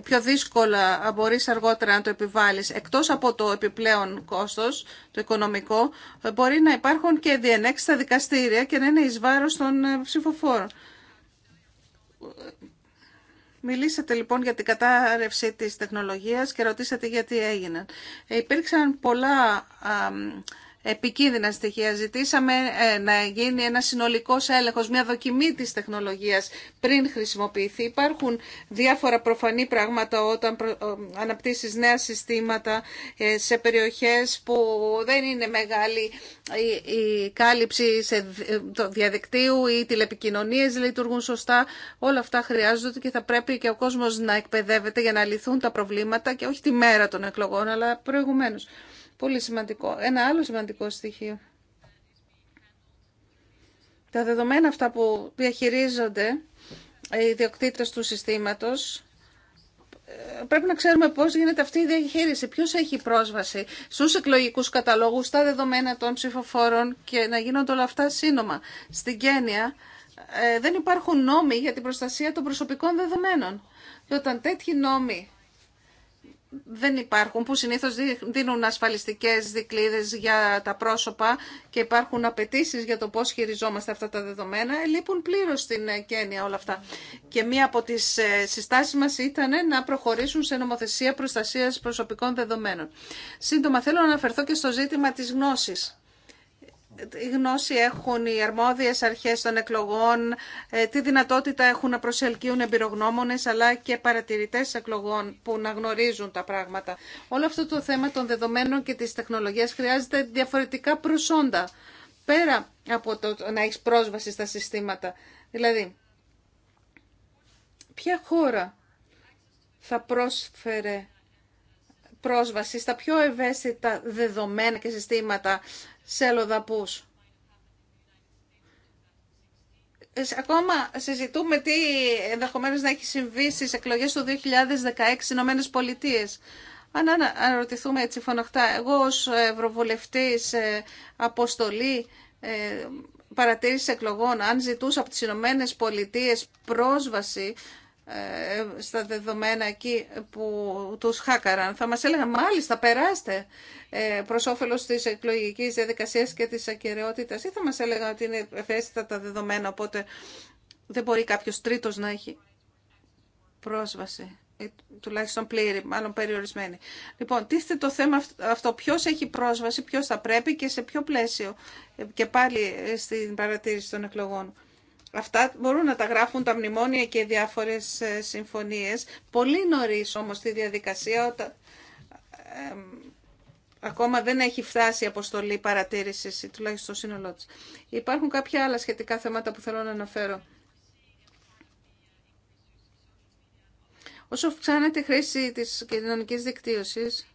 D: πιο δύσκολα μπορείς αργότερα να το επιβάλλεις. Εκτός από το επιπλέον κόστος, το οικονομικό, μπορεί να υπάρχουν και διενέξεις στα δικαστήρια και να είναι εις βάρος των ε, ψηφοφόρων. Μιλήσατε λοιπόν για την κατάρρευση της τεχνολογίας και ρωτήσατε γιατί έγιναν. Ε, υπήρξαν πολλά επικίνδυνα στοιχεία. Ζητήσαμε ε, να γίνει ένα συνολικός έλεγχος, μια δοκιμή της τεχνολογίας πριν χρησιμοποιηθεί. Υπάρχουν διάφορα προφανή πράγματα όταν ε, αναπτύσσεις νέα συστήματα ε, σε περιοχές που δεν είναι μεγάλη η κάλυψη σε διαδικτύου ή τηλεπικοινωνίε λειτουργούν σωστά. Όλα αυτά χρειάζονται και θα πρέπει και ο κόσμο να εκπαιδεύεται για να λυθούν τα προβλήματα και όχι τη μέρα των εκλογών αλλά προηγουμένω. Πολύ σημαντικό. Ένα άλλο σημαντικό στοιχείο. Τα δεδομένα αυτά που διαχειρίζονται οι ιδιοκτήτες του συστήματος ε, πρέπει να ξέρουμε πώς γίνεται αυτή η διαχείριση, ποιος έχει πρόσβαση στους εκλογικούς καταλόγους, στα δεδομένα των ψηφοφόρων και να γίνονται όλα αυτά σύνομα. Στην Κένια ε, δεν υπάρχουν νόμοι για την προστασία των προσωπικών δεδομένων. Και όταν τέτοιοι νόμοι δεν υπάρχουν, που συνήθως δίνουν ασφαλιστικές δικλείδες για τα πρόσωπα και υπάρχουν απαιτήσει για το πώς χειριζόμαστε αυτά τα δεδομένα, λείπουν πλήρως στην Κένια όλα αυτά. Και μία από τις ε, συστάσεις μας ήταν να προχωρήσουν σε νομοθεσία προστασίας προσωπικών δεδομένων. Σύντομα θέλω να αναφερθώ και στο ζήτημα της γνώσης η γνώση έχουν οι αρμόδιες αρχές των εκλογών, ε, τι δυνατότητα έχουν να προσελκύουν εμπειρογνώμονες αλλά και παρατηρητές εκλογών που να γνωρίζουν τα πράγματα. Όλο αυτό το θέμα των δεδομένων και της τεχνολογίας χρειάζεται διαφορετικά προσόντα πέρα από το να έχει πρόσβαση στα συστήματα. Δηλαδή, ποια χώρα θα πρόσφερε πρόσβαση στα πιο ευαίσθητα δεδομένα και συστήματα σελοδαπούς. Ε, ακόμα συζητούμε τι ενδεχομένω να έχει συμβεί στι εκλογέ του 2016 στι Ηνωμένε Πολιτείε. Αν αναρωτηθούμε έτσι φωναχτά, εγώ ω Ευρωβουλευτή ε, αποστολή ε, παρατήρηση εκλογών, αν ζητούσα από τι Ηνωμένε Πολιτείε πρόσβαση ε, στα δεδομένα εκεί που τους χάκαραν. Θα μας έλεγαν μάλιστα περάστε ε, προς όφελος της εκλογικής διαδικασίας και της ακαιρεότητας ή θα μας έλεγαν ότι είναι ευαίσθητα τα δεδομένα οπότε δεν μπορεί κάποιος τρίτος να έχει πρόσβαση τουλάχιστον πλήρη, μάλλον περιορισμένη. Λοιπόν, τίθεται το θέμα αυτό, ποιος έχει πρόσβαση, ποιος θα πρέπει και σε ποιο πλαίσιο ε, και πάλι στην παρατήρηση των εκλογών. Αυτά μπορούν να τα γράφουν τα μνημόνια και διάφορες ε, συμφωνίες. Πολύ νωρίς όμως τη διαδικασία, όταν ακόμα δεν έχει φτάσει η αποστολή παρατήρησης, ή τουλάχιστον στο σύνολό της. Υπάρχουν κάποια άλλα σχετικά θέματα που θέλω να αναφέρω. Όσο αυξάνεται χρήση της κοινωνικής δικτύωσης,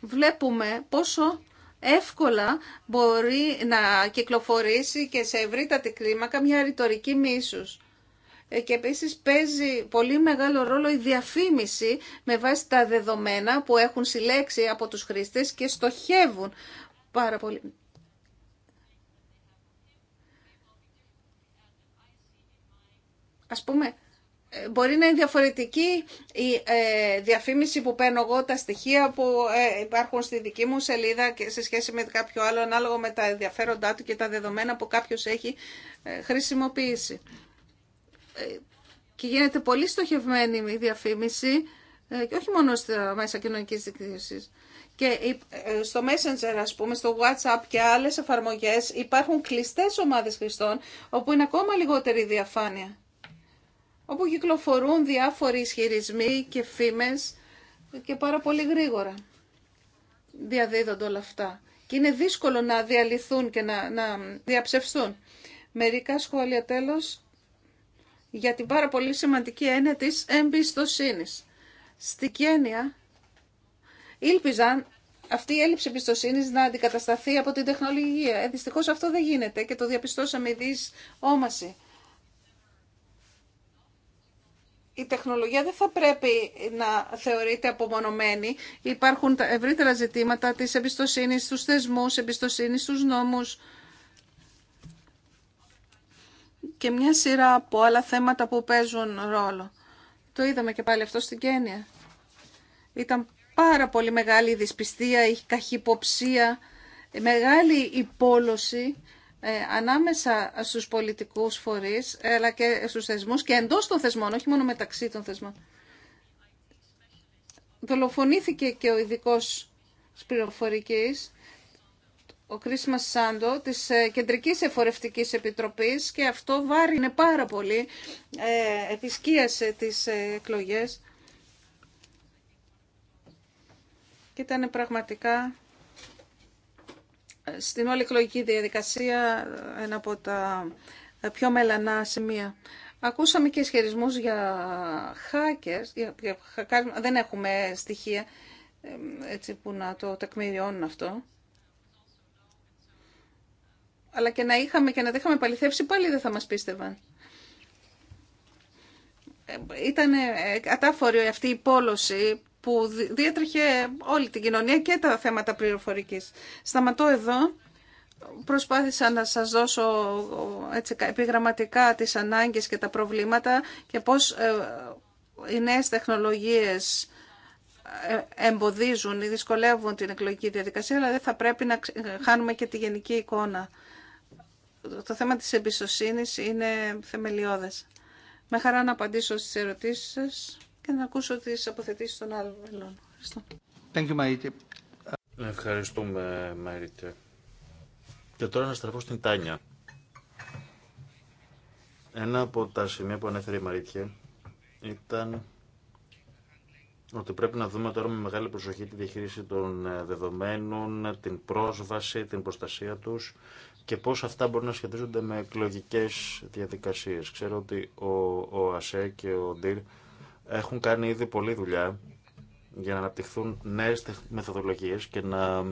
D: βλέπουμε πόσο εύκολα μπορεί να κυκλοφορήσει και σε ευρύτατη κλίμακα μια ρητορική μίσους. Ε, και επίσης παίζει πολύ μεγάλο ρόλο η διαφήμιση με βάση τα δεδομένα που έχουν συλλέξει από τους χρήστες και στοχεύουν πάρα πολύ. Ας πούμε, Μπορεί να είναι διαφορετική η ε, διαφήμιση που παίρνω εγώ, τα στοιχεία που ε, υπάρχουν στη δική μου σελίδα και σε σχέση με κάποιο άλλο, ανάλογα με τα ενδιαφέροντά του και τα δεδομένα που κάποιο έχει ε, χρησιμοποιήσει. Και γίνεται πολύ στοχευμένη η διαφήμιση, και όχι μόνο στα μέσα κοινωνική δικτύωση. Και στο Messenger, ας πούμε, στο WhatsApp και άλλες εφαρμογές υπάρχουν κλειστές ομάδες χρηστών, όπου είναι ακόμα λιγότερη διαφάνεια όπου κυκλοφορούν διάφοροι ισχυρισμοί και φήμες και πάρα πολύ γρήγορα διαδίδονται όλα αυτά. Και είναι δύσκολο να διαλυθούν και να, να διαψευστούν. Μερικά σχόλια τέλος για την πάρα πολύ σημαντική έννοια της εμπιστοσύνης. Στη Κένια ήλπιζαν αυτή η έλλειψη εμπιστοσύνη να αντικατασταθεί από την τεχνολογία. Ε, αυτό δεν γίνεται και το διαπιστώσαμε ειδής όμαση. η τεχνολογία δεν θα πρέπει να θεωρείται απομονωμένη. Υπάρχουν τα ευρύτερα ζητήματα της εμπιστοσύνης στους θεσμούς, εμπιστοσύνης στους νόμους και μια σειρά από άλλα θέματα που παίζουν ρόλο. Το είδαμε και πάλι αυτό στην Κένια. Ήταν πάρα πολύ μεγάλη η δυσπιστία, η καχυποψία, μεγάλη υπόλωση ε, ανάμεσα στους πολιτικούς φορείς αλλά και στους θεσμούς και εντός των θεσμών, όχι μόνο μεταξύ των θεσμών. Δολοφονήθηκε και ο ειδικό πληροφορικής, ο Κρίσμα Σάντο, της ε, Κεντρικής Εφορευτικής Επιτροπής και αυτό βάρινε πάρα πολύ, ε, επισκίασε τις ε, εκλογές. Και ήταν πραγματικά στην όλη εκλογική διαδικασία ένα από τα πιο μελανά σημεία. Ακούσαμε και ισχυρισμού για hackers, για, για δεν έχουμε στοιχεία έτσι που να το τεκμηριώνουν αυτό. Αλλά και να είχαμε και να δεν είχαμε παληθεύσει πάλι δεν θα μας πίστευαν. Ε, Ήταν ε, κατάφορη αυτή η πόλωση που διέτρεχε όλη την κοινωνία και τα θέματα πληροφορικής. Σταματώ εδώ. Προσπάθησα να σας δώσω έτσι, επιγραμματικά τις ανάγκες και τα προβλήματα και πώς ε, οι νέες τεχνολογίες ε, εμποδίζουν ή δυσκολεύουν την εκλογική διαδικασία, αλλά δεν θα πρέπει να χάνουμε και τη γενική εικόνα. Το θέμα της εμπιστοσύνης είναι θεμελιώδες. Με χαρά να απαντήσω στις ερωτήσεις σας και να ακούσω τις αποθετήσεις των άλλων μελών.
G: Ευχαριστώ. Ευχαριστούμε, Μαρίτε. Και τώρα να στραφώ στην Τάνια. Ένα από τα σημεία που ανέφερε η Μαρίτια ήταν ότι πρέπει να δούμε τώρα με μεγάλη προσοχή τη διαχείριση των ε, δεδομένων, την πρόσβαση, την προστασία τους και πώς αυτά μπορούν να σχετίζονται με εκλογικές διαδικασίες. Ξέρω ότι ο, ο ΑΣΕ και ο ΔΙΡ έχουν κάνει ήδη πολλή δουλειά για να αναπτυχθούν νέες μεθοδολογίες και να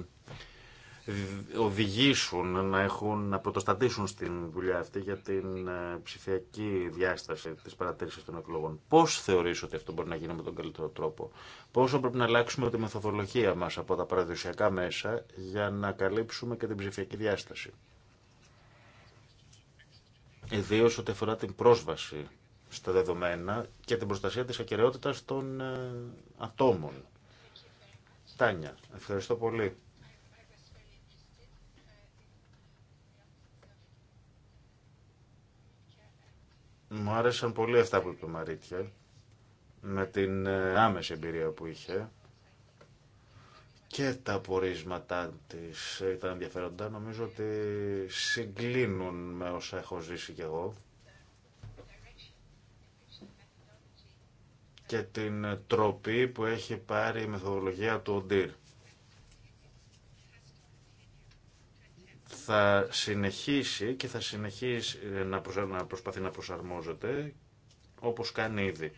G: οδηγήσουν, να, έχουν, να πρωτοστατήσουν στην δουλειά αυτή για την ε, ψηφιακή διάσταση της παρατήρησης των εκλογών. Πώς θεωρείς ότι αυτό μπορεί να γίνει με τον καλύτερο τρόπο. Πόσο πρέπει να αλλάξουμε τη μεθοδολογία μας από τα παραδοσιακά μέσα για να καλύψουμε και την ψηφιακή διάσταση. Ιδίω ό,τι αφορά την πρόσβαση στα δεδομένα και την προστασία της ακεραιότητας των ε, ατόμων. Τάνια, ευχαριστώ πολύ. Μου άρεσαν πολύ αυτά που είπε Μαρίτια, με την ε, άμεση εμπειρία που είχε και τα απορίσματα της ήταν ενδιαφέροντα. Νομίζω ότι συγκλίνουν με όσα έχω ζήσει κι εγώ. και την τροπή που έχει πάρει η μεθοδολογία του ΟΝΤΙΡ. Θα συνεχίσει και θα συνεχίσει να προσπαθεί να προσαρμόζεται όπως κάνει ήδη.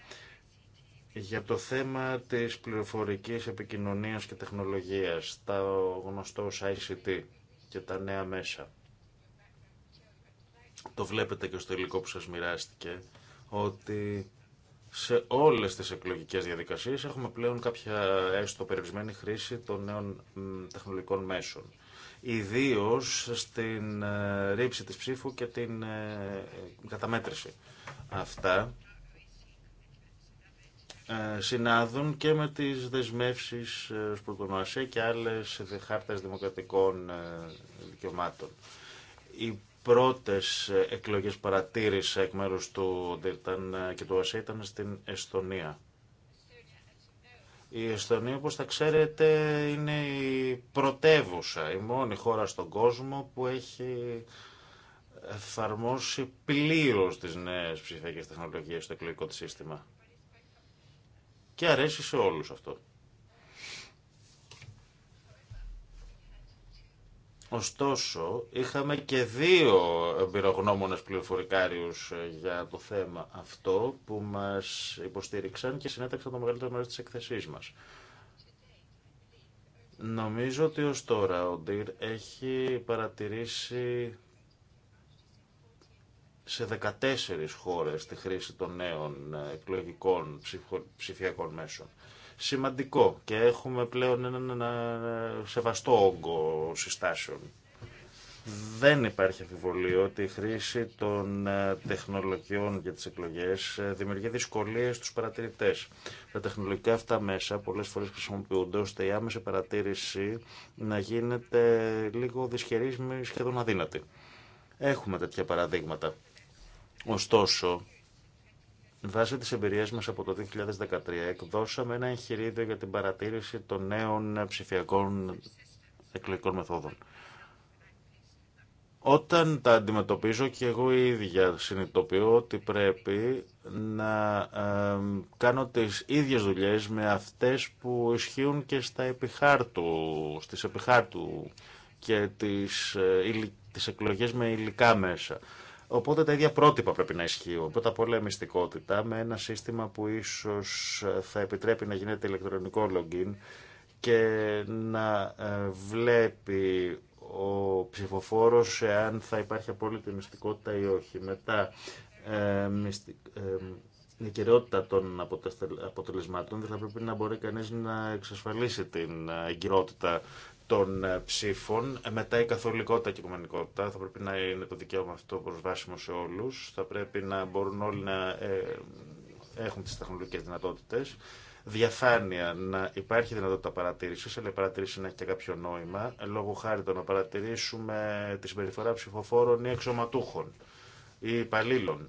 G: Για το θέμα της πληροφορικής επικοινωνίας και τεχνολογίας, τα γνωστό ICT και τα νέα μέσα. Το βλέπετε και στο υλικό που σας μοιράστηκε, ότι σε όλες τις εκλογικές διαδικασίες έχουμε πλέον κάποια έστω περιορισμένη χρήση των νέων τεχνολογικών μέσων. Ιδίω στην ε, ρήψη της ψήφου και την ε, ε, καταμέτρηση. Αυτά συνάδουν και με τις δεσμεύσεις σπουργονόασια και άλλες χάρτες δημοκρατικών δικαιωμάτων πρώτες εκλογές παρατήρηση εκ μέρους του Ντίρταν και του ΑΣΕ ήταν στην Εστονία. Η Εστονία, όπως θα ξέρετε, είναι η πρωτεύουσα, η μόνη χώρα στον κόσμο που έχει εφαρμόσει πλήρως τις νέες ψηφιακές τεχνολογίες στο εκλογικό της σύστημα. Και αρέσει σε όλους αυτό. Ωστόσο, είχαμε και δύο εμπειρογνώμονες πληροφορικάριους ε, για το θέμα αυτό που μας υποστήριξαν και συνέταξαν το μεγαλύτερο μέρος της εκθεσής μας. Νομίζω ότι ως τώρα ο Ντύρ έχει παρατηρήσει σε 14 χώρες τη χρήση των νέων ε, εκλογικών ψηφιακών μέσων σημαντικό και έχουμε πλέον έναν σεβαστό όγκο συστάσεων. Δεν υπάρχει αμφιβολία ότι η χρήση των ε, τεχνολογιών για τις εκλογές ε, δημιουργεί δυσκολίες στους παρατηρητές. Τα τεχνολογικά αυτά μέσα πολλές φορές χρησιμοποιούνται ώστε η άμεση παρατήρηση να γίνεται λίγο δυσχερή με σχεδόν αδύνατη. Έχουμε τέτοια παραδείγματα. Ωστόσο, Βάσει της εμπειρίες μας από το 2013 εκδώσαμε ένα εγχειρίδιο για την παρατήρηση των νέων ψηφιακών εκλογικών μεθόδων. Όταν τα αντιμετωπίζω και εγώ η ίδια συνειδητοποιώ ότι πρέπει να κάνω τις ίδιες δουλειές με αυτές που ισχύουν και στα επιχάρτου, στις επιχάρτου και τις, ε, τις εκλογές με υλικά μέσα. Οπότε τα ίδια πρότυπα πρέπει να ισχύουν. Πρώτα απ' όλα μυστικότητα με ένα σύστημα που ίσως θα επιτρέπει να γίνεται ηλεκτρονικό login και να ε, βλέπει ο ψηφοφόρος εάν θα υπάρχει απόλυτη μυστικότητα ή όχι. Μετά, ε, ε η κυριότητα των αποτελεσμάτων δεν δηλαδή θα πρέπει να μπορεί κανείς να εξασφαλίσει την ε, εγκυρότητα των ε, ψήφων. Ε, μετά η καθολικότητα και η οικουμενικότητα θα πρέπει να είναι το δικαίωμα αυτό προσβάσιμο σε όλους. Θα πρέπει να μπορούν όλοι να ε, έχουν τις τεχνολογικές δυνατότητες. Διαφάνεια, να υπάρχει δυνατότητα παρατήρηση, αλλά η παρατήρηση να έχει και κάποιο νόημα, λόγω χάρη το να παρατηρήσουμε τη συμπεριφορά ψηφοφόρων ή εξωματούχων ή υπαλλήλων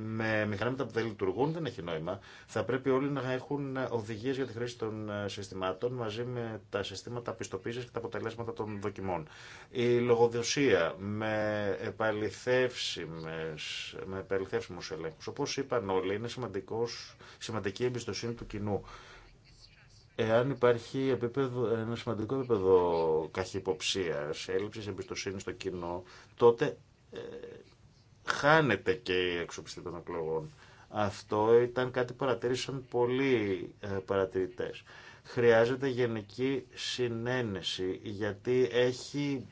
G: με μηχανήματα που δεν λειτουργούν δεν έχει νόημα. Θα πρέπει όλοι να έχουν οδηγίε για τη χρήση των ε, συστημάτων μαζί με τα συστήματα πιστοποίηση και τα αποτελέσματα των δοκιμών. Η λογοδοσία με, με επαληθεύσιμου ελέγχου. Όπω είπαν όλοι, είναι σημαντικός, σημαντική εμπιστοσύνη του κοινού. Εάν υπάρχει επίπεδο, ένα σημαντικό επίπεδο καχυποψία, έλλειψη εμπιστοσύνη στο κοινό, τότε ε, χάνεται και η αξιοπιστία των εκλογών. Αυτό ήταν κάτι που παρατήρησαν πολλοί ε, παρατηρητές. Χρειάζεται γενική συνένεση γιατί έχει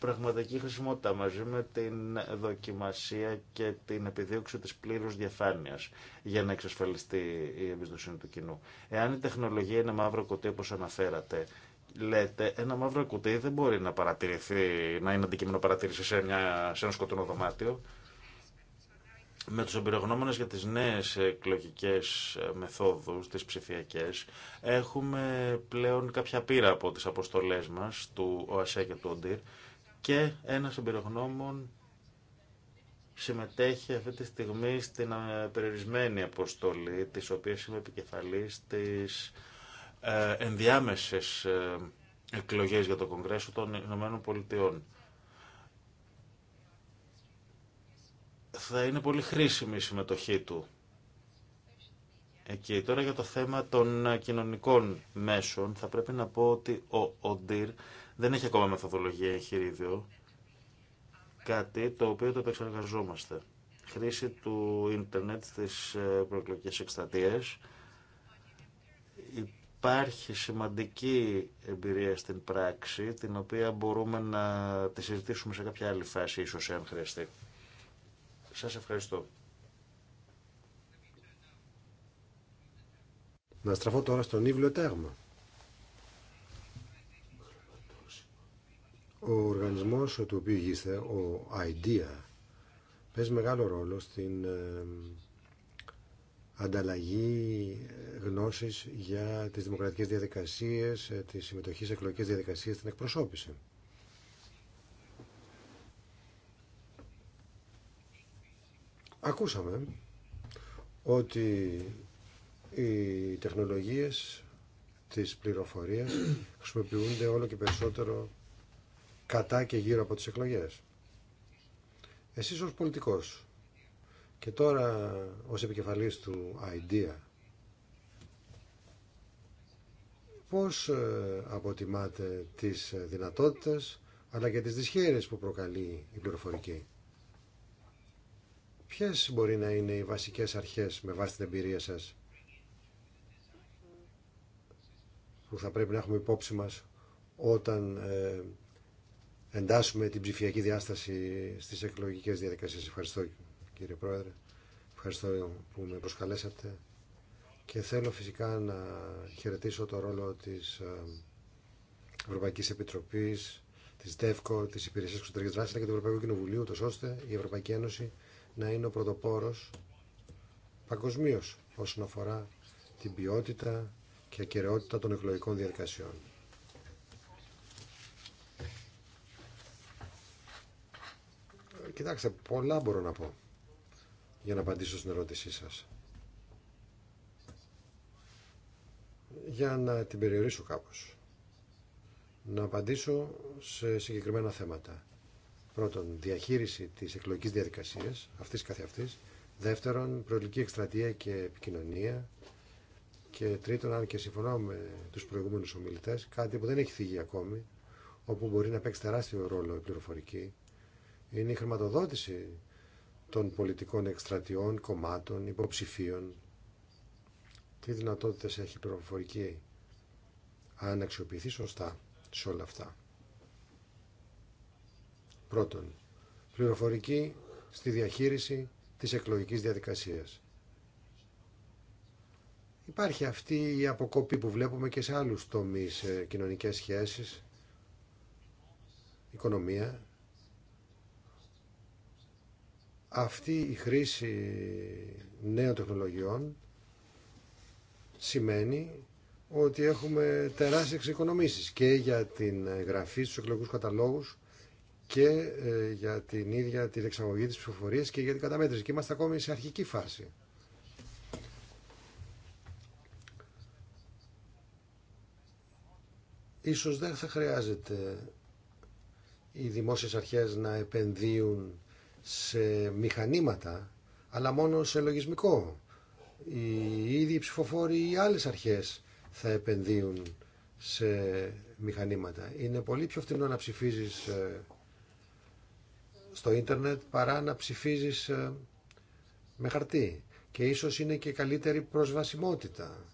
G: πραγματική χρησιμότητα μαζί με την δοκιμασία και την επιδίωξη της πλήρους διαφάνειας για να εξασφαλιστεί η εμπιστοσύνη του κοινού. Εάν η τεχνολογία είναι μαύρο κουτί όπως αναφέρατε, λέτε ένα μαύρο κουτί δεν μπορεί να παρατηρηθεί, να είναι αντικείμενο παρατήρηση σε, μια, σε ένα σκοτεινό δωμάτιο με τους εμπειρογνώμονες για τις νέες εκλογικές ε, μεθόδους, τις ψηφιακές, έχουμε πλέον κάποια πείρα από τις αποστολές μας, του ΟΑΣΕ και του ΟΝΤΙΡ, και ένας εμπειρογνώμων συμμετέχει αυτή τη στιγμή στην ε, περιορισμένη αποστολή, της οποίας είμαι επικεφαλής της ε, ενδιάμεσες εκλογές για το Κογκρέσο των Ηνωμένων θα είναι πολύ χρήσιμη η συμμετοχή του εκεί. Τώρα για το θέμα των κοινωνικών μέσων θα πρέπει να πω ότι ο ΟΝΤΙΡ δεν έχει ακόμα μεθοδολογία εγχειρίδιο. Κάτι το οποίο το επεξεργαζόμαστε. Χρήση του ίντερνετ στις ε, προεκλογικές εκστατείες. Υπάρχει σημαντική εμπειρία στην πράξη, την οποία μπορούμε να τη συζητήσουμε σε κάποια άλλη φάση, ίσως εάν χρειαστεί. Σας ευχαριστώ.
A: Να στραφώ τώρα στον Ήβλιο Τέγμα. Ο οργανισμός του οποίου είστε, ο IDEA, παίζει μεγάλο ρόλο στην ε, ανταλλαγή ε, γνώσης για τις δημοκρατικές διαδικασίες, ε, τις συμμετοχή σε εκλογικές διαδικασίες, την εκπροσώπηση. Ακούσαμε ότι οι τεχνολογίες της πληροφορίας χρησιμοποιούνται όλο και περισσότερο κατά και γύρω από τις εκλογές. Εσείς ως πολιτικός και τώρα ως επικεφαλής του IDEA πώς ε, αποτιμάτε τις ε, δυνατότητες αλλά και τις δυσχέρειες που προκαλεί η πληροφορική. Ποιες μπορεί να είναι οι βασικές αρχές με βάση την εμπειρία σας που θα πρέπει να έχουμε υπόψη μας όταν ε, εντάσσουμε την ψηφιακή διάσταση στις εκλογικές διαδικασίες. Ευχαριστώ κύριε Πρόεδρε, ευχαριστώ που με προσκαλέσατε και θέλω φυσικά να χαιρετήσω το ρόλο της ε, Ευρωπαϊκής Επιτροπής, της ΔΕΦΚΟ, της Υπηρεσίας Εξωτερικής Δράσης και του Ευρωπαϊκού Κοινοβουλίου, ώστε η Ευρωπαϊκή Ένωση να είναι ο πρωτοπόρος παγκοσμίω όσον αφορά την ποιότητα και ακεραιότητα των εκλογικών διαδικασιών. Κοιτάξτε, πολλά μπορώ να πω για να απαντήσω στην ερώτησή σας. Για να την περιορίσω κάπως. Να απαντήσω σε συγκεκριμένα θέματα. Πρώτον, διαχείριση τη εκλογική διαδικασία, αυτή καθ' αυτή. Δεύτερον, προεκλογική εκστρατεία και επικοινωνία. Και τρίτον, αν και συμφωνώ με του προηγούμενου ομιλητέ, κάτι που δεν έχει φύγει ακόμη, όπου μπορεί να παίξει τεράστιο ρόλο η πληροφορική, είναι η χρηματοδότηση των πολιτικών εκστρατιών, κομμάτων, υποψηφίων. Τι δυνατότητες έχει η πληροφορική αν αξιοποιηθεί σωστά σε όλα αυτά. Πρώτον, πληροφορική στη διαχείριση της εκλογικής διαδικασίας. Υπάρχει αυτή η αποκοπή που βλέπουμε και σε άλλους τομείς, ε, κοινωνικές σχέσεις, οικονομία. Αυτή η χρήση νέων τεχνολογιών σημαίνει ότι έχουμε τεράστιες εξοικονομήσεις και για την ε, γραφή στους εκλογικούς καταλόγους και ε, για την ίδια την εξαγωγή της ψηφοφορία και για την καταμέτρηση. Και είμαστε ακόμη σε αρχική φάση. Ίσως δεν θα χρειάζεται οι δημόσιες αρχές να επενδύουν σε μηχανήματα, αλλά μόνο σε λογισμικό. Οι ίδιοι ψηφοφόροι ή άλλες αρχές θα επενδύουν σε μηχανήματα. Είναι πολύ πιο φτηνό να ψηφίζεις ε, στο ίντερνετ παρά να ψηφίζεις ε, με χαρτί και ίσως είναι και καλύτερη προσβασιμότητα.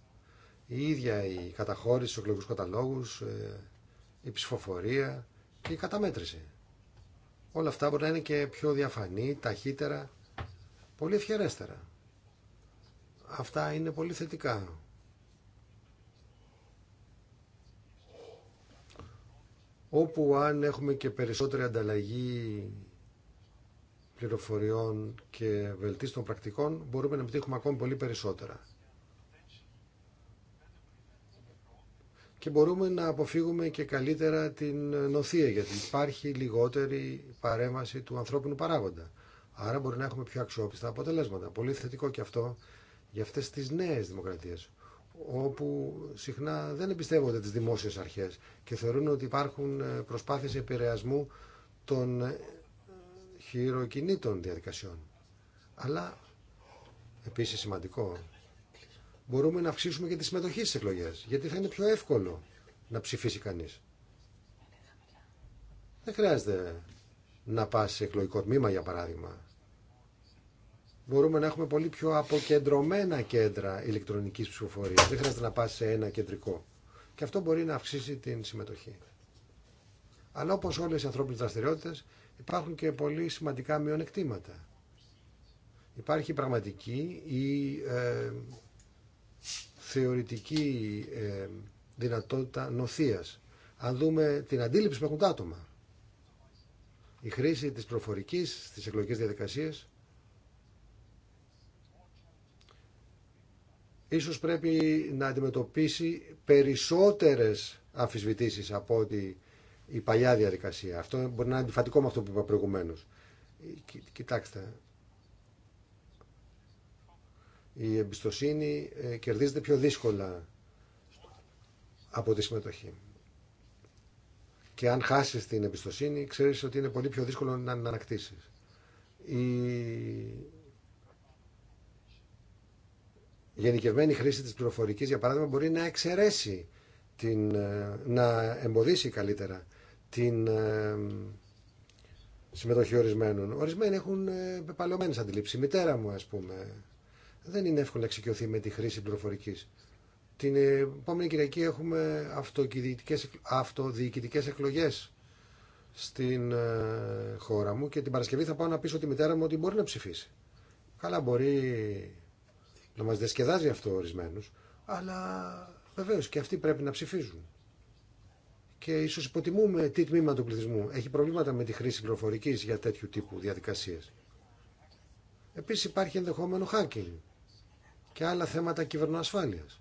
A: Η ίδια η καταχώρηση στους εκλογικούς καταλόγους, ε, η ψηφοφορία και η καταμέτρηση. Όλα αυτά μπορεί να είναι και πιο διαφανή, ταχύτερα, πολύ ευχερέστερα. Αυτά είναι πολύ θετικά. Όπου αν έχουμε και περισσότερη ανταλλαγή πληροφοριών και βελτίστων πρακτικών μπορούμε να επιτύχουμε ακόμη πολύ περισσότερα. Και μπορούμε να αποφύγουμε και καλύτερα την νοθεία, γιατί υπάρχει λιγότερη παρέμβαση του ανθρώπινου παράγοντα. Άρα μπορεί να έχουμε πιο αξιόπιστα αποτελέσματα. Πολύ θετικό και αυτό για αυτές τις νέες δημοκρατίες, όπου συχνά δεν εμπιστεύονται τις δημόσιες αρχές και θεωρούν ότι υπάρχουν ε, προσπάθειες επηρεασμού των χειροκινήτων διαδικασιών. Αλλά, επίσης σημαντικό, μπορούμε να αυξήσουμε και τη συμμετοχή στις εκλογές, γιατί θα είναι πιο εύκολο να ψηφίσει κανείς. Δεν χρειάζεται να πας σε εκλογικό τμήμα, για παράδειγμα. Μπορούμε να έχουμε πολύ πιο αποκεντρωμένα κέντρα ηλεκτρονικής ψηφοφορίας. Δεν χρειάζεται να πας σε ένα κεντρικό. Και αυτό μπορεί να αυξήσει την συμμετοχή. Αλλά όπως όλες οι ανθρώπινες δραστηριότητες υπάρχουν και πολύ σημαντικά μειονεκτήματα. Υπάρχει πραγματική ή ε, θεωρητική ε, δυνατότητα νοθείας. Αν δούμε την αντίληψη που έχουν τα άτομα. Η θεωρητικη δυνατοτητα νοθειας αν δουμε την αντιληψη που εχουν τα ατομα η χρηση της προφορικής της εκλογικές διαδικασίες ίσως πρέπει να αντιμετωπίσει περισσότερες αμφισβητήσεις από ότι η παλιά διαδικασία. Αυτό μπορεί να είναι αντιφατικό με αυτό που είπα προηγουμένω. Κοιτάξτε. Η εμπιστοσύνη ε, κερδίζεται πιο δύσκολα από τη συμμετοχή. Και αν χάσεις την εμπιστοσύνη, ξέρεις ότι είναι πολύ πιο δύσκολο να την ανακτήσεις. Η γενικευμένη χρήση της πληροφορικής, για παράδειγμα, μπορεί να εξαιρέσει την, ε, να εμποδίσει καλύτερα την ε, συμμετοχή ορισμένων. Ορισμένοι έχουν ε, πεπαλαιωμένες αντιλήψεις. Η μητέρα μου, ας πούμε, δεν είναι εύκολο να εξοικειωθεί με τη χρήση πληροφορική. Την ε, επόμενη Κυριακή έχουμε αυτοδιοικητικέ εκλογές στην χώρα μου και την Παρασκευή θα πάω να πείσω τη μητέρα μου ότι μπορεί να ψηφίσει. Καλά μπορεί να μα δεσκεδάζει αυτό ορισμένου, αλλά βεβαίω και αυτοί πρέπει να ψηφίζουν και ίσως υποτιμούμε τι τμήμα του πληθυσμού έχει προβλήματα με τη χρήση πληροφορική για τέτοιου τύπου διαδικασίες. Επίσης υπάρχει ενδεχόμενο hacking και άλλα θέματα κυβερνοασφάλειας.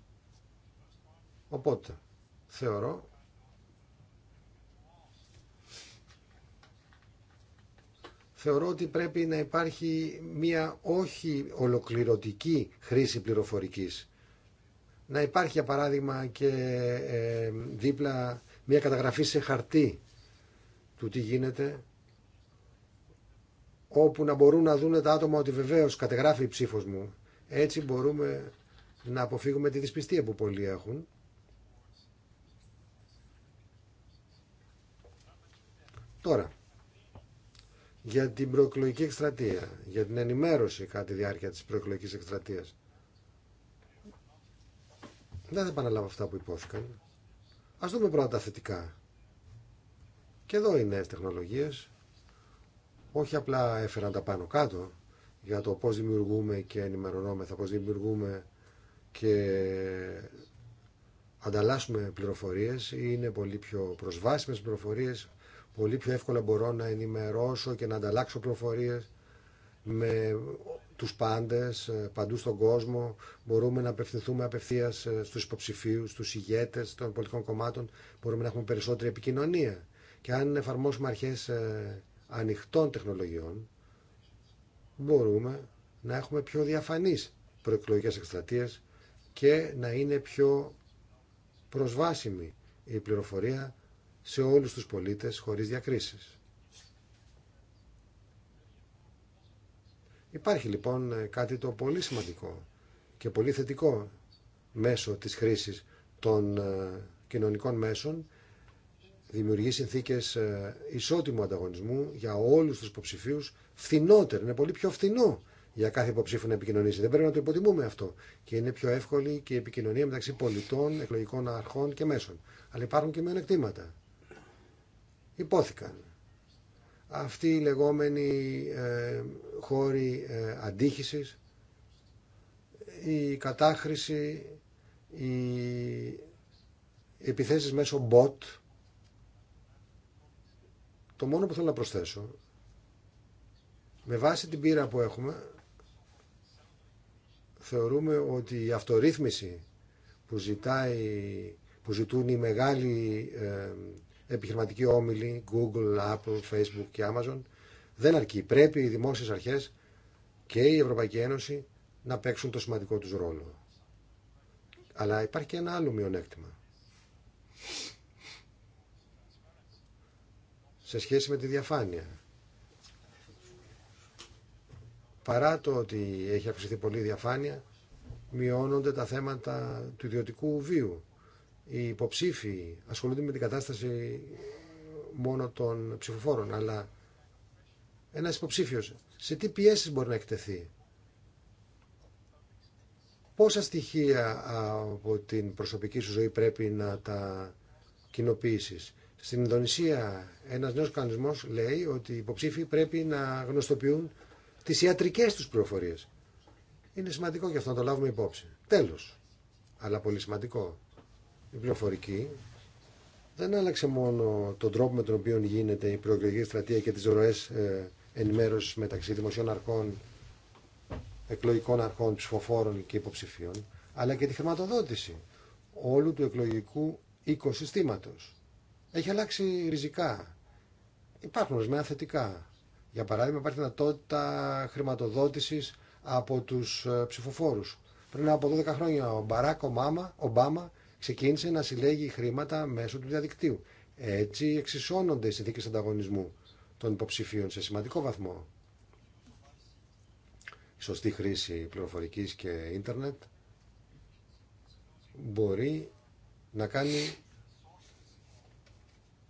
A: Οπότε, θεωρώ θεωρώ ότι πρέπει να υπάρχει μια όχι ολοκληρωτική χρήση πληροφορικής. Να υπάρχει, για παράδειγμα, και ε, δίπλα μια καταγραφή σε χαρτί του τι γίνεται, όπου να μπορούν να δουν τα άτομα ότι βεβαίως κατεγράφει η ψήφος μου. Έτσι μπορούμε να αποφύγουμε τη δυσπιστία που πολλοί έχουν. Τώρα, για την προεκλογική εκστρατεία, για την ενημέρωση κατά τη διάρκεια της προεκλογικής εκστρατείας. Δεν θα επαναλάβω αυτά που υπόθηκαν. Ας δούμε πρώτα τα θετικά. Και εδώ οι νέες τεχνολογίες όχι απλά έφεραν τα πάνω κάτω για το πώς δημιουργούμε και ενημερωνόμεθα, πώς δημιουργούμε και ανταλλάσσουμε πληροφορίες, είναι πολύ πιο προσβάσιμες πληροφορίες, πολύ πιο εύκολα μπορώ να ενημερώσω και να ανταλλάξω πληροφορίες με τους πάντες ε, παντού στον κόσμο. Μπορούμε να απευθυνθούμε απευθείας ε, στους υποψηφίους, στους ηγέτες των πολιτικών κομμάτων. Μπορούμε να έχουμε περισσότερη επικοινωνία. Και αν εφαρμόσουμε αρχές ε, ανοιχτών τεχνολογιών, μπορούμε να έχουμε πιο διαφανείς προεκλογικές εκστρατείες και να είναι πιο προσβάσιμη η πληροφορία σε όλους τους πολίτες χωρίς διακρίσεις. Υπάρχει λοιπόν ε, κάτι το πολύ σημαντικό και πολύ θετικό μέσω της χρήσης των ε, κοινωνικών μέσων δημιουργεί συνθήκες ε, ισότιμου ανταγωνισμού για όλους τους υποψηφίου φθηνότερο, είναι πολύ πιο φθηνό για κάθε υποψήφιο να επικοινωνήσει. Δεν πρέπει να το υποτιμούμε αυτό. Και είναι πιο εύκολη και η επικοινωνία μεταξύ πολιτών, εκλογικών αρχών και μέσων. Αλλά υπάρχουν και μειονεκτήματα. Υπόθηκαν αυτή οι λεγόμενοι ε, χώροι ε, αντίχησης, η κατάχρηση, οι επιθέσεις μέσω bot. Το μόνο που θέλω να προσθέσω, με βάση την πείρα που έχουμε, θεωρούμε ότι η αυτορύθμιση που, ζητάει, που ζητούν οι μεγάλοι ε, επιχειρηματικοί όμιλοι Google, Apple, Facebook και Amazon δεν αρκεί. Πρέπει οι δημόσιες αρχές και η Ευρωπαϊκή Ένωση να παίξουν το σημαντικό τους ρόλο. Αλλά υπάρχει και ένα άλλο μειονέκτημα. Σε σχέση με τη διαφάνεια. Παρά το ότι έχει αυξηθεί πολύ διαφάνεια, μειώνονται τα θέματα του ιδιωτικού βίου οι υποψήφοι ασχολούνται με την κατάσταση μόνο των ψηφοφόρων, αλλά ένας υποψήφιος σε τι πιέσεις μπορεί να εκτεθεί. Πόσα στοιχεία από την προσωπική σου ζωή πρέπει να τα κοινοποιήσει. Στην Ινδονησία ένας νέος κανονισμός λέει ότι οι υποψήφοι πρέπει να γνωστοποιούν τις ιατρικές τους πληροφορίες. Είναι σημαντικό και αυτό να το λάβουμε υπόψη. Τέλος, αλλά πολύ σημαντικό η πληροφορική δεν άλλαξε μόνο τον τρόπο με τον οποίο γίνεται η προεκλογική στρατεία και τις ροές ε, ενημέρωσης μεταξύ δημοσίων αρχών, εκλογικών αρχών, ψηφοφόρων και υποψηφίων, αλλά και τη χρηματοδότηση όλου του εκλογικού οικοσυστήματος. Έχει αλλάξει ριζικά. Υπάρχουν ορισμένα θετικά. Για παράδειγμα, υπάρχει δυνατότητα χρηματοδότηση από του ε, ψηφοφόρου. Πριν από 12 χρόνια ο Μπαράκ Ομπάμα, Ομπάμα ξεκίνησε να συλλέγει χρήματα μέσω του διαδικτύου. Έτσι εξισώνονται οι συνθήκε ανταγωνισμού των υποψηφίων σε σημαντικό βαθμό. Η σωστή χρήση πληροφορικής και ίντερνετ μπορεί να κάνει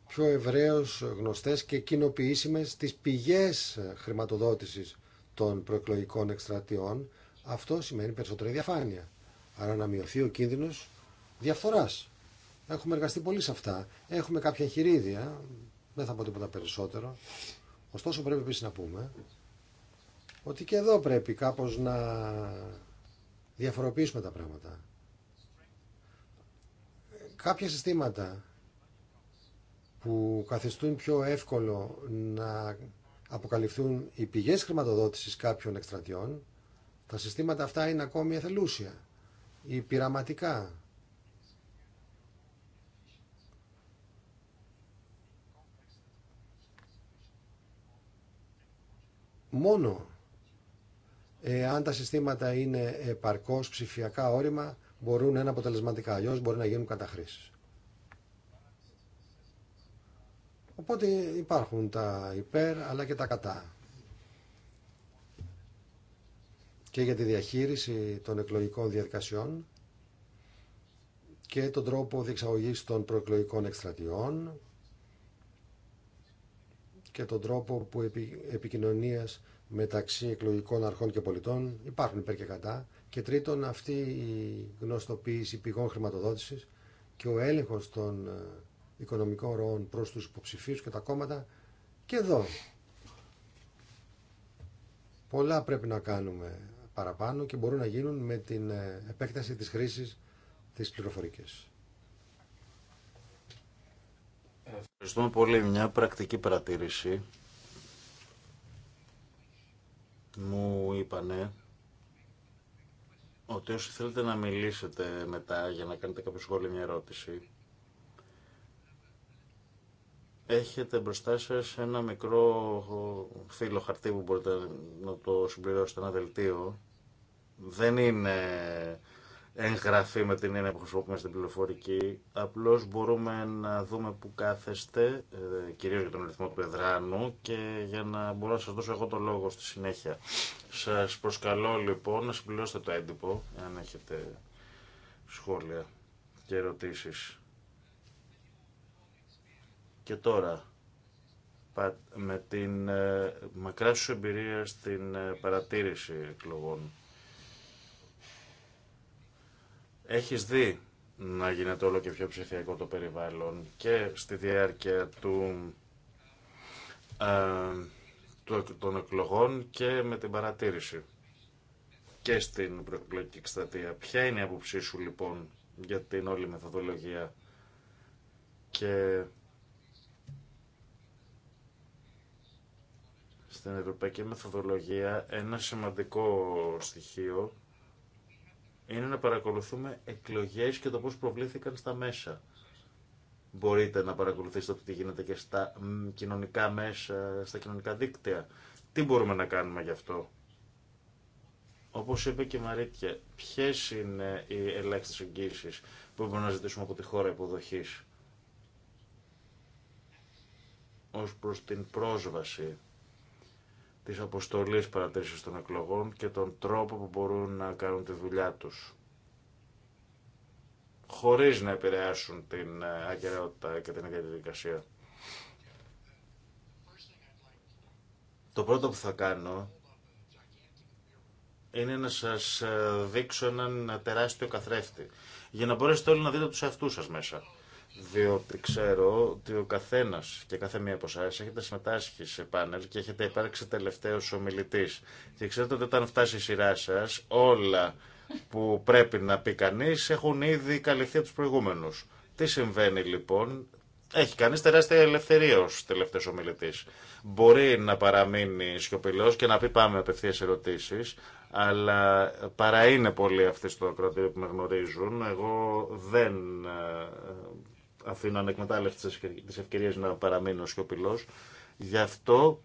A: πιο ευρέως γνωστές και κοινοποιήσιμες τις πηγές χρηματοδότησης των προεκλογικών εκστρατιών. Αυτό σημαίνει περισσότερη διαφάνεια. Άρα να μειωθεί ο κίνδυνος διαφθορά. Έχουμε εργαστεί πολύ σε αυτά. Έχουμε κάποια εγχειρίδια, δεν θα πω τίποτα περισσότερο. Ωστόσο πρέπει επίση να πούμε ότι και εδώ πρέπει κάπως να διαφοροποιήσουμε τα πράγματα. Κάποια συστήματα που καθιστούν πιο εύκολο να αποκαλυφθούν οι πηγές χρηματοδότησης κάποιων εκστρατιών, τα συστήματα αυτά είναι ακόμη εθελούσια ή πειραματικά μόνο ε, αν τα συστήματα είναι επαρκώς ψηφιακά όρημα μπορούν να είναι αποτελεσματικά, αλλιώ μπορεί να γίνουν καταχρήσεις. Οπότε υπάρχουν τα υπέρ αλλά και τα κατά. Και για τη διαχείριση των εκλογικών διαδικασιών και τον τρόπο διεξαγωγής των προεκλογικών εκστρατιών και τον τρόπο που επι, επικοινωνίας μεταξύ εκλογικών αρχών και πολιτών υπάρχουν υπέρ και κατά και τρίτον αυτή η γνωστοποίηση πηγών χρηματοδότησης και ο έλεγχος των ε, οικονομικών ροών προς τους υποψηφίους και τα κόμματα και εδώ πολλά πρέπει να κάνουμε παραπάνω και μπορούν να γίνουν με την ε, επέκταση της χρήσης της πληροφορικής.
G: Ευχαριστούμε πολύ. Μια πρακτική παρατήρηση. Μου είπανε ότι όσοι θέλετε να μιλήσετε μετά για να κάνετε κάποιο σχόλιο μια ερώτηση, έχετε μπροστά σας ένα μικρό φύλλο χαρτί που μπορείτε να το συμπληρώσετε, ένα δελτίο. Δεν είναι εγγραφή με την έννοια που χρησιμοποιούμε στην πληροφορική. Απλώ μπορούμε να δούμε πού κάθεστε, ε, κυρίω για τον αριθμό του εδράνου και για να μπορώ να σα δώσω εγώ το λόγο στη συνέχεια. Σα προσκαλώ λοιπόν να συμπληρώσετε το έντυπο, αν έχετε σχόλια και ερωτήσει. Και τώρα, με την ε, μακρά σου εμπειρία στην ε, παρατήρηση εκλογών. Έχεις δει να γίνεται όλο και πιο ψηφιακό το περιβάλλον και στη διάρκεια του, ε, των εκλογών και με την παρατήρηση και στην προεκλογική εκστατεία. Ποια είναι η άποψή σου λοιπόν για την όλη μεθοδολογία και στην ευρωπαϊκή μεθοδολογία ένα σημαντικό στοιχείο είναι να παρακολουθούμε εκλογές και το πώς προβλήθηκαν στα μέσα. Μπορείτε να παρακολουθήσετε ότι τι γίνεται και στα κοινωνικά μέσα, στα κοινωνικά δίκτυα. Τι μπορούμε να κάνουμε γι' αυτό. Όπως είπε και η Μαρίτια, ποιες είναι οι ελάχιστες εγγύσεις που μπορούμε να ζητήσουμε από τη χώρα υποδοχής ως προς την πρόσβαση τις αποστολής παρατήρησης των εκλογών και τον τρόπο που μπορούν να κάνουν τη δουλειά τους χωρίς να επηρεάσουν την ε, αγκαιρεότητα και την διαδικασία. Το πρώτο που θα κάνω είναι να σας ε, δείξω έναν τεράστιο καθρέφτη για να μπορέσετε όλοι να δείτε τους εαυτούς σας μέσα διότι ξέρω ότι ο καθένα και κάθε μία από εσά έχετε συμμετάσχει σε πάνελ και έχετε υπάρξει τελευταίο ομιλητή. Και ξέρετε ότι όταν φτάσει η σειρά σα, όλα που πρέπει να πει κανεί έχουν ήδη καλυφθεί από του προηγούμενου. Τι συμβαίνει λοιπόν, έχει κανεί τεράστια ελευθερία ω τελευταίο ομιλητή. Μπορεί να παραμείνει σιωπηλό και να πει πάμε απευθεία ερωτήσει, αλλά παρά είναι πολλοί αυτοί στο ακροατήριο που με γνωρίζουν. Εγώ δεν ε, αφήνω ανεκμετάλλευτε τις ευκαιρίες να παραμείνω σιωπηλό. Γι' αυτό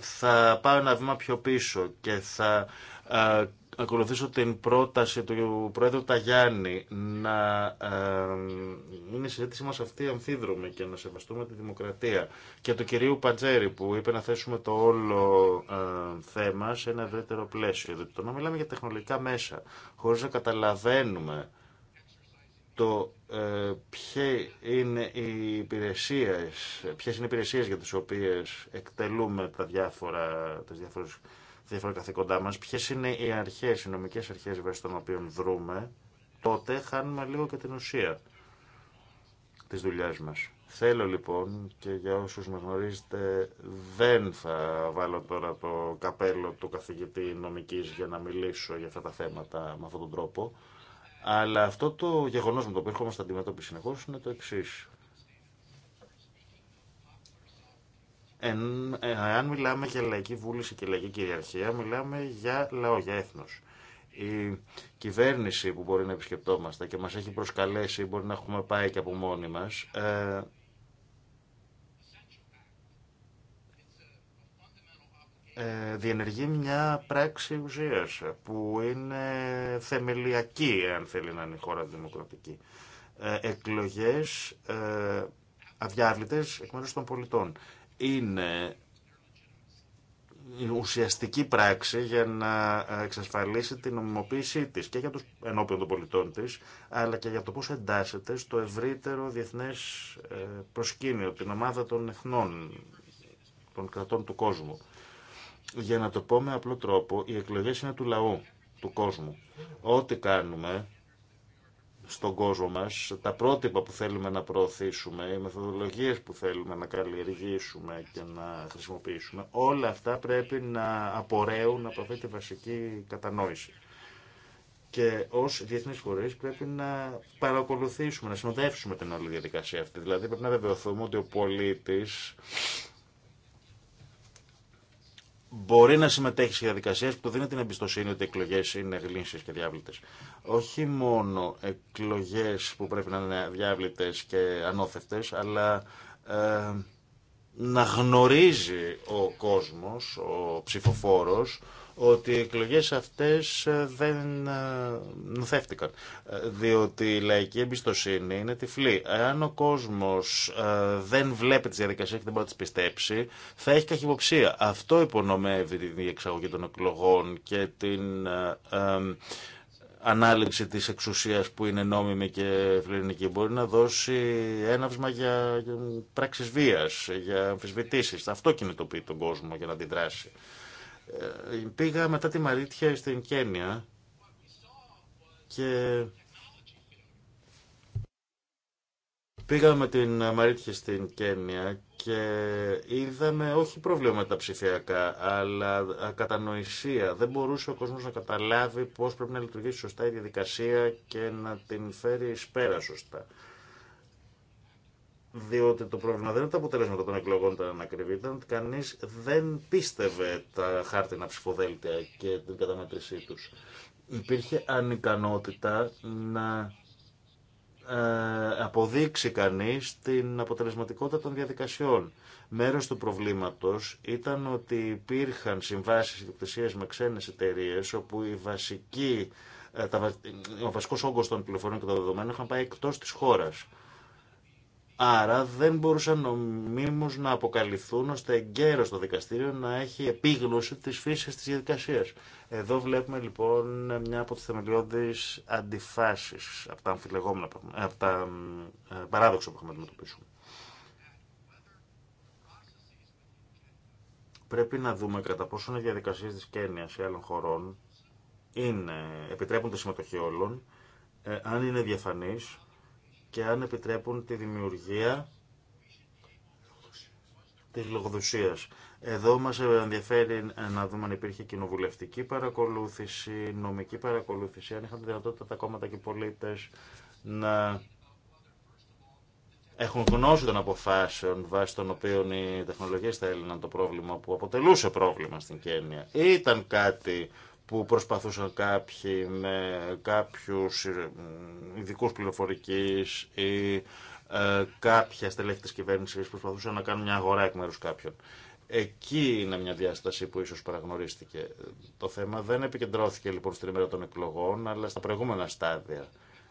G: θα πάω ένα βήμα πιο πίσω και θα ε, ακολουθήσω την πρόταση του Πρόεδρου Ταγιάννη να ε, είναι η συζήτησή μας αυτή αμφίδρομη και να σεβαστούμε τη δημοκρατία και του κυρίου παντζέρι που είπε να θέσουμε το όλο ε, θέμα σε ένα ευρύτερο πλαίσιο. Διότι το να μιλάμε για τεχνολογικά μέσα χωρίς να καταλαβαίνουμε το ε, είναι οι υπηρεσίες, ποιες είναι οι υπηρεσίες για τις οποίες εκτελούμε τα διάφορα, τις διάφορες διάφορα καθήκοντά μα, ποιες είναι οι αρχές, οι νομικέ αρχές βέβαια των οποίων δρούμε, τότε χάνουμε λίγο και την ουσία της δουλειά μας. Θέλω λοιπόν και για όσους με γνωρίζετε δεν θα βάλω τώρα το καπέλο του καθηγητή νομικής για να μιλήσω για αυτά τα θέματα με αυτόν τον τρόπο αλλά αυτό το γεγονός με το οποίο έρχομαστε αντιμετώπιση συνεχώς είναι το εξής αν μιλάμε για λαϊκή βούληση και λαϊκή κυριαρχία, μιλάμε για λαό, για έθνος. Η κυβέρνηση που μπορεί να επισκεπτόμαστε και μας έχει προσκαλέσει, μπορεί να έχουμε πάει και από μόνοι μας, ε, ε, διενεργεί μια πράξη ουσίας που είναι θεμελιακή αν θέλει να είναι η χώρα δημοκρατική. Ε, εκλογές ε, αδιάβλητες εκ μέρους των πολιτών είναι ουσιαστική πράξη για να εξασφαλίσει την νομιμοποίησή της και για τους ενώπιον των πολιτών της, αλλά και για το πώς εντάσσεται στο ευρύτερο διεθνές ε, προσκήνιο, την ομάδα των εθνών, των κρατών του κόσμου. Για να το πω με απλό τρόπο, οι εκλογές είναι του λαού, του κόσμου. Ό,τι κάνουμε στον κόσμο μας, τα πρότυπα που θέλουμε να προωθήσουμε, οι μεθοδολογίες που θέλουμε να καλλιεργήσουμε και να χρησιμοποιήσουμε, όλα αυτά πρέπει να απορρέουν από αυτή τη βασική κατανόηση. Και ω διεθνεί φορεί πρέπει να παρακολουθήσουμε, να συνοδεύσουμε την όλη διαδικασία αυτή. Δηλαδή πρέπει να βεβαιωθούμε ότι ο πολίτη μπορεί να συμμετέχει σε διαδικασίες που δίνει την εμπιστοσύνη ότι οι εκλογές είναι γλύσει και διάβλητες. Όχι μόνο εκλογές που πρέπει να είναι διάβλητες και ανώθευτες, αλλά ε, να γνωρίζει ο κόσμος, ο ψηφοφόρος, ότι οι εκλογές αυτές ε, δεν ε, νοθεύτηκαν. Ε, διότι η λαϊκή εμπιστοσύνη είναι τυφλή. Αν ο κόσμος δεν βλέπει τις διαδικασίες και δεν μπορεί να τις πιστέψει, θα έχει καχυποψία. Αυτό υπονομεύει την διεξαγωγή των εκλογών και την ανάληψη της εξουσίας που είναι νόμιμη και φιλελληνική. μπορεί να δώσει έναυσμα για πράξεις βίας, για αμφισβητήσεις. Αυτό κινητοποιεί τον κόσμο για να αντιδράσει. Ε, πήγα μετά τη Μαρίτια στην Κένια και πήγα με την Μαρίτια στην Κένια και είδαμε όχι πρόβλημα με τα ψηφιακά, αλλά κατανοησία. Δεν μπορούσε ο κόσμος να καταλάβει πώς πρέπει να λειτουργήσει σωστά η διαδικασία και να την φέρει εις πέρα σωστά. Διότι το πρόβλημα δεν είναι τα αποτελέσματα των εκλογών τα ανακριβή. Ήταν κανεί δεν πίστευε τα χάρτινα ψηφοδέλτια και την καταμέτρησή του. Υπήρχε ανικανότητα να ε, αποδείξει κανείς την αποτελεσματικότητα των διαδικασιών. Μέρος του προβλήματος ήταν ότι υπήρχαν συμβάσεις ιδιοκτησίας με ξένες εταιρείε όπου ε, τα, ο βασικός όγκος των πληροφοριών και των δεδομένων είχαν πάει εκτός της χώρας. Άρα δεν μπορούσαν νομίμως να αποκαλυφθούν ώστε εγκαίρω το δικαστήριο να έχει επίγνωση της φύσης της διαδικασία. Εδώ βλέπουμε λοιπόν μια από τι θεμελιώδει αντιφάσει από τα, αμφιλεγόμενα, από τα ε, παράδοξα που έχουμε αντιμετωπίσουμε. Πρέπει να δούμε κατά πόσο οι διαδικασίες της Κένια ή άλλων χωρών είναι, επιτρέπουν τη συμμετοχή όλων, ε, αν είναι διαφανείς και αν επιτρέπουν τη δημιουργία της λογοδοσίας. Εδώ μας ενδιαφέρει να δούμε αν υπήρχε κοινοβουλευτική παρακολούθηση, νομική παρακολούθηση, αν είχαν τη δυνατότητα τα κόμματα και οι πολίτες να έχουν γνώση των αποφάσεων βάσει των οποίων οι τεχνολογίες θα έλυναν το πρόβλημα που αποτελούσε πρόβλημα στην Κένια. Ήταν κάτι που προσπαθούσαν κάποιοι με κάποιους ειδικού πληροφορικής ή ε, κάποια στελέχη της κυβέρνησης προσπαθούσαν να κάνουν μια αγορά εκ μέρους κάποιων. Εκεί είναι μια διάσταση που ίσως παραγνωρίστηκε. Το θέμα δεν επικεντρώθηκε λοιπόν στην ημέρα των εκλογών, αλλά στα προηγούμενα στάδια.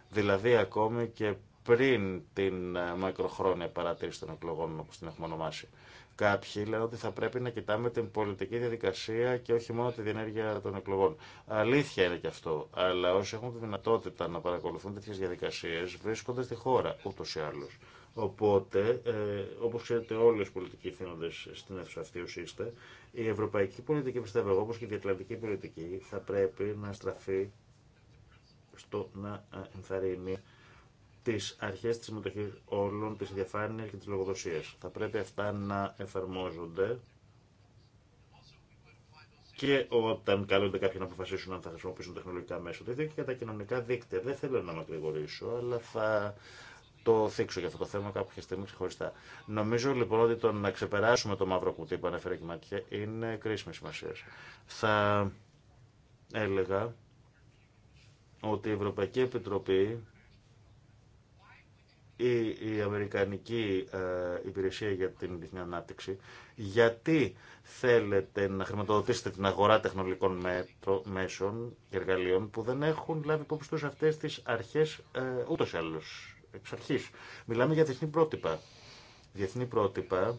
G: Δηλαδή ακόμη και πριν την ε, μακροχρόνια παρατήρηση των εκλογών, όπως την έχουμε ονομάσει. Κάποιοι λένε ότι θα πρέπει να κοιτάμε την πολιτική διαδικασία και όχι μόνο τη διενέργεια των εκλογών. Αλήθεια είναι και αυτό. Αλλά όσοι έχουν τη δυνατότητα να παρακολουθούν τέτοιε διαδικασίε βρίσκονται στη χώρα ούτω ή άλλω. Οπότε, ε, όπω ξέρετε, όλοι οι πολιτικοί θύνοντε στην αίθουσα αυτή όσοι είστε, η ευρωπαϊκή πολιτική, πιστεύω ειστε η ευρωπαικη όπω και η διατλαντική πολιτική, θα πρέπει να στραφεί στο να ενθαρρύνει τι αρχέ τη συμμετοχή όλων, τη διαφάνεια και τη λογοδοσία. Θα πρέπει αυτά να εφαρμόζονται και όταν καλούνται κάποιοι να αποφασίσουν αν θα χρησιμοποιήσουν τεχνολογικά μέσα, το ίδιο και για τα κοινωνικά δίκτυα. Δεν θέλω να μακρηγορήσω, αλλά θα το θίξω για αυτό το θέμα κάποια στιγμή ξεχωριστά. Νομίζω λοιπόν ότι το να ξεπεράσουμε το μαύρο κουτί που ανέφερε και η Ματιά είναι κρίσιμη σημασία. Θα έλεγα ότι η Ευρωπαϊκή Επιτροπή ή η Αμερικανική ε, Υπηρεσία για την Διεθνή Ανάπτυξη, γιατί θέλετε να χρηματοδοτήσετε την αγορά τεχνολογικών μέσων και εργαλείων που δεν έχουν λάβει υπόψη τους αυτές τις αρχές ε, ούτως ή άλλως, εξ αρχής. Μιλάμε για διεθνή πρότυπα. Διεθνή πρότυπα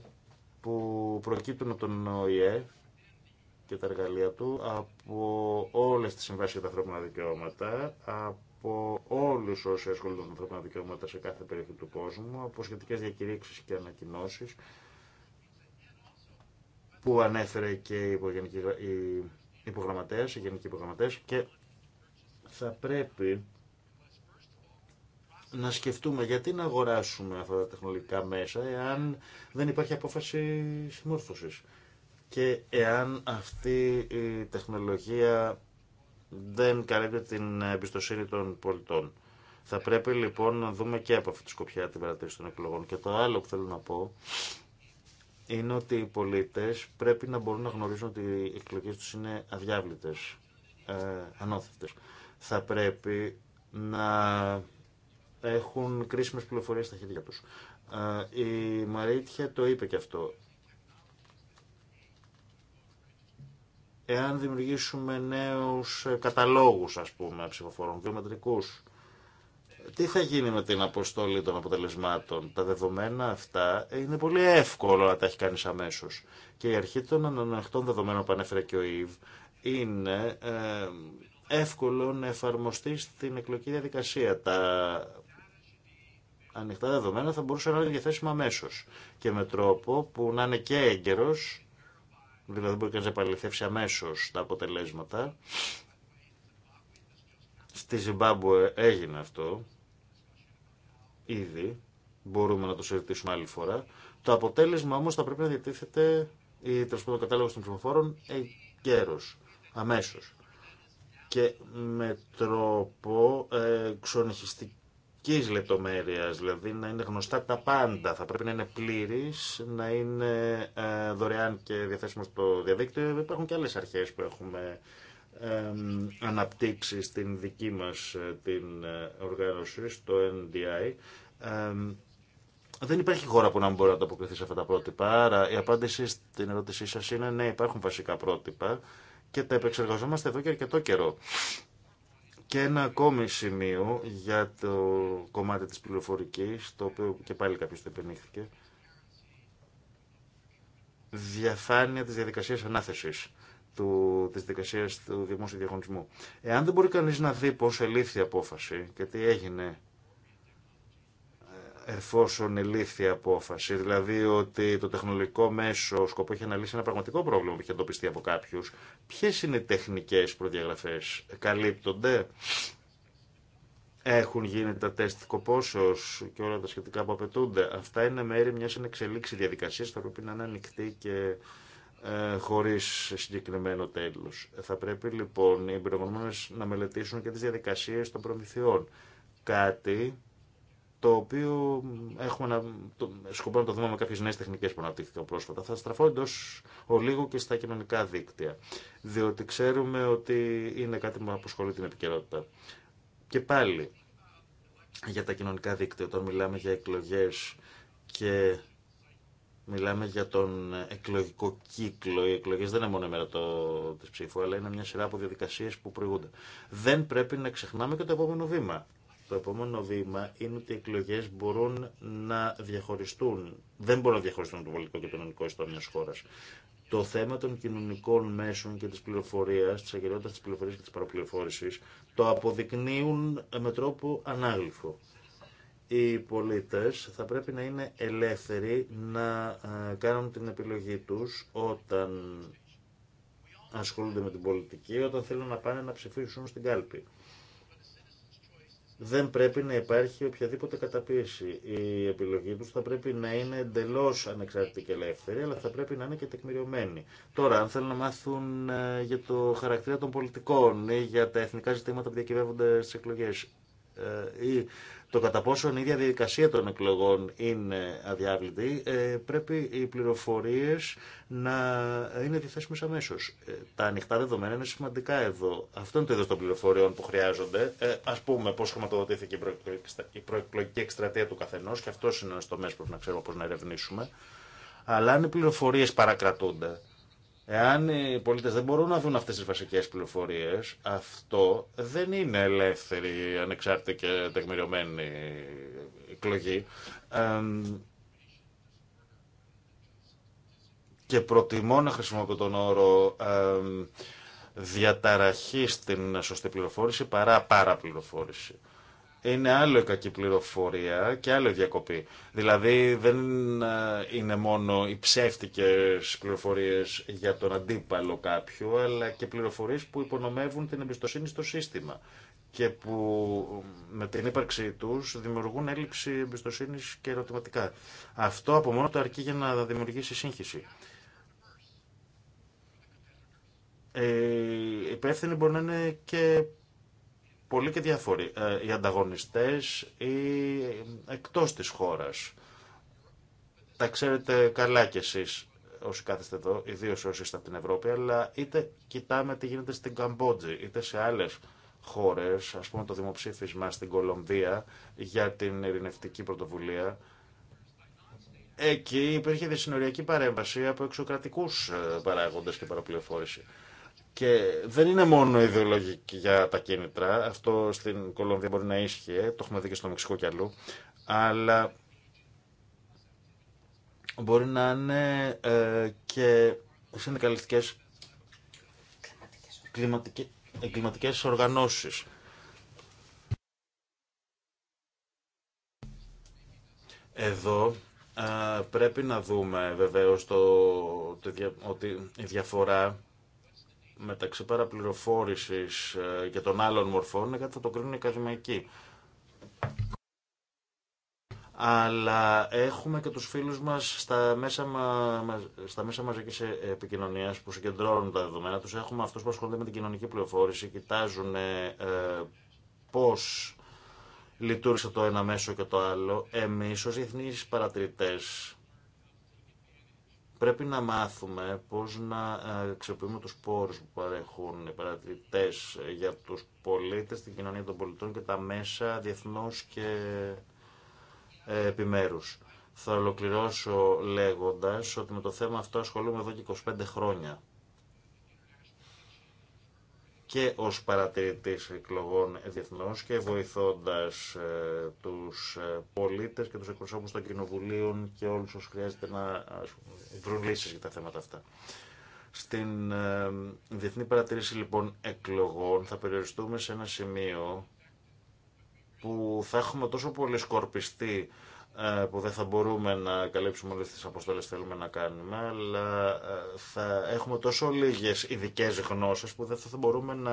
G: που προκύπτουν από τον ΟΗΕ και τα εργαλεία του, από όλες τις συμβάσεις για τα ανθρώπινα δικαιώματα, από από όλου όσοι ασχολούνται με ανθρώπινα δικαιώματα σε κάθε περιοχή του κόσμου, από σχετικέ διακηρύξει και ανακοινώσει που ανέφερε και οι, υπογραμματέα, οι γενικοί υπογραμματές και θα πρέπει να σκεφτούμε γιατί να αγοράσουμε αυτά τα τεχνολογικά μέσα εάν δεν υπάρχει απόφαση συμμόρφωσης και εάν αυτή η τεχνολογία δεν καλύπτει την εμπιστοσύνη των πολιτών. Θα πρέπει λοιπόν να δούμε και από αυτή τη σκοπιά την παρατήρηση των εκλογών. Και το άλλο που θέλω να πω είναι ότι οι πολίτες πρέπει να μπορούν να γνωρίζουν ότι οι εκλογέ τους είναι αδιάβλητε, ε, Θα πρέπει να έχουν κρίσιμε πληροφορίε στα χέρια τους. Ε, η Μαρίτια το είπε και αυτό. Εάν δημιουργήσουμε νέους ε, καταλόγους, ας πούμε, ψηφοφόρων, βιομετρικούς, τι θα γίνει με την αποστολή των αποτελεσμάτων. Τα δεδομένα αυτά είναι πολύ εύκολο να τα έχει κάνει αμέσω. Και η αρχή των ανανεχτών δεδομένων που ανέφερε και ο Ιβ είναι ε, εύκολο να εφαρμοστεί στην εκλογική διαδικασία. Τα ανοιχτά δεδομένα θα μπορούσαν να είναι διαθέσιμα αμέσω και με τρόπο που να είναι και έγκαιρο δηλαδή μπορεί κανείς να επαληθεύσει αμέσως τα αποτελέσματα. Στη Ζιμπάμπουε έγινε αυτό, ήδη, μπορούμε να το συζητήσουμε άλλη φορά. Το αποτέλεσμα όμως θα πρέπει να διατίθεται η τελεσπόδο κατάλογος των ψηφοφόρων εγκαίρω, αμέσως και με τρόπο ε, τεχνικής λεπτομέρεια, δηλαδή να είναι γνωστά τα πάντα. Θα πρέπει να είναι πλήρη, να είναι ε, δωρεάν και διαθέσιμο στο διαδίκτυο. Υπάρχουν και άλλε αρχέ που έχουμε αναπτύξει στην δική μας ε, την ε, οργάνωση, στο NDI. Δεν υπάρχει χώρα που να μην μπορεί να το σε αυτά τα πρότυπα. Άρα η απάντηση στην ερώτησή σα είναι ναι, υπάρχουν βασικά πρότυπα και τα επεξεργαζόμαστε εδώ και αρκετό καιρό. Και ένα ακόμη σημείο για το κομμάτι της πληροφορικής, το οποίο και πάλι κάποιος το επενήχθηκε. Διαφάνεια της διαδικασίας ανάθεσης του, της διαδικασίας του δημόσιου διαγωνισμού. Εάν δεν μπορεί κανείς να δει πώς ελήφθη η απόφαση και τι έγινε εφόσον η η απόφαση, δηλαδή ότι το τεχνολογικό μέσο σκοπό έχει αναλύσει ένα πραγματικό πρόβλημα που έχει εντοπιστεί από κάποιου, ποιε είναι οι τεχνικέ προδιαγραφέ, καλύπτονται, έχουν γίνει τα τεστ κοπόσεω και όλα τα σχετικά που απαιτούνται. Αυτά είναι μέρη μια ανεξελίξη διαδικασία θα πρέπει να είναι ανοιχτή και ε, χωρί συγκεκριμένο τέλο. Θα πρέπει λοιπόν οι εμπειρογνώμονε να μελετήσουν και τι διαδικασίε των προμηθειών. Κάτι το οποίο έχουμε να, το, σκοπό να το δούμε με κάποιε νέε τεχνικέ που αναπτύχθηκαν πρόσφατα. Θα στραφώ εντό ολίγου και στα κοινωνικά δίκτυα. Διότι ξέρουμε ότι είναι κάτι που απασχολεί την επικαιρότητα. Και πάλι για τα κοινωνικά δίκτυα, όταν μιλάμε για εκλογέ και μιλάμε για τον εκλογικό κύκλο. Οι εκλογέ δεν είναι μόνο η μέρα τη ψήφου, αλλά είναι μια σειρά από διαδικασίε που προηγούνται. Δεν πρέπει να ξεχνάμε και το επόμενο βήμα το επόμενο βήμα είναι ότι οι εκλογέ μπορούν να διαχωριστούν. Δεν μπορούν να διαχωριστούν το πολιτικό και το κοινωνικό ιστό μια χώρα. Το θέμα των κοινωνικών μέσων και τη πληροφορία, τη αγκαιρότητα τη πληροφορία και τη παραπληροφόρηση, το αποδεικνύουν με τρόπο ανάγλυφο. Οι πολίτε θα πρέπει να είναι ελεύθεροι να ε, κάνουν την επιλογή του όταν ασχολούνται με την πολιτική, όταν θέλουν να πάνε να ψηφίσουν στην κάλπη δεν πρέπει να υπάρχει οποιαδήποτε καταπίεση. Η επιλογή του θα πρέπει να είναι εντελώ ανεξάρτητη και ελεύθερη, αλλά θα πρέπει να είναι και τεκμηριωμένη. Τώρα, αν θέλουν να μάθουν ε, για το χαρακτήρα των πολιτικών ή για τα εθνικά ζητήματα που διακυβεύονται στι εκλογέ, ή ε, το κατά πόσον η ίδια διαδικασία των εκλογών είναι αδιάβλητη, ε, πρέπει οι πληροφορίε να είναι διαθέσιμε αμέσω. Ε, τα ανοιχτά δεδομένα είναι σημαντικά εδώ. Αυτό είναι το είδο των πληροφοριών που χρειάζονται. Α πούμε, πώ χρηματοδοτήθηκε η προεκλογική εκστρατεία του καθενό, και αυτό είναι ένα τομέα που πρέπει να ξέρουμε πώ να ερευνήσουμε. Αλλά αν οι πληροφορίε παρακρατούνται, Εάν οι πολίτες δεν μπορούν να δουν αυτές τις βασικές πληροφορίες, αυτό δεν είναι ελεύθερη, ανεξάρτητη και τεκμηριωμένη εκλογή. και προτιμώ να χρησιμοποιώ τον όρο διαταραχή στην σωστή πληροφόρηση παρά παραπληροφόρηση είναι άλλο η κακή πληροφορία και άλλο διακοπή. Δηλαδή δεν ε, είναι μόνο οι ψεύτικες πληροφορίες για τον αντίπαλο κάποιου, αλλά και πληροφορίες που υπονομεύουν την εμπιστοσύνη στο σύστημα και που με την ύπαρξή τους δημιουργούν έλλειψη εμπιστοσύνης και ερωτηματικά. Αυτό από μόνο το αρκεί για να δημιουργήσει σύγχυση. Ε, υπεύθυνοι μπορεί να είναι και πολλοί και διάφοροι. Ε, οι ανταγωνιστές ή εκτός της χώρας. Τα ξέρετε καλά κι εσείς όσοι κάθεστε εδώ, ιδίω όσοι είστε από την Ευρώπη, αλλά είτε κοιτάμε τι γίνεται στην Καμπότζη, είτε σε άλλες χώρες, ας πούμε το δημοψήφισμα στην Κολομβία για την ειρηνευτική πρωτοβουλία, Εκεί υπήρχε δυσυνοριακή παρέμβαση από εξωκρατικούς ε, παράγοντες και παραπληροφόρηση. Και δεν είναι μόνο ιδεολογική για τα κίνητρα. Αυτό στην Κολομβία μπορεί να ίσχυε. Το έχουμε δει και στο Μεξικό κι αλλού. Αλλά μπορεί να είναι ε, και συνδικαλιστικές εγκληματικές οργανώσεις. Εδώ ε, πρέπει να δούμε βεβαίως το, ότι η διαφορά μεταξύ παραπληροφόρησης ε, και των άλλων μορφών είναι κάτι θα το κρίνουν οι ακαδημαϊκοί. Αλλά έχουμε και τους φίλους μας στα μέσα, μα... στα μέσα μαζικής ε, επικοινωνίας που συγκεντρώνουν τα δεδομένα τους. Έχουμε αυτούς που ασχολούνται με την κοινωνική πληροφόρηση, κοιτάζουν ε, πώς λειτουργήσε το ένα μέσο και το άλλο. Εμείς ως διεθνείς παρατηρητές Πρέπει να μάθουμε πώς να ε, αξιοποιούμε τους πόρους που παρέχουν οι παρατηρητές για τους πολίτες, την κοινωνία των πολιτών και τα μέσα διεθνώς και ε, επιμέρους. Θα ολοκληρώσω λέγοντας ότι με το θέμα αυτό ασχολούμαι εδώ και 25 χρόνια και ως παρατηρητής εκλογών διεθνώς και βοηθώντας ε, τους ε, πολίτες και τους εκπροσώπους των κοινοβουλίων και όλους όσους χρειάζεται να βρουν λύσεις για τα θέματα αυτά. Στην ε, διεθνή παρατηρήση λοιπόν εκλογών θα περιοριστούμε σε ένα σημείο που θα έχουμε τόσο πολύ σκορπιστεί ε, που δεν θα μπορούμε να καλύψουμε όλες τις αποστολές που θέλουμε να κάνουμε, αλλά ε, θα έχουμε τόσο λίγες ειδικέ γνώσεις που δεν θα μπορούμε να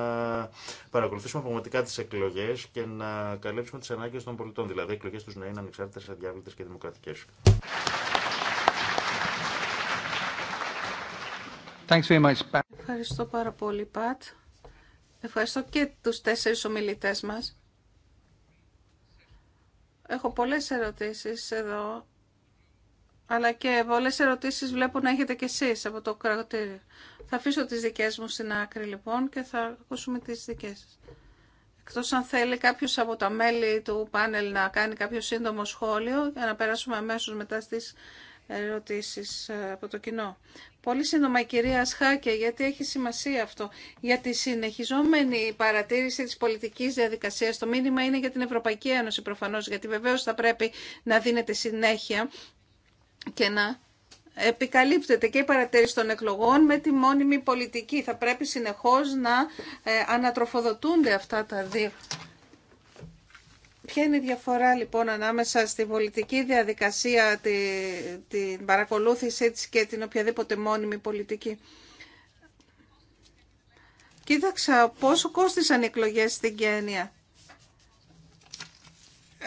G: παρακολουθήσουμε πραγματικά τις εκλογές και να καλύψουμε τις ανάγκες των πολιτών, δηλαδή οι εκλογές τους να είναι ανεξάρτητες, αδιάβλητες και δημοκρατικές.
D: Ευχαριστώ πάρα πολύ, Πατ. Ευχαριστώ και τους τέσσερις ομιλητές μας. Έχω πολλές ερωτήσεις εδώ, αλλά και πολλές ερωτήσεις βλέπω να έχετε κι εσείς από το κρατήριο. Θα αφήσω τις δικές μου στην άκρη λοιπόν και θα ακούσουμε τις δικές σας. Εκτός αν θέλει κάποιος από τα μέλη του πάνελ να κάνει κάποιο σύντομο σχόλιο για να περάσουμε αμέσως μετά στις ερωτήσεις ε, από το κοινό. Πολύ σύντομα η κυρία Σχάκια, γιατί έχει σημασία αυτό. Για τη συνεχιζόμενη παρατήρηση της πολιτικής διαδικασίας, το μήνυμα είναι για την Ευρωπαϊκή Ένωση προφανώς, γιατί βεβαίως θα πρέπει να δίνεται συνέχεια και να επικαλύπτεται και η παρατήρηση των εκλογών με τη μόνιμη πολιτική. Θα πρέπει συνεχώς να ε, ανατροφοδοτούνται αυτά τα δύο. Ποια είναι η διαφορά λοιπόν ανάμεσα στη πολιτική διαδικασία, τη, την παρακολούθησή έτσι και την οποιαδήποτε μόνιμη πολιτική. Κοίταξα πόσο κόστησαν οι εκλογές στην Κένια.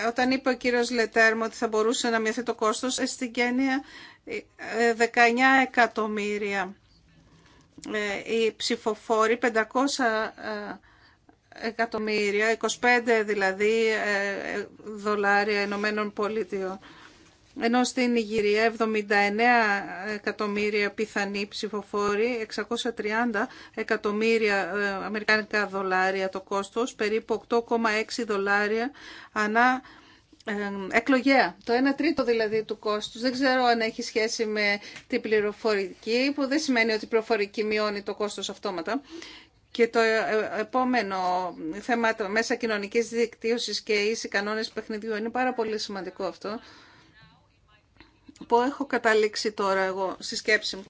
D: Όταν είπε ο κύριος Λετέρμο ότι θα μπορούσε να μειωθεί το κόστος, ε, στην Κένια 19 ε, εκατομμύρια ε, οι ψηφοφόροι, 500 εκατομμύρια, 25 δηλαδή ε, ε, δολάρια Ηνωμένων Πολιτείων. Ενώ στην Ιγυρία 79 εκατομμύρια πιθανή ψηφοφόροι, 630 εκατομμύρια ε, αμερικανικά δολάρια το κόστος, περίπου 8,6 δολάρια ανά εκλογέα. Το 1 τρίτο δηλαδή του κόστους. Δεν ξέρω αν έχει σχέση με την πληροφορική, που δεν σημαίνει ότι η πληροφορική μειώνει το κόστος αυτόματα. Και το ε, ε, επόμενο θέμα, το μέσα κοινωνικής δικτύωσης και ίση κανόνες παιχνιδιού, είναι πάρα πολύ σημαντικό αυτό. Πού έχω καταλήξει τώρα εγώ στη σκέψη μου.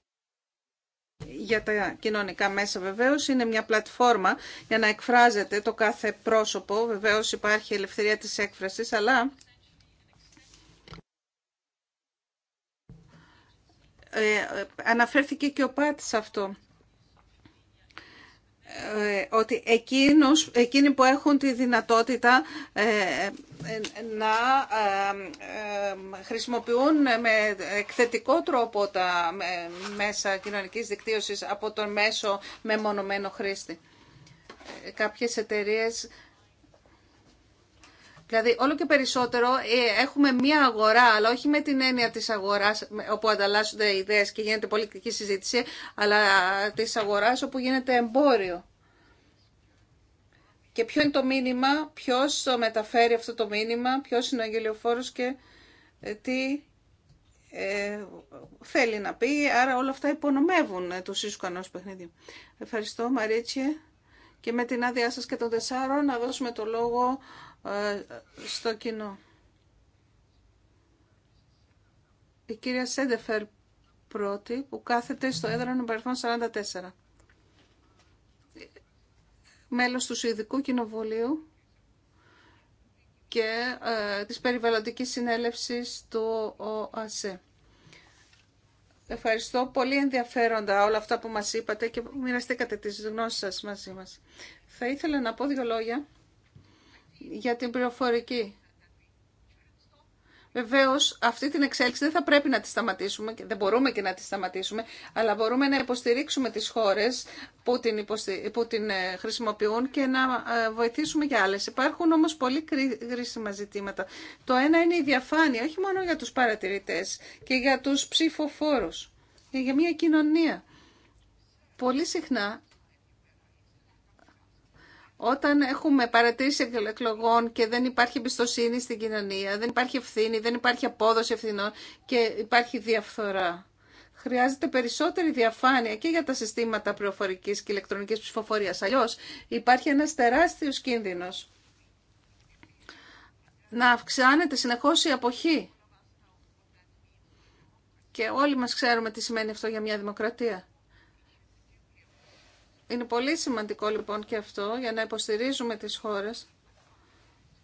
D: Για τα κοινωνικά μέσα βεβαίως είναι μια πλατφόρμα για να εκφράζεται το κάθε πρόσωπο. Βεβαίως υπάρχει ελευθερία της έκφρασης, αλλά ε, ε αναφέρθηκε και ο Πάτης αυτό. Ε, ότι εκείνος, εκείνοι που έχουν τη δυνατότητα ε, να ε, χρησιμοποιούν με εκθετικό τρόπο τα μέσα κοινωνικής δικτύωσης από τον μέσο μεμονωμένο χρήστη. Κάποιες εταιρείες Δηλαδή, όλο και περισσότερο ε, έχουμε μία αγορά, αλλά όχι με την έννοια της αγοράς όπου ανταλλάσσονται ιδέες και γίνεται πολιτική συζήτηση, αλλά της αγοράς όπου γίνεται εμπόριο. Και ποιο είναι το μήνυμα, ποιος το μεταφέρει αυτό το μήνυμα, ποιος είναι ο αγγελιοφόρος και ε, τι ε, θέλει να πει. Άρα όλα αυτά υπονομεύουν ε, το ίσους παιχνιδιού. Ευχαριστώ Μαρίτσια Και με την άδειά σας και των τεσσάρων να δώσουμε το λόγο ε, στο κοινό. Η κυρία Σέντεφερ πρώτη που κάθεται στο έδρανο παρελθόν 44. Μέλος του Σουηδικού Κοινοβουλίου και ε, της Περιβαλλοντικής Συνέλευσης του ΟΑΣΕ. Ευχαριστώ. Πολύ ενδιαφέροντα όλα αυτά που μας είπατε και μοιραστήκατε τις γνώσεις σας μαζί μας. Θα ήθελα να πω δύο λόγια για την πληροφορική. Βεβαίω, αυτή την εξέλιξη δεν θα πρέπει να τη σταματήσουμε, δεν μπορούμε και να τη σταματήσουμε, αλλά μπορούμε να υποστηρίξουμε τι χώρε που, την ε, χρησιμοποιούν και να ε, βοηθήσουμε για άλλε. Υπάρχουν όμω πολύ κρίσιμα ζητήματα. Το ένα είναι η διαφάνεια, όχι μόνο για του παρατηρητέ και για του ψηφοφόρου, για μια κοινωνία. Πολύ συχνά όταν έχουμε παρατήρηση εκλογών και δεν υπάρχει εμπιστοσύνη στην κοινωνία, δεν υπάρχει ευθύνη, δεν υπάρχει απόδοση ευθυνών και υπάρχει διαφθορά. Χρειάζεται περισσότερη διαφάνεια και για τα συστήματα πληροφορική και ηλεκτρονικής ψηφοφορία. Αλλιώ υπάρχει ένας τεράστιος κίνδυνος να αυξάνεται συνεχώ η αποχή. Και όλοι μας ξέρουμε τι σημαίνει αυτό για μια δημοκρατία. Είναι πολύ σημαντικό λοιπόν και αυτό για να υποστηρίζουμε τις χώρες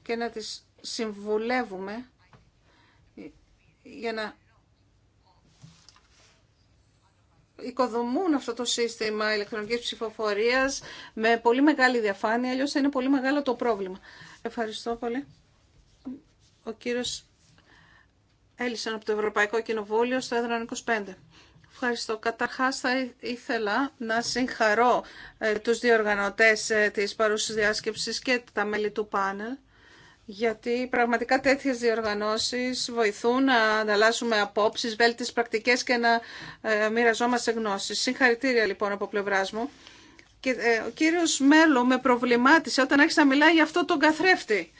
D: και να τις συμβουλεύουμε για να οικοδομούν αυτό το σύστημα ηλεκτρονικής ψηφοφορίας με πολύ μεγάλη διαφάνεια, αλλιώς είναι πολύ μεγάλο το πρόβλημα. Ευχαριστώ πολύ. Ο κύριος Έλισαν από το Ευρωπαϊκό Κοινοβούλιο στο έδρανο 25. Ευχαριστώ. Καταρχάς θα ήθελα να συγχαρώ ε, τους διοργανωτές ε, της παρούσης διάσκεψης και τα μέλη του πάνελ γιατί πραγματικά τέτοιες διοργανώσεις βοηθούν να ανταλλάσσουμε απόψεις, βέλτιες πρακτικές και να ε, μοιραζόμαστε γνώσεις. Συγχαρητήρια λοιπόν από πλευρά μου. Και, ο κύριος Μέλο με προβλημάτισε όταν άρχισε να μιλάει για αυτό τον καθρέφτη.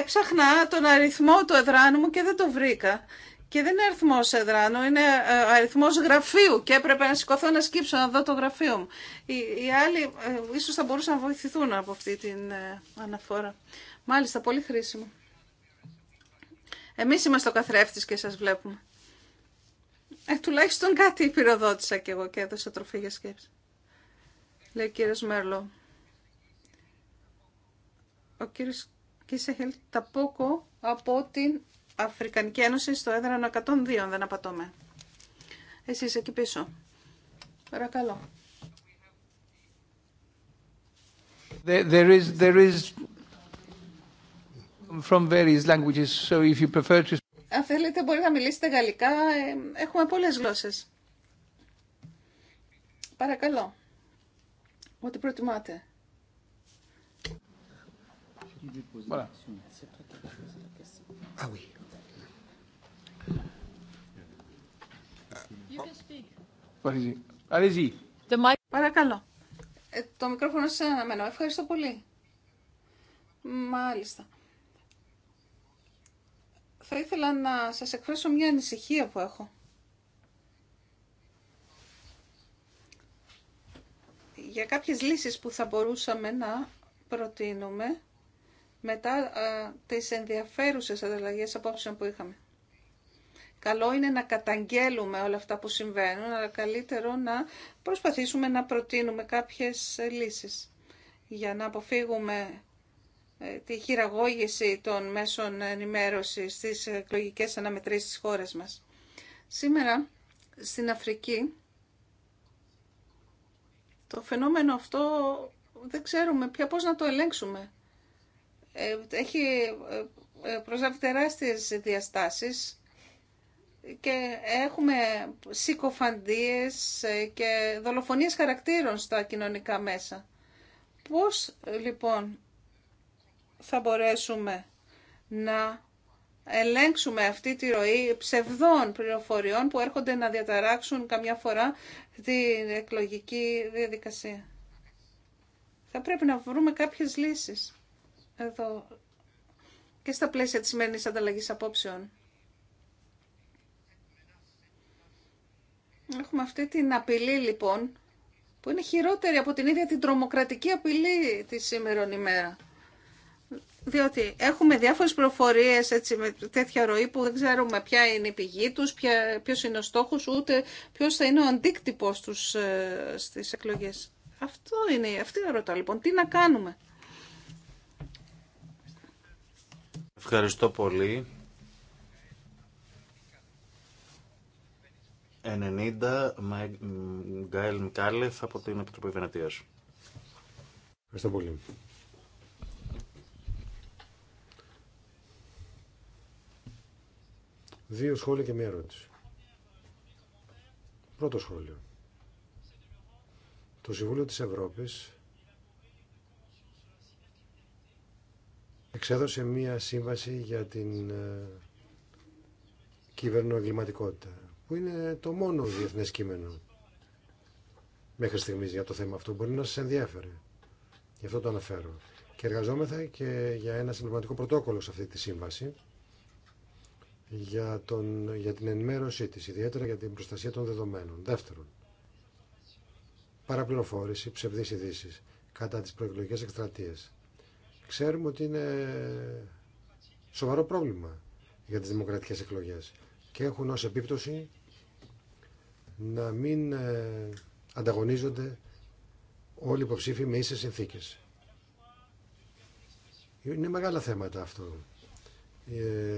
D: Έψαχνα τον αριθμό του εδράνου μου και δεν το βρήκα. Και δεν είναι αριθμό Εδράνο, είναι ε, αριθμό γραφείου. Και έπρεπε να σηκωθώ να σκύψω να δω το γραφείο μου. Οι, άλλοι ε, ίσω θα μπορούσαν να βοηθηθούν από αυτή την ε, αναφορά. Μάλιστα, πολύ χρήσιμο. Εμείς είμαστε ο καθρέφτης και σας βλέπουμε. Ε, τουλάχιστον κάτι πυροδότησα κι εγώ και έδωσα τροφή για σκέψη. Λέει ο κύριος Μέρλο. Ο κύριος Κίσεχελ πόκο από την Αφρικανική Ένωση στο έδρανο 102, δεν απατώμε. Εσείς εκεί πίσω. Παρακαλώ. Αν θέλετε μπορείτε να μιλήσετε γαλλικά, ε, έχουμε πολλές γλώσσες. Παρακαλώ. Ό,τι προτιμάτε.
E: Παρακαλώ.
D: Παρακαλώ. Ε, το μικρόφωνο σε αναμένω. Ευχαριστώ πολύ. Μάλιστα. Θα ήθελα να σας εκφράσω μια ανησυχία που έχω. Για κάποιες λύσεις που θα μπορούσαμε να προτείνουμε μετά α, ε, τις ενδιαφέρουσες ανταλλαγές απόψεων που είχαμε. Καλό είναι να καταγγέλουμε όλα αυτά που συμβαίνουν, αλλά καλύτερο να προσπαθήσουμε να προτείνουμε κάποιες λύσεις για να αποφύγουμε ε, τη χειραγώγηση των μέσων ενημέρωσης στις εκλογικέ αναμετρήσεις της χώρας μας. Σήμερα στην Αφρική το φαινόμενο αυτό δεν ξέρουμε πια πώς να το ελέγξουμε. Ε, έχει ε, προσλάβει τεράστιες διαστάσεις και έχουμε συκοφαντίες ε, και δολοφονίες χαρακτήρων στα κοινωνικά μέσα. Πώς λοιπόν θα μπορέσουμε να ελέγξουμε αυτή τη ροή ψευδών πληροφοριών που έρχονται να διαταράξουν καμιά φορά την εκλογική διαδικασία. Θα πρέπει να βρούμε κάποιες λύσεις εδώ και στα πλαίσια της σημερινής ανταλλαγής απόψεων. Έχουμε αυτή την απειλή λοιπόν που είναι χειρότερη από την ίδια την τρομοκρατική απειλή τη σήμερα ημέρα. Διότι έχουμε διάφορες προφορίες έτσι, με τέτοια ροή που δεν ξέρουμε ποια είναι η πηγή τους, ποια, ποιος είναι ο στόχος, ούτε ποιος θα είναι ο αντίκτυπος τους ε, στις εκλογές. Αυτό είναι, αυτή είναι η ρωτά λοιπόν. Τι να κάνουμε.
G: Ευχαριστώ πολύ. 90, Γκάιλ Μικάλεφ από την Επιτροπή Βενετία. Ευχαριστώ πολύ.
A: Δύο σχόλια και μία ερώτηση. Πρώτο σχόλιο. Το Συμβούλιο της Ευρώπης εξέδωσε μία σύμβαση για την ε, κυβερνοεγκληματικότητα που είναι το μόνο διεθνέ κείμενο μέχρι στιγμής για το θέμα αυτό. Μπορεί να σα ενδιαφέρει. Γι' αυτό το αναφέρω. Και εργαζόμεθα και για ένα συμπληρωματικό πρωτόκολλο σε αυτή τη σύμβαση για, τον, για την ενημέρωσή της, ιδιαίτερα για την προστασία των δεδομένων. Δεύτερον, παραπληροφόρηση, ψευδείς ειδήσει κατά τις προεκλογικές εκστρατείες. Ξέρουμε ότι είναι σοβαρό πρόβλημα για τις δημοκρατικές εκλογές και έχουν ως επίπτωση να μην ε, ανταγωνίζονται όλοι οι υποψήφοι με ίσες συνθήκες. Είναι μεγάλα θέματα αυτό.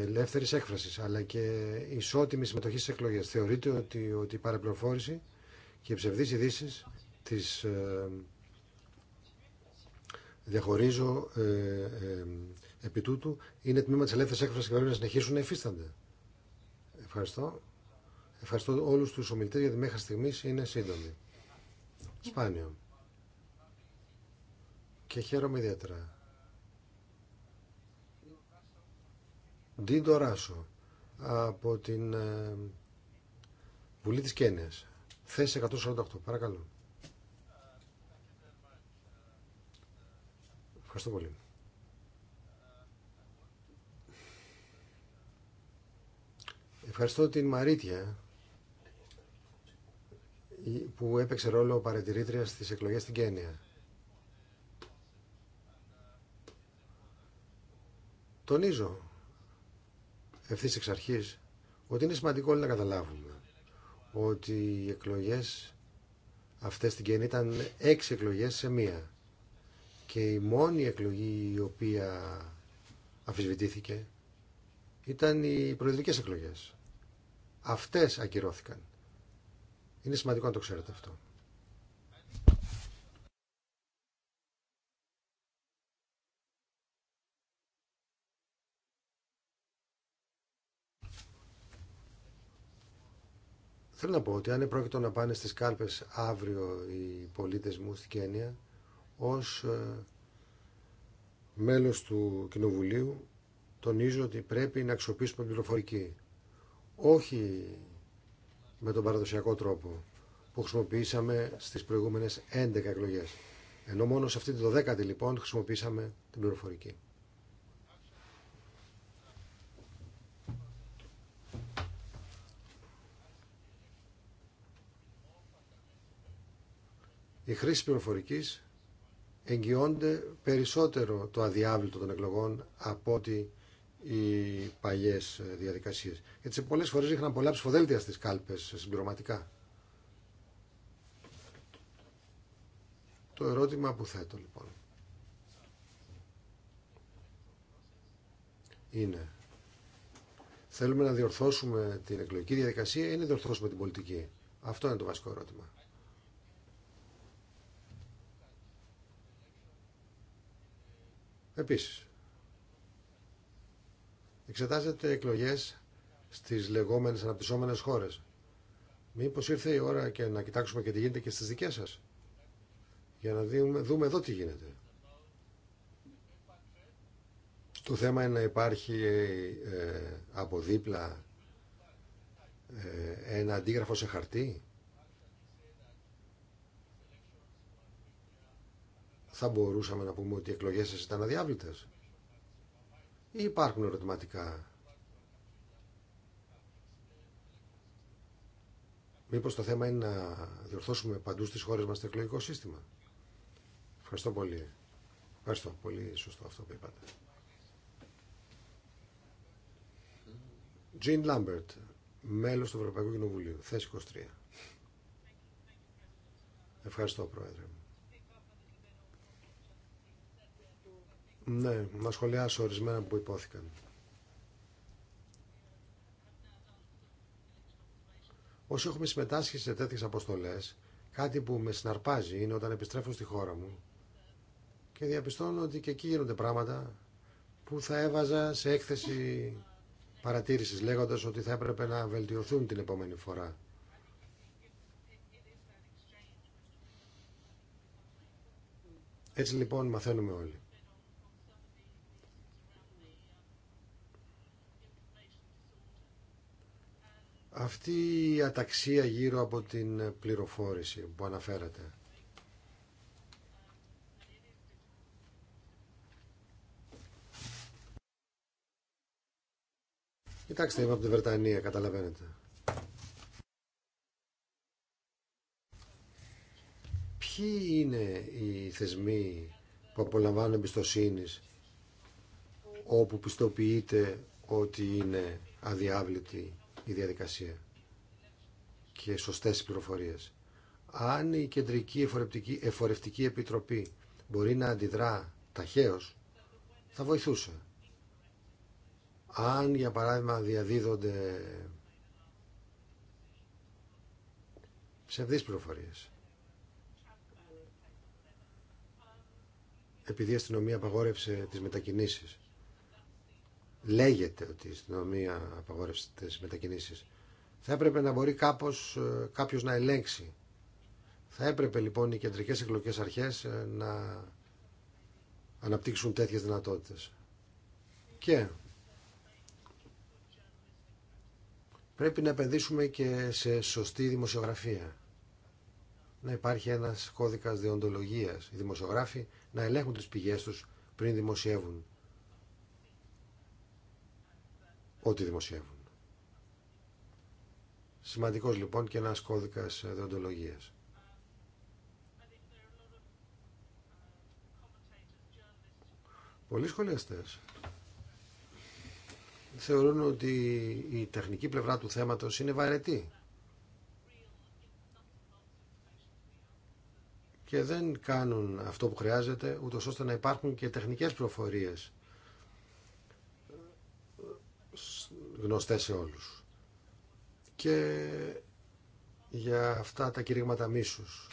A: Ελεύθερη έκφραση, αλλά και ισότιμη συμμετοχή στι εκλογέ. Θεωρείται ότι, ότι η παραπληροφόρηση και οι ψευδεί ειδήσει τι ε, διαχωρίζω ε, ε, επί τούτου είναι τμήμα τη ελεύθερη έκφραση και πρέπει να συνεχίσουν να υφίστανται. Ευχαριστώ. Ευχαριστώ όλους τους ομιλητές γιατί μέχρι στιγμής είναι σύντομοι. Σπάνιο. Και χαίρομαι ιδιαίτερα. Ντίντο Ράσο από την ε, Βουλή της Κένειας. Θέση 148. Παρακαλώ. Ευχαριστώ πολύ. Ευχαριστώ την Μαρίτια που έπαιξε ρόλο παρατηρήτρια στι εκλογέ στην Κένια. Τονίζω ευθύ εξ αρχή ότι είναι σημαντικό όλοι να καταλάβουμε ότι οι εκλογές αυτές στην Κένια ήταν έξι εκλογέ σε μία και η μόνη εκλογή η οποία αφισβητήθηκε ήταν οι προεδρικές εκλογές. Αυτές ακυρώθηκαν. Είναι σημαντικό να το ξέρετε αυτό. Θέλω να πω ότι αν πρόκειται να πάνε στις κάλπες αύριο οι πολίτες μου στην Κένια, ως ε, μέλος του Κοινοβουλίου τονίζω ότι πρέπει να αξιοποιήσουμε την πληροφορική. Όχι με τον παραδοσιακό τρόπο που χρησιμοποιήσαμε στις προηγούμενες 11 εκλογές. Ενώ μόνο σε αυτή τη 12η λοιπόν χρησιμοποίησαμε την πληροφορική. Η χρήση πληροφορικής εγγυώνται περισσότερο το αδιάβλητο των εκλογών από ότι οι παλιέ ε, διαδικασίε. Γιατί πολλέ φορέ είχαν πολλά ψηφοδέλτια στι κάλπε ε, συμπληρωματικά. Το ερώτημα που θέτω λοιπόν είναι θέλουμε να διορθώσουμε την εκλογική διαδικασία ή να διορθώσουμε την πολιτική. Αυτό είναι το βασικό ερώτημα. Επίσης, εξετάζεται εκλογές στις λεγόμενες αναπτυσσόμενες χώρες. Μήπως ήρθε η ώρα και να κοιτάξουμε και τι γίνεται και στις δικές σας. Για να δούμε, δούμε εδώ τι γίνεται. Το θέμα είναι να υπάρχει ε, ε από δίπλα ε, ένα αντίγραφο σε χαρτί. Θα μπορούσαμε να πούμε ότι οι εκλογές σας ήταν αδιάβλητες. Ή Υπάρχουν ερωτηματικά. Μήπως το θέμα είναι να διορθώσουμε παντού στις χώρες μας το εκλογικό σύστημα. Ευχαριστώ πολύ. Ευχαριστώ πολύ σωστό αυτό που είπατε. Τζιν Λάμπερτ, μέλος του Ευρωπαϊκού Κοινοβουλίου, θέση 23. Ευχαριστώ, Πρόεδρε. Ναι, να σχολιάσω ορισμένα που υπόθηκαν. Όσοι έχουμε συμμετάσχει σε τέτοιες αποστολές, κάτι που με συναρπάζει είναι όταν επιστρέφω στη χώρα μου και διαπιστώνω ότι και εκεί γίνονται πράγματα που θα έβαζα σε έκθεση παρατήρησης λέγοντας ότι θα έπρεπε να βελτιωθούν την επόμενη φορά. Έτσι λοιπόν μαθαίνουμε όλοι. Αυτή η αταξία γύρω από την πληροφόρηση που αναφέρατε. Κοιτάξτε, είμαι από τη Βρετανία, καταλαβαίνετε. Ποιοι είναι οι θεσμοί που απολαμβάνουν εμπιστοσύνη όπου πιστοποιείται ότι είναι αδιάβλητοι η διαδικασία και σωστές οι πληροφορίες. Αν η Κεντρική Εφορευτική, Εφορευτική Επιτροπή μπορεί να αντιδρά ταχαίω, θα βοηθούσε. Αν, για παράδειγμα, διαδίδονται ψευδείς πληροφορίες, επειδή η αστυνομία απαγόρευσε τις μετακινήσεις, λέγεται ότι η αστυνομία απαγόρευσε τις μετακινήσεις. Θα έπρεπε να μπορεί κάπως, ε, κάποιος να ελέγξει. Θα έπρεπε λοιπόν οι κεντρικές εκλογικές αρχές ε, να αναπτύξουν τέτοιες δυνατότητες. Και πρέπει να επενδύσουμε και σε σωστή δημοσιογραφία. Να υπάρχει ένας κώδικας διοντολογίας. Οι δημοσιογράφοι να ελέγχουν τις πηγές τους πριν δημοσιεύουν ό,τι δημοσιεύουν. Σημαντικός λοιπόν και ένας κώδικας δοντολογίας. Πολλοί σχολιαστές θεωρούν ότι η τεχνική πλευρά του θέματος είναι βαρετή και δεν κάνουν αυτό που χρειάζεται ούτως ώστε να υπάρχουν και τεχνικές προφορίες γνωστές σε όλους. Και για αυτά τα κηρύγματα μίσους.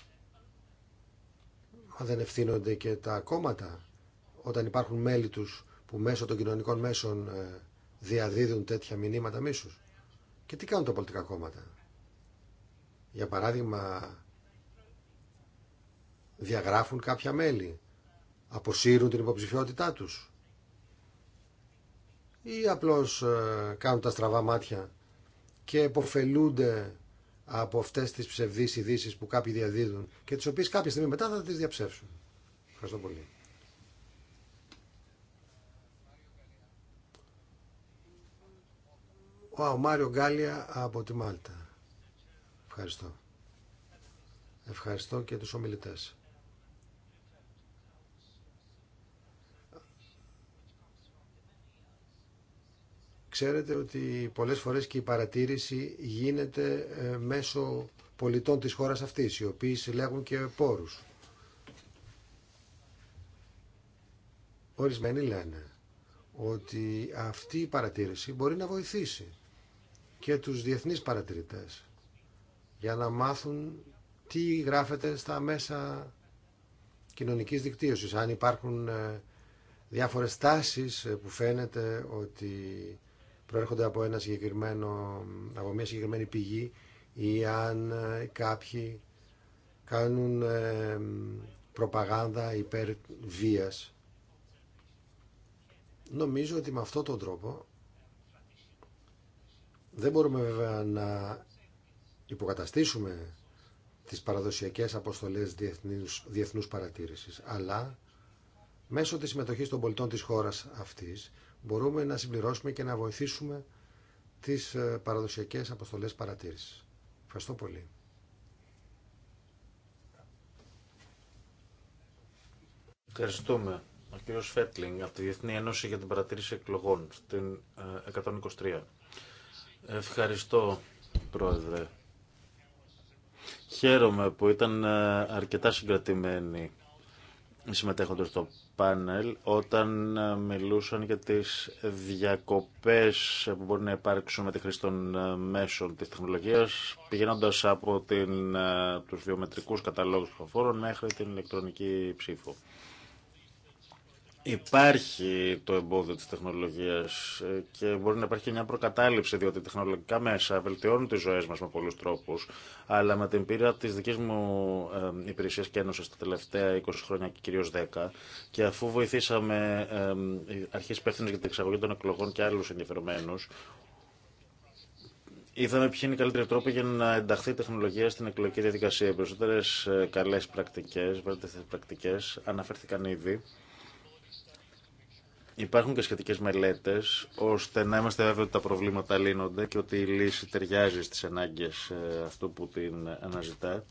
A: Μα δεν ευθύνονται και τα κόμματα όταν υπάρχουν μέλη τους που μέσω των κοινωνικών μέσων ε, διαδίδουν τέτοια μηνύματα μίσους. Και τι κάνουν τα πολιτικά κόμματα. Για παράδειγμα, διαγράφουν κάποια μέλη, αποσύρουν την υποψηφιότητά τους ή απλώς ε, κάνουν τα στραβά μάτια και εποφελούνται από αυτές τις ψευδείς ειδήσει που κάποιοι διαδίδουν και τις οποίες κάποια στιγμή μετά θα τις διαψεύσουν. Ευχαριστώ πολύ. Ο Μάριο Γκάλια από τη Μάλτα. Ευχαριστώ. Ευχαριστώ και τους ομιλητές. Ξέρετε ότι πολλές φορές και η παρατήρηση γίνεται ε, μέσω πολιτών της χώρας αυτής, οι οποίοι συλλέγουν και πόρους. Ορισμένοι λένε ότι αυτή η παρατήρηση μπορεί να βοηθήσει και τους διεθνείς παρατηρητές για να μάθουν τι γράφεται στα μέσα κοινωνικής δικτύωσης, αν υπάρχουν ε, διάφορες τάσεις ε, που φαίνεται ότι προέρχονται από, ένα συγκεκριμένο, από μια συγκεκριμένη πηγή ή αν ε, κάποιοι κάνουν ε, προπαγάνδα υπέρ βίας. Νομίζω ότι με αυτόν τον τρόπο δεν μπορούμε βέβαια να υποκαταστήσουμε τις παραδοσιακές αποστολές διεθνούς, διεθνούς παρατήρησης, αλλά μέσω της συμμετοχής των πολιτών της χώρας αυτής μπορούμε να συμπληρώσουμε και να βοηθήσουμε τις ε, παραδοσιακές αποστολές παρατήρησης. Ευχαριστώ πολύ.
G: Ευχαριστούμε. Ο κύριο Φέτλινγκ από τη Διεθνή Ένωση για την Παρατήρηση Εκλογών, στην 123. Ε, Ευχαριστώ, Πρόεδρε. Χαίρομαι που ήταν ε, αρκετά συγκρατημένη συμμετέχοντες στο πάνελ όταν ε, μιλούσαν για τις διακοπές που μπορεί να υπάρξουν με τη χρήση των ε, μέσων της τεχνολογίας πηγαίνοντας από την, ε, τους βιομετρικούς καταλόγους ψηφοφόρων μέχρι την ηλεκτρονική ψήφο. Υπάρχει το εμπόδιο της τεχνολογίας ε, και μπορεί να υπάρχει μια προκατάληψη διότι τεχνολογικά μέσα βελτιώνουν τις ζωές μας με πολλούς τρόπους αλλά με την πείρα της δικής μου ε, υπηρεσίας και ένωσης τα τελευταία 20 χρόνια και κυρίως 10 και αφού βοηθήσαμε ε, αρχές υπεύθυνες για την εξαγωγή των εκλογών και άλλους ενδιαφερομένους Είδαμε ποιοι είναι οι καλύτεροι τρόποι για να ενταχθεί η τεχνολογία στην εκλογική διαδικασία. Οι περισσότερε καλέ πρακτικέ, τι πρακτικέ, αναφέρθηκαν ήδη. Υπάρχουν και σχετικέ μελέτε, ώστε να είμαστε βέβαιοι ότι τα προβλήματα λύνονται και ότι η λύση ταιριάζει στι ανάγκε ε, αυτού που την αναζητά.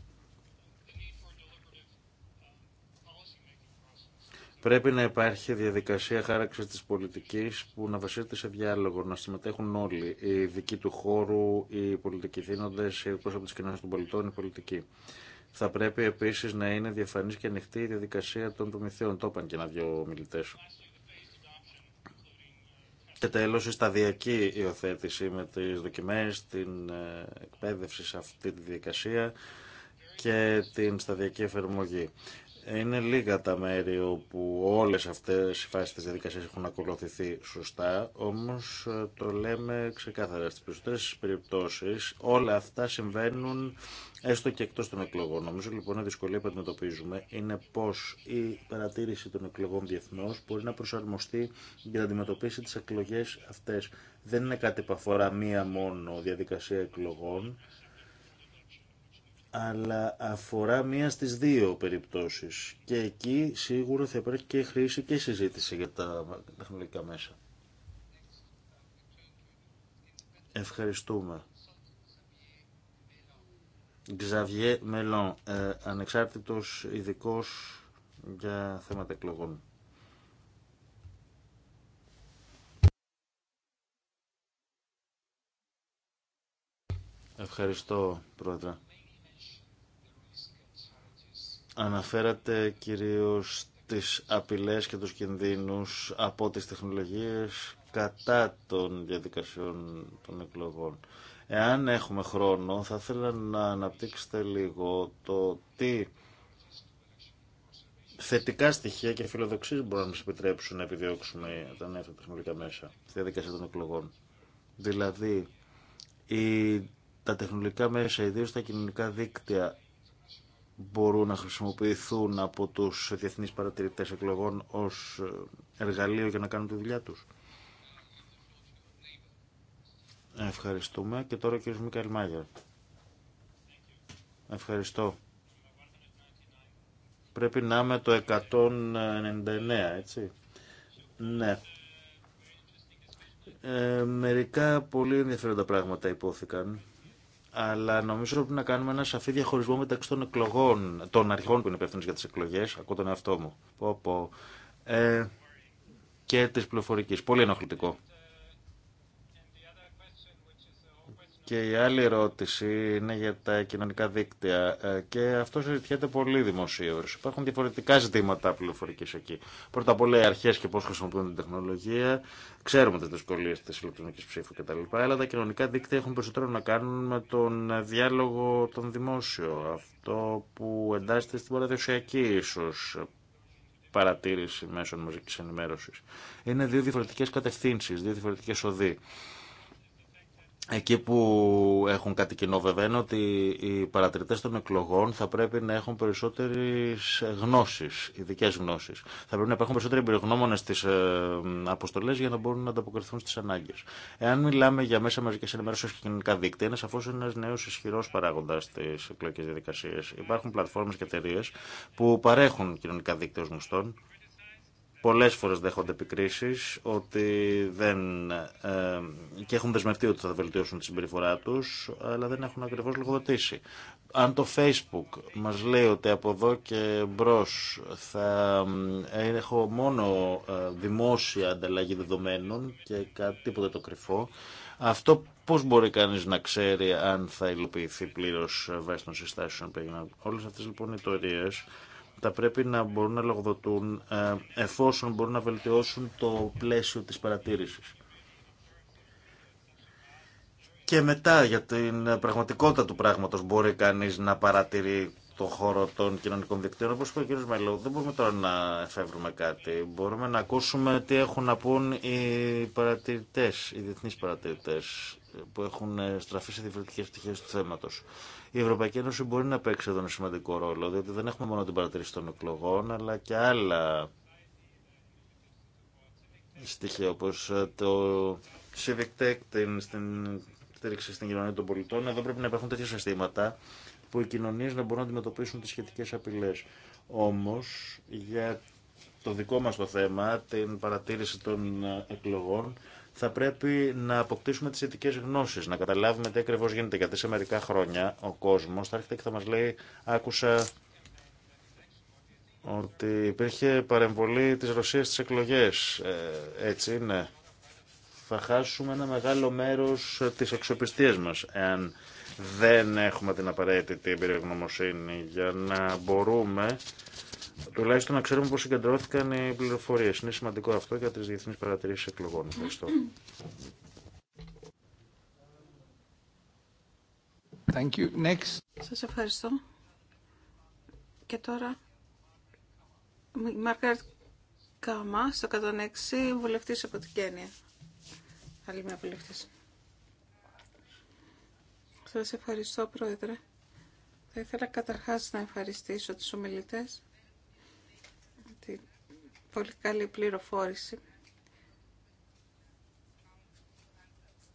G: Πρέπει να υπάρχει διαδικασία χάραξης της πολιτικής που να βασίζεται σε διάλογο, να συμμετέχουν όλοι, οι δικοί του χώρου, οι πολιτικοί δίνοντες, οι εκπρόσωποι της κοινωνίας των πολιτών, οι πολιτικοί. Θα πρέπει επίσης να είναι διαφανής και ανοιχτή η διαδικασία των προμηθεών το είπαν και ένα-δυο μιλητέ. Και τέλο, η σταδιακή υιοθέτηση με τις δοκιμές, την ε, εκπαίδευση σε αυτή τη διαδικασία και την σταδιακή εφαρμογή. Είναι λίγα τα μέρη όπου όλες αυτές οι φάσεις της διαδικασίας έχουν ακολουθηθεί σωστά, όμως ε, το λέμε ξεκάθαρα. Στις περισσότερες περιπτώσεις όλα αυτά συμβαίνουν έστω και εκτός των εκλογών. Νομίζω λοιπόν η δυσκολία που αντιμετωπίζουμε είναι πώς η παρατήρηση των εκλογών διεθνώς μπορεί να προσαρμοστεί για να αντιμετωπίσει τι εκλογές αυτές. Δεν είναι κάτι που αφορά μία μόνο διαδικασία εκλογών, αλλά αφορά μία στις δύο περιπτώσεις και εκεί σίγουρα θα υπάρχει και χρήση και συζήτηση για τα τεχνολογικά μέσα. Ευχαριστούμε. Ξαβιέ Μελόν, ε, ανεξάρτητος ειδικό για θέματα εκλογών. Ευχαριστώ, Πρόεδρε. Αναφέρατε κυρίως τις απειλές και τους κινδύνους από τις τεχνολογίες κατά των διαδικασιών των εκλογών. Εάν έχουμε χρόνο, θα ήθελα να αναπτύξετε λίγο το τι θετικά στοιχεία και φιλοδοξίες μπορούν να μας επιτρέψουν να επιδιώξουμε τα νέα τεχνολογικά μέσα στη διαδικασία των εκλογών. Δηλαδή, η, τα τεχνολογικά μέσα, ιδίως τα κοινωνικά δίκτυα, μπορούν να χρησιμοποιηθούν από τους διεθνείς παρατηρητές εκλογών ως ε, εργαλείο για να κάνουν τη δουλειά τους. Ευχαριστούμε. Και τώρα ο κ. Μικαλ Ευχαριστώ. Πρέπει να είμαι το 199, έτσι. Ναι. Ε, μερικά πολύ ενδιαφέροντα πράγματα υπόθηκαν αλλά νομίζω πρέπει να κάνουμε ένα σαφή διαχωρισμό μεταξύ των εκλογών, των αρχών που είναι υπεύθυνε για τι εκλογέ, ακούω τον εαυτό μου, πω, πω, ε, και τη πληροφορική. Πολύ ενοχλητικό. Και η άλλη ερώτηση είναι για τα κοινωνικά δίκτυα ε, και αυτό συζητιέται πολύ δημοσίω. Υπάρχουν διαφορετικά ζητήματα πληροφορική εκεί. Πρώτα απ' όλα οι αρχέ και πώ χρησιμοποιούν την τεχνολογία. Ξέρουμε τι δυσκολίε τη ηλεκτρονική ψήφου κτλ. Αλλά τα κοινωνικά δίκτυα έχουν περισσότερο να κάνουν με τον διάλογο των δημόσιο. Αυτό που εντάσσεται στην παραδοσιακή ίσω παρατήρηση μέσων μαζική ενημέρωση. Είναι δύο διαφορετικέ κατευθύνσει, δύο διαφορετικέ οδοί. Εκεί που έχουν κάτι κοινό βέβαια ότι οι παρατηρητές των εκλογών θα πρέπει να έχουν περισσότερες γνώσεις, ειδικέ γνώσεις. Θα πρέπει να υπάρχουν περισσότεροι εμπειρογνώμονες στις ε, αποστολές για να μπορούν να ανταποκριθούν στις ανάγκες. Εάν μιλάμε για μέσα μαζικής ενημέρωσης και κοινωνικά δίκτυα, είναι σαφώς ένας νέος ισχυρός παράγοντας στις εκλογικές διαδικασίες. Υπάρχουν πλατφόρμες και εταιρείε που παρέχουν κοινωνικά δίκτυα ως πολλές φορές δέχονται επικρίσεις ότι δεν, ε, και έχουν δεσμευτεί ότι θα βελτιώσουν τη συμπεριφορά τους, αλλά δεν έχουν ακριβώς λογοδοτήσει. Αν το Facebook μας λέει ότι από εδώ και μπρο θα ε, έχω μόνο ε, δημόσια ανταλλαγή δεδομένων και κάτι τίποτα το κρυφό, αυτό πώς μπορεί κανείς να ξέρει αν θα υλοποιηθεί πλήρως βάσει των συστάσεων που έγιναν. Όλες αυτές λοιπόν οι ιστορίες θα πρέπει να μπορούν να λογοδοτούν ε, εφόσον μπορούν να βελτιώσουν το πλαίσιο της παρατήρησης. Και μετά για την πραγματικότητα του πράγματος μπορεί κανείς να παρατηρεί το χώρο των κοινωνικών δικτύων. Όπως είπε ο κ. Μελό, δεν μπορούμε τώρα να εφεύρουμε κάτι. Μπορούμε να ακούσουμε τι έχουν να πούν οι παρατηρητέ, οι διεθνεί παρατηρητέ που έχουν ε, στραφεί σε διαφορετικέ πτυχέ του θέματο. Η Ευρωπαϊκή Ένωση μπορεί να παίξει εδώ ένα σημαντικό ρόλο, διότι δεν έχουμε μόνο την παρατήρηση των εκλογών, αλλά και άλλα στοιχεία, όπω ε, το civic tech, την, στήριξη στην κοινωνία των πολιτών. Εδώ πρέπει να υπάρχουν τέτοια συστήματα που οι κοινωνίε να μπορούν να αντιμετωπίσουν τι σχετικέ απειλέ. Όμω, για το δικό μας το θέμα, την παρατήρηση των ε, εκλογών, θα πρέπει να αποκτήσουμε τι ειδικέ γνώσει, να καταλάβουμε τι ακριβώ γίνεται. Γιατί σε μερικά χρόνια ο κόσμο θα έρχεται και θα μα λέει: Άκουσα ότι υπήρχε παρεμβολή της Ρωσίας στις εκλογές. Ε, έτσι είναι. Θα χάσουμε ένα μεγάλο μέρος της αξιοπιστίας μας, εάν δεν έχουμε την απαραίτητη γνωμοσύνη για να μπορούμε Τουλάχιστον να ξέρουμε πώ συγκεντρώθηκαν οι πληροφορίε. Είναι σημαντικό αυτό για τι διεθνεί παρατηρήσει εκλογών. Ευχαριστώ.
E: Thank
D: Σας ευχαριστώ. Και τώρα η Μάρκαρτ Καμά στο 106, βουλευτής από την Κένια. Άλλη μια βουλευτής. Σας ευχαριστώ, Πρόεδρε. Θα ήθελα καταρχάς να ευχαριστήσω τους ομιλητές πολύ καλή πληροφόρηση.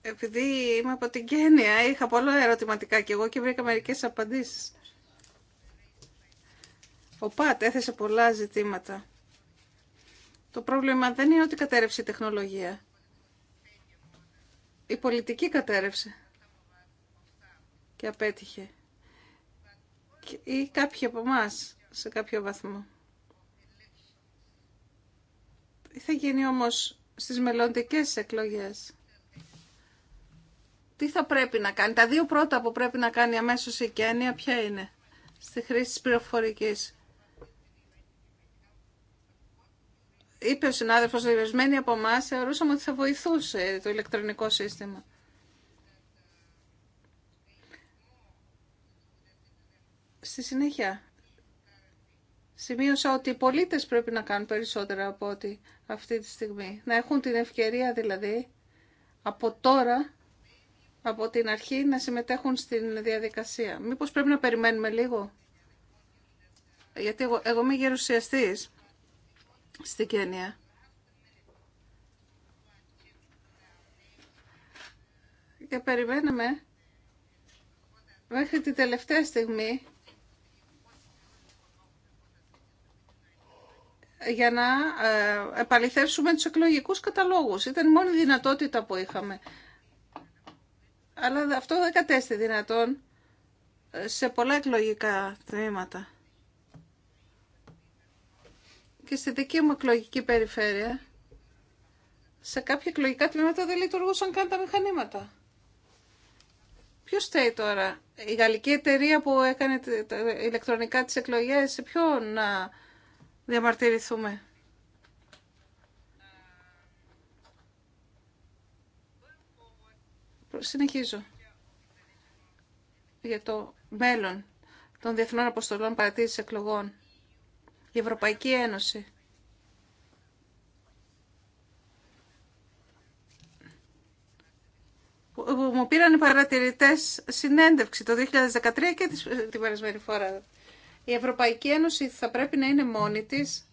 D: Επειδή είμαι από την Κένια, είχα πολλά ερωτηματικά και εγώ και βρήκα μερικές απαντήσεις. Ο ΠΑΤ έθεσε πολλά ζητήματα. Το πρόβλημα δεν είναι ότι κατέρευσε η τεχνολογία. Η πολιτική κατέρευσε και απέτυχε. Ή κάποιοι από εμά σε κάποιο βαθμό. Τι θα γίνει όμως στις μελλοντικέ εκλογές. Τι θα πρέπει να κάνει. Τα δύο πρώτα που πρέπει να κάνει αμέσως η Κένια ποια είναι στη χρήση της πληροφορικής. Είπε ο συνάδελφος, ορισμένοι από εμά θεωρούσαμε ότι θα βοηθούσε το ηλεκτρονικό σύστημα. Στη συνέχεια, Σημείωσα ότι οι πολίτες πρέπει να κάνουν περισσότερα από ό,τι αυτή τη στιγμή. Να έχουν την ευκαιρία δηλαδή από τώρα, από την αρχή, να συμμετέχουν στην διαδικασία. Μήπως πρέπει να περιμένουμε λίγο. Γιατί εγώ, εγώ είμαι γερουσιαστής στην Κένια. Και περιμέναμε μέχρι την τελευταία στιγμή για να ε, επαληθεύσουμε τους εκλογικούς καταλόγους. Ήταν η μόνη δυνατότητα που είχαμε. Αλλά αυτό δεν κατέστη δυνατόν ε, σε πολλά εκλογικά τμήματα. Και στη δική μου εκλογική περιφέρεια, σε κάποια εκλογικά τμήματα δεν λειτουργούσαν καν τα μηχανήματα. Ποιος στέει τώρα, η γαλλική εταιρεία που έκανε ηλεκτρονικά τις εκλογές, σε ποιον διαμαρτυρηθούμε. Συνεχίζω για το μέλλον των Διεθνών Αποστολών παρατήρηση Εκλογών. Η Ευρωπαϊκή Ένωση. Μου πήραν οι παρατηρητές συνέντευξη το 2013 και την περασμένη φορά η Ευρωπαϊκή Ένωση θα πρέπει να είναι μόνη της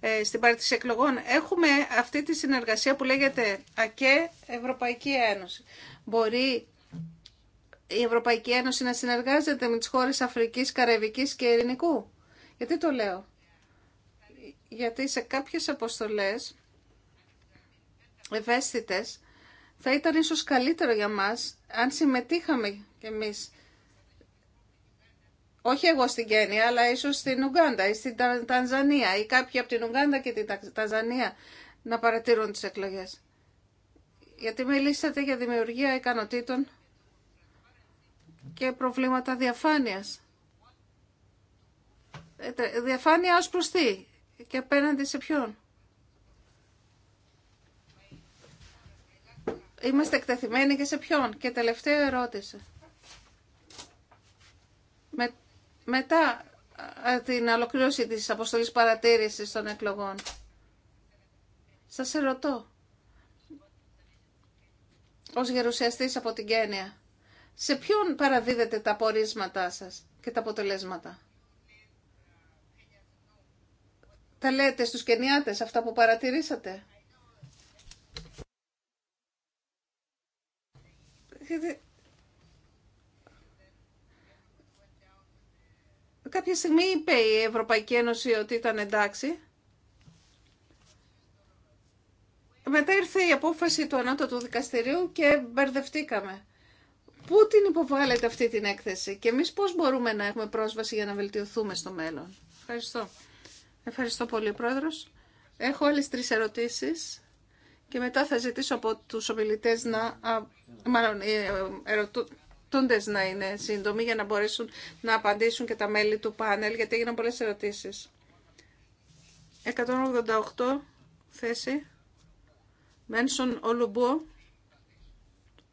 D: ε, στην πάρτι εκλογών. Έχουμε αυτή τη συνεργασία που λέγεται ΑΚΕ Ευρωπαϊκή Ένωση. Μπορεί η Ευρωπαϊκή Ένωση να συνεργάζεται με τις χώρες Αφρικής, Καραϊβικής και Ειρηνικού. Γιατί το λέω. Γιατί σε κάποιες αποστολές ευαίσθητες θα ήταν ίσως καλύτερο για μας αν συμμετείχαμε κι εμείς όχι εγώ στην Κένια, αλλά ίσω στην Ουγγάντα ή στην Τανζανία ή κάποιοι από την Ουγγάντα και την Τανζανία να παρατηρούν τις εκλογές. Γιατί μιλήσατε για δημιουργία ικανοτήτων και προβλήματα διαφάνειας. Ε, διαφάνεια ω προς τι και απέναντι σε ποιον. Είμαστε εκτεθειμένοι και σε ποιον. Και τελευταία ερώτηση. μετά ε, την ολοκλήρωση της αποστολής παρατήρησης των εκλογών. Σας ερωτώ, ως γερουσιαστής από την Κένια, σε ποιον παραδίδετε τα πορίσματά σας και τα αποτελέσματα. Τα λέτε στους Κενιάτες αυτά που παρατηρήσατε. Κάποια στιγμή είπε η Ευρωπαϊκή Ένωση ότι ήταν εντάξει. Μετά ήρθε η απόφαση του Ανώτατου Δικαστηρίου και μπερδευτήκαμε. Πού την υποβάλλεται αυτή την έκθεση και εμείς πώς μπορούμε να έχουμε πρόσβαση για να βελτιωθούμε στο μέλλον. Ευχαριστώ. Ευχαριστώ πολύ, Πρόεδρος. Έχω άλλες τρεις ερωτήσεις και μετά θα ζητήσω από τους ομιλητές να... Ε, εξαρτούντες να είναι σύντομοι για να μπορέσουν να απαντήσουν και τα μέλη του πάνελ, γιατί έγιναν πολλές ερωτήσεις. 188 θέση. Μένσον Ολουμπού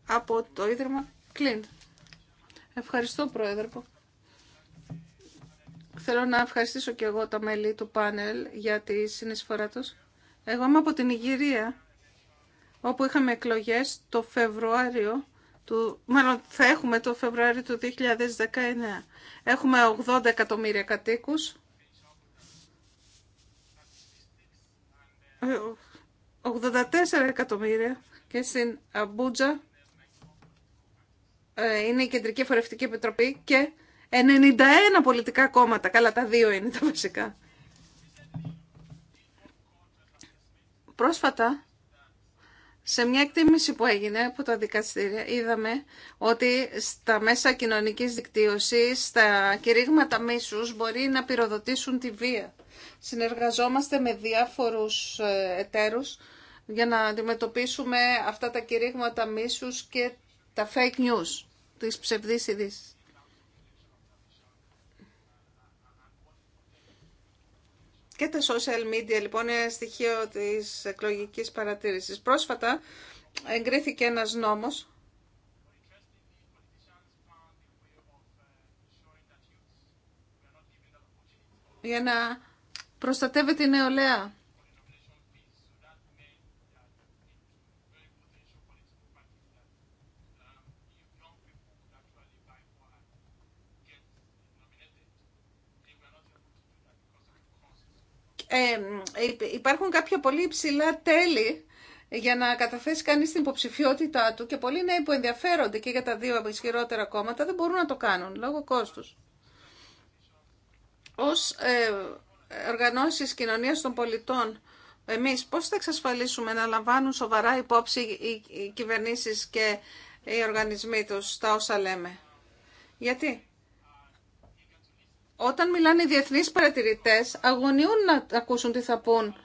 D: από το Ίδρυμα Κλίντ. Ευχαριστώ, Πρόεδρε. Θέλω να ευχαριστήσω και εγώ τα μέλη του πάνελ για τη συνεισφορά τους. Εγώ είμαι από την Ιγυρία, όπου είχαμε εκλογές το Φεβρουάριο μάλλον θα έχουμε το Φεβρουάριο του 2019. Έχουμε 80 εκατομμύρια κατοίκους. 84 ε, εκατομμύρια και στην Αμπούτζα ε, είναι η Κεντρική Φορευτική Επιτροπή και 91 πολιτικά κόμματα. Καλά τα δύο είναι τα βασικά. Πρόσφατα σε μια εκτίμηση που έγινε από τα δικαστήρια είδαμε ότι στα μέσα κοινωνικής δικτύωσης, στα κηρύγματα μίσους μπορεί να πυροδοτήσουν τη βία. Συνεργαζόμαστε με διάφορους ε, εταίρους για να αντιμετωπίσουμε αυτά τα κηρύγματα μίσους και τα fake news, τις ψευδείς ειδήσεις. Και τα social media λοιπόν είναι στοιχείο της εκλογικής παρατήρησης. Πρόσφατα εγκρίθηκε ένας νόμος για να προστατεύει την νεολαία υπάρχουν κάποια πολύ υψηλά τέλη για να καταθέσει κανείς την υποψηφιότητά του και πολλοί νέοι που ενδιαφέρονται και για τα δύο ισχυρότερα κόμματα δεν μπορούν να το κάνουν λόγω κόστους. Ως ε, οργανώσεις κοινωνίας των πολιτών, εμείς πώς θα εξασφαλίσουμε να λαμβάνουν σοβαρά υπόψη οι, οι κυβερνήσεις και οι οργανισμοί τους τα όσα λέμε. Γιατί όταν μιλάνε οι διεθνείς παρατηρητές αγωνιούν να ακούσουν τι θα πούν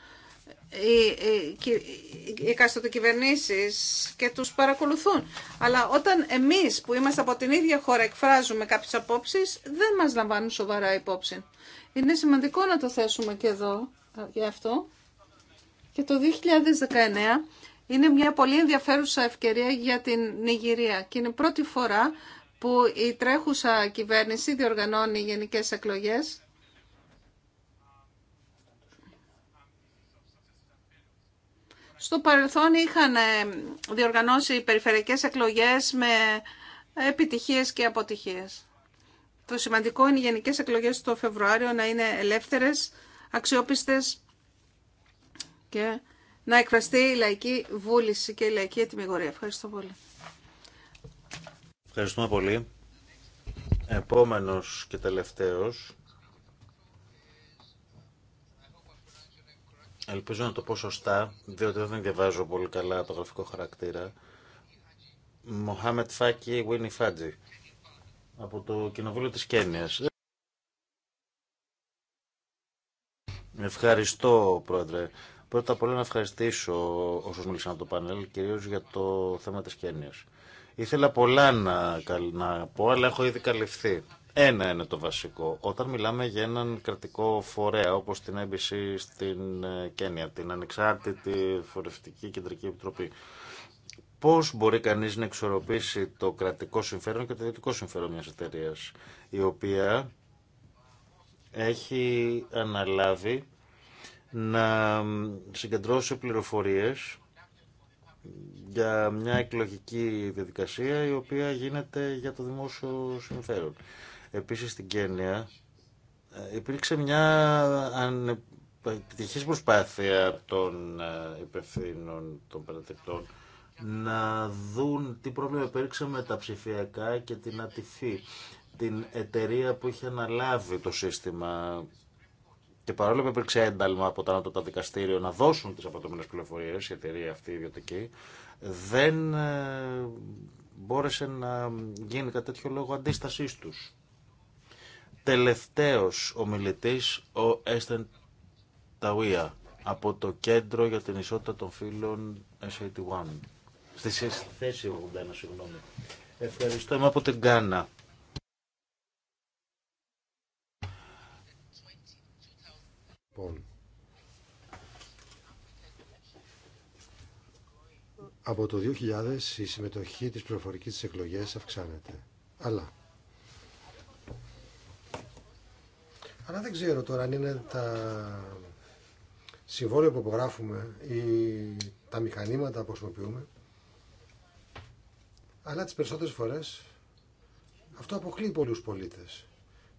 D: οι εκάστοτε κυβερνήσει και τους παρακολουθούν. Αλλά όταν εμείς που είμαστε από την ίδια χώρα εκφράζουμε κάποιες απόψεις, δεν μας λαμβάνουν σοβαρά υπόψη. Είναι σημαντικό να το θέσουμε και εδώ γι' αυτό. Και το 2019 είναι μια πολύ ενδιαφέρουσα ευκαιρία για την Νιγηρία και είναι πρώτη φορά που η τρέχουσα κυβέρνηση διοργανώνει γενικές εκλογές. Στο παρελθόν είχαν ε, διοργανώσει περιφερειακές εκλογές με επιτυχίες και αποτυχίες. Το σημαντικό είναι οι γενικές εκλογές το Φεβρουάριο να είναι ελεύθερες, αξιόπιστες και να εκφραστεί η λαϊκή βούληση και η λαϊκή ετοιμιγορία. Ευχαριστώ πολύ.
G: Ευχαριστούμε πολύ. Επόμενος και τελευταίος. Ελπίζω να το πω σωστά, διότι δεν διαβάζω πολύ καλά το γραφικό χαρακτήρα. Μοχάμετ Φάκη Βίνι Φάτζι. από το Κοινοβούλιο της Κένιας. Ευχαριστώ, Πρόεδρε. Πρώτα απ' όλα να ευχαριστήσω όσους μίλησαν από το πάνελ, κυρίως για το θέμα της Κένιας. Ήθελα πολλά να, να πω, αλλά έχω ήδη καλυφθεί. Ένα είναι το βασικό. Όταν μιλάμε για έναν κρατικό φορέα, όπως την ABC στην ε, Κένια, την Ανεξάρτητη Φορευτική Κεντρική Επιτροπή, πώς μπορεί κανείς να εξορροπήσει το κρατικό συμφέρον και το ιδιωτικό συμφέρον μιας εταιρεία, η οποία έχει αναλάβει να συγκεντρώσει πληροφορίες για μια εκλογική διαδικασία η οποία γίνεται για το δημόσιο συμφέρον. Επίσης στην Κένια ε, υπήρξε μια επιτυχής προσπάθεια των ε, υπευθύνων των παρατηρητών να δουν τι πρόβλημα υπήρξε με τα ψηφιακά και την ατυφή την εταιρεία που είχε αναλάβει το σύστημα και παρόλο που υπήρξε ένταλμα από τα ανώτατα δικαστήριο να δώσουν τις απαντομένε πληροφορίε, η εταιρεία αυτή η ιδιωτική, δεν ε, μπόρεσε να γίνει κατά τέτοιο λόγω αντίστασή τους. Τελευταίος ομιλητή ο Έστεν Ταουία, από το Κέντρο για την Ισότητα των φιλων Στη θέση 81, συγγνώμη. Ευχαριστώ, είμαι από την Γκάνα. Λοιπόν.
A: Από το 2000 η συμμετοχή της προφορικής της εκλογές αυξάνεται. Αλλά... Αλλά δεν ξέρω τώρα αν είναι τα συμβόλαια που υπογράφουμε ή τα μηχανήματα που χρησιμοποιούμε. Αλλά τις περισσότερες φορές αυτό αποκλείει πολλούς πολίτες.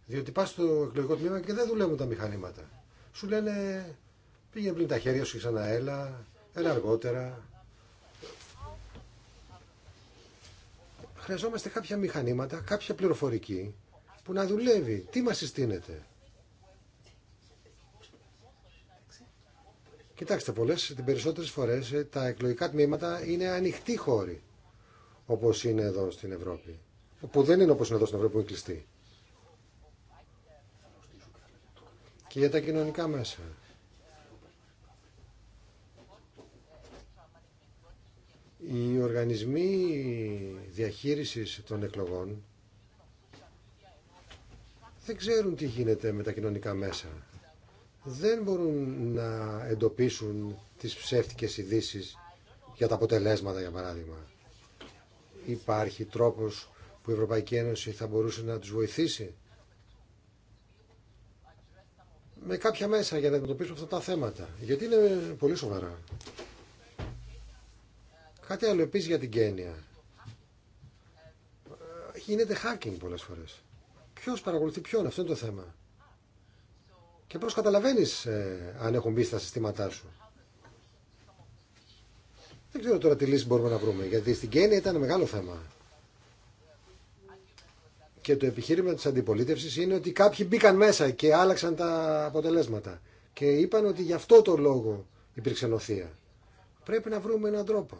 A: Διότι πας στο εκλογικό τμήμα και δεν δουλεύουν τα μηχανήματα σου λένε πήγαινε πριν τα χέρια σου ξανά έλα, έλα αργότερα. Χρειαζόμαστε κάποια μηχανήματα, κάποια πληροφορική που να δουλεύει. Τι μας συστήνεται. Κοιτάξτε, πολλές, την περισσότερες φορές ε, τα εκλογικά τμήματα είναι ανοιχτοί χώροι, όπως είναι εδώ στην Ευρώπη. Που δεν είναι όπως είναι εδώ στην Ευρώπη που είναι κλειστή. και για τα κοινωνικά μέσα. Οι οργανισμοί διαχείρισης των εκλογών δεν ξέρουν τι γίνεται με τα κοινωνικά μέσα. Δεν μπορούν να εντοπίσουν τις ψεύτικες ειδήσει για τα αποτελέσματα, για παράδειγμα. Υπάρχει τρόπος που η Ευρωπαϊκή Ένωση θα μπορούσε να τους βοηθήσει με κάποια μέσα για να αντιμετωπίσουμε αυτά τα θέματα. Γιατί είναι πολύ σοβαρά. Κάτι άλλο επίσης για την Κένια. Γίνεται hacking πολλές φορές. Ποιος παρακολουθεί ποιον, αυτό είναι το θέμα. Και πώς καταλαβαίνεις ε, αν έχουν μπει στα συστήματά σου. Δεν ξέρω τώρα τι λύση μπορούμε να βρούμε, γιατί στην Κένια ήταν μεγάλο θέμα. Και το επιχείρημα της αντιπολίτευσης είναι ότι κάποιοι μπήκαν μέσα και άλλαξαν τα αποτελέσματα. Και είπαν ότι γι' αυτό το λόγο υπήρξε νοθεία. Πρέπει να βρούμε έναν τρόπο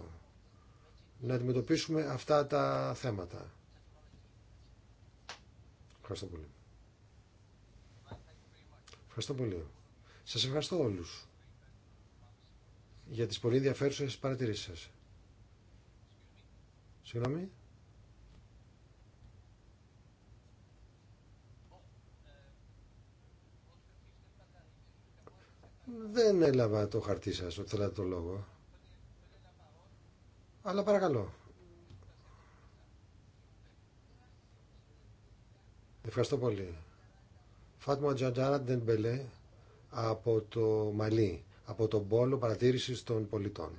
A: να αντιμετωπίσουμε αυτά τα θέματα. Ευχαριστώ πολύ. Ευχαριστώ πολύ. Σας ευχαριστώ όλους για τις πολύ ενδιαφέρουσες παρατηρήσεις σας. Συγγνώμη. Δεν έλαβα το χαρτί σας ότι θέλατε το λόγο. Αλλά παρακαλώ. Ευχαριστώ πολύ. Φάτμα Τζαντζάρα Ντεμπελέ από το Μαλί, από τον Πόλο Παρατήρησης των Πολιτών.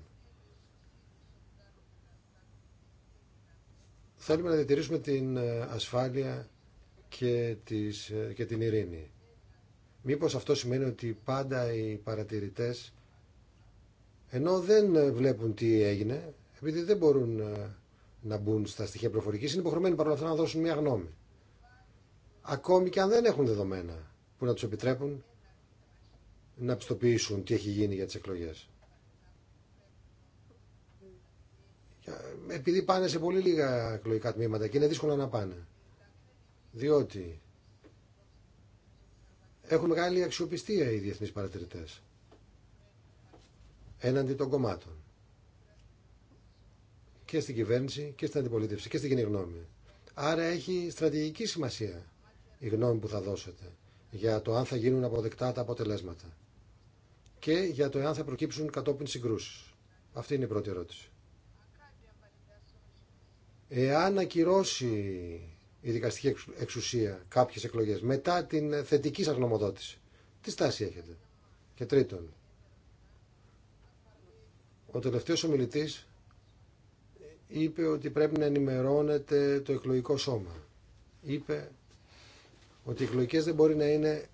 A: Θέλουμε να διατηρήσουμε την ε, ασφάλεια και, τις ε, και την ειρήνη. Μήπως αυτό σημαίνει ότι πάντα οι παρατηρητές ενώ δεν ε, βλέπουν τι έγινε, επειδή δεν μπορούν ε, να μπουν στα στοιχεία προφορικής, είναι υποχρεωμένοι παρόλα αυτά να δώσουν μια γνώμη. Ακόμη και αν δεν έχουν δεδομένα που να τους επιτρέπουν να πιστοποιήσουν τι έχει γίνει για τις εκλογές. Επειδή πάνε σε πολύ λίγα εκλογικά τμήματα και είναι δύσκολο να πάνε. Διότι έχουν μεγάλη αξιοπιστία οι διεθνείς παρατηρητές έναντι των κομμάτων και στην κυβέρνηση και στην αντιπολίτευση και στην κοινή γνώμη. Άρα έχει στρατηγική σημασία η γνώμη που θα δώσετε για το αν θα γίνουν αποδεκτά τα αποτελέσματα και για το εάν θα προκύψουν κατόπιν συγκρούσεις. Αυτή είναι η πρώτη ερώτηση. Εάν ακυρώσει η δικαστική εξουσία κάποιε εκλογές μετά την ε, θετική σα Τι στάση έχετε. Και τρίτον, ο τελευταίο ομιλητή είπε ότι πρέπει να ενημερώνεται το εκλογικό σώμα. Είπε ότι οι εκλογικέ δεν μπορεί να είναι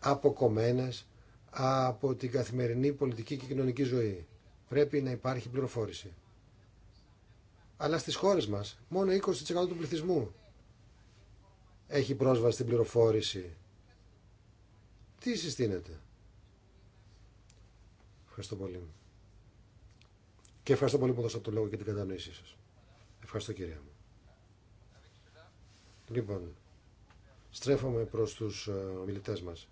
A: αποκομμένες από την καθημερινή πολιτική και κοινωνική ζωή. Πρέπει να υπάρχει πληροφόρηση. Αλλά στις χώρες μας μόνο 20% του πληθυσμού έχει πρόσβαση στην πληροφόρηση. Τι συστήνεται. Ευχαριστώ πολύ. Και ευχαριστώ πολύ που δώσατε το λόγο και την κατανοήσή σας. Ευχαριστώ κυρία μου. Λοιπόν, στρέφομαι προς τους ε, ομιλητές μας.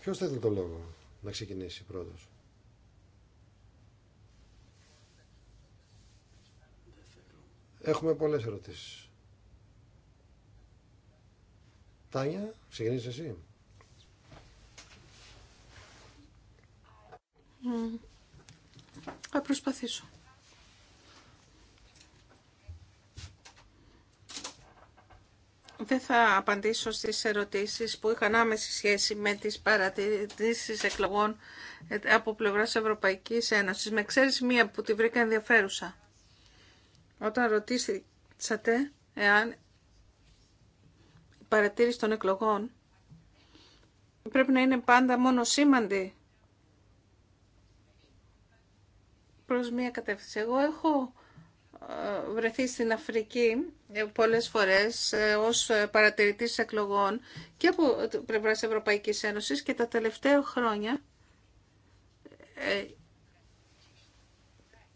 A: Ποιος θέλει το λόγο να ξεκινήσει πρώτος. Έχουμε πολλέ ερωτήσεις. Τάνια, ξεκινήσει εσύ.
D: Θα προσπαθήσω. Δεν θα απαντήσω στις ερωτήσεις που είχαν άμεση σχέση με τις παρατηρήσεις εκλογών ε, από πλευράς Ευρωπαϊκής Ένωσης. Με ξέρεις μία που τη βρήκα ενδιαφέρουσα. Όταν ρωτήσατε εάν η παρατήρηση των εκλογών πρέπει να είναι πάντα μόνο σήμαντη προς μία κατεύθυνση. Εγώ έχω ε, βρεθεί στην Αφρική πολλές φορές ε, ως ε, παρατηρητής εκλογών και από πλευράς Ευρωπαϊκής Ένωσης και τα τελευταία χρόνια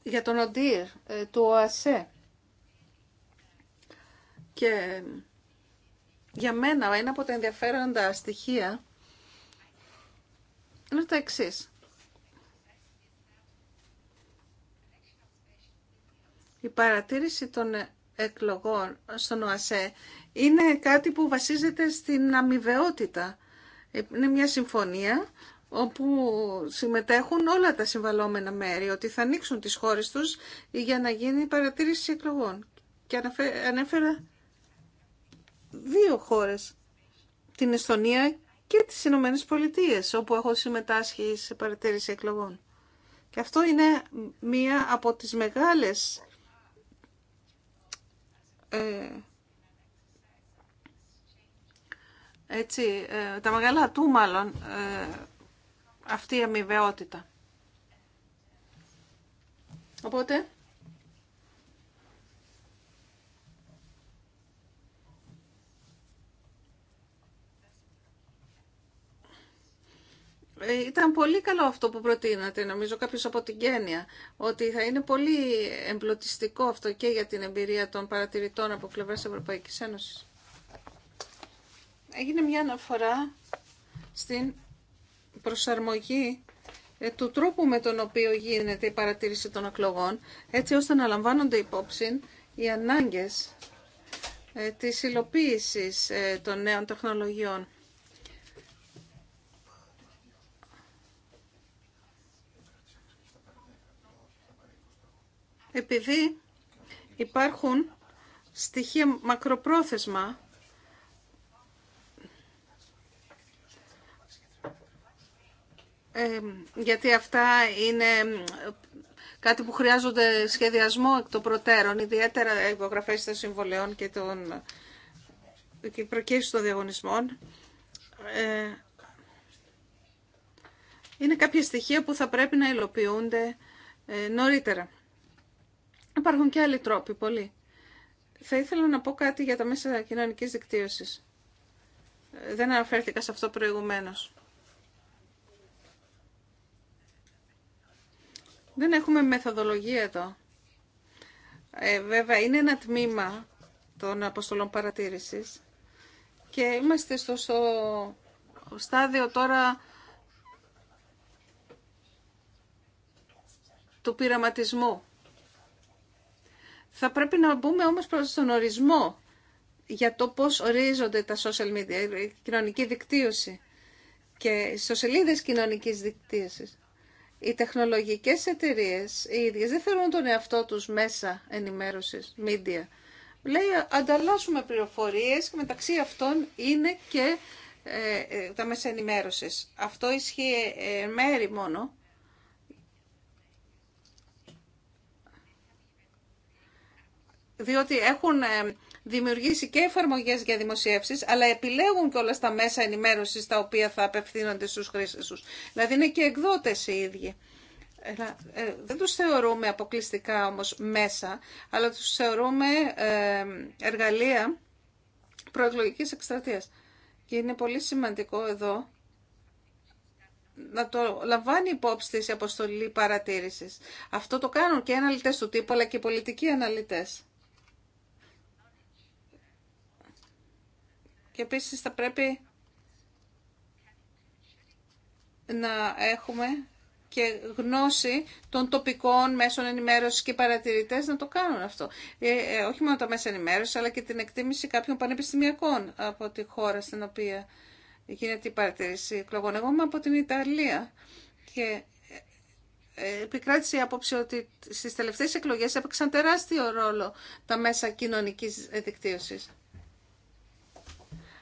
D: για τον ΟΝΤΙΡ του ΟΑΣΕ και για μένα ένα από τα ενδιαφέροντα στοιχεία είναι το εξή. Η παρατήρηση των εκλογών στον ΟΑΣΕ είναι κάτι που βασίζεται στην αμοιβαιότητα. Είναι μια συμφωνία όπου συμμετέχουν όλα τα συμβαλόμενα μέρη, ότι θα ανοίξουν τις χώρες τους για να γίνει η παρατήρηση εκλογών. Και ανέφερα δύο χώρες, την Εσθονία και τις Ηνωμένε Πολιτείες, όπου έχω συμμετάσχει σε παρατήρηση εκλογών. Και αυτό είναι μία από τις μεγάλες ε, έτσι, ε, τα μεγάλα του μάλλον ε, αυτή η αμοιβαιότητα. Οπότε Ε, ήταν πολύ καλό αυτό που προτείνατε, νομίζω κάποιος από την Κένια, ότι θα είναι πολύ εμπλωτιστικό αυτό και για την εμπειρία των παρατηρητών από πλευράς Ευρωπαϊκής Ένωσης. Έγινε μια αναφορά στην προσαρμογή ε, του τρόπου με τον οποίο γίνεται η παρατήρηση των εκλογών, έτσι ώστε να λαμβάνονται υπόψη οι ανάγκες ε, της υλοποίησης των νέων τεχνολογιών. επειδή υπάρχουν στοιχεία μακροπρόθεσμα ε, γιατί αυτά είναι κάτι που χρειάζονται σχεδιασμό εκ των προτέρων, ιδιαίτερα υπογραφές των συμβολέων και, των, και προκήρυξη των διαγωνισμών. Ε, είναι κάποια στοιχεία που θα πρέπει να υλοποιούνται ε, νωρίτερα. Υπάρχουν και άλλοι τρόποι, πολλοί. Θα ήθελα να πω κάτι για τα μέσα κοινωνικής δικτύωσης. Δεν αναφέρθηκα σε αυτό προηγουμένως. Δεν έχουμε μεθοδολογία εδώ. Ε, βέβαια, είναι ένα τμήμα των αποστολών παρατήρησης και είμαστε στο, στο στάδιο τώρα του πειραματισμού. Θα πρέπει να μπούμε όμως προς τον ορισμό για το πώς ορίζονται τα social media, η κοινωνική δικτύωση και σωσελίδες κοινωνικής δικτύωσης. Οι τεχνολογικές εταιρείες οι ίδιες δεν θέλουν τον εαυτό τους μέσα ενημέρωσης, media. Λέει ανταλλάσσουμε πληροφορίες και μεταξύ αυτών είναι και ε, ε, τα μέσα ενημέρωσης. Αυτό ισχύει ε, μέρη μόνο διότι έχουν ε, δημιουργήσει και εφαρμογές για δημοσιεύσει, αλλά επιλέγουν και όλα τα μέσα ενημέρωσης τα οποία θα απευθύνονται στου χρήστες τους. Δηλαδή είναι και εκδότε οι ίδιοι. Ε, δεν τους θεωρούμε αποκλειστικά όμως μέσα, αλλά τους θεωρούμε ε, εργαλεία προεκλογικής εκστρατείας. Και είναι πολύ σημαντικό εδώ να το λαμβάνει υπόψη της αποστολή παρατήρησης. Αυτό το κάνουν και αναλυτές του τύπου, αλλά και πολιτικοί αναλυτές. Και επίσης θα πρέπει να έχουμε και γνώση των τοπικών μέσων ενημέρωσης και παρατηρητές να το κάνουν αυτό. Ε, ε όχι μόνο τα μέσα ενημέρωση, αλλά και την εκτίμηση κάποιων πανεπιστημιακών από τη χώρα στην οποία γίνεται η παρατηρήση εκλογών. Εγώ είμαι από την Ιταλία και ε, επικράτησε η άποψη ότι στις τελευταίες εκλογές έπαιξαν τεράστιο ρόλο τα μέσα κοινωνικής δικτύωσης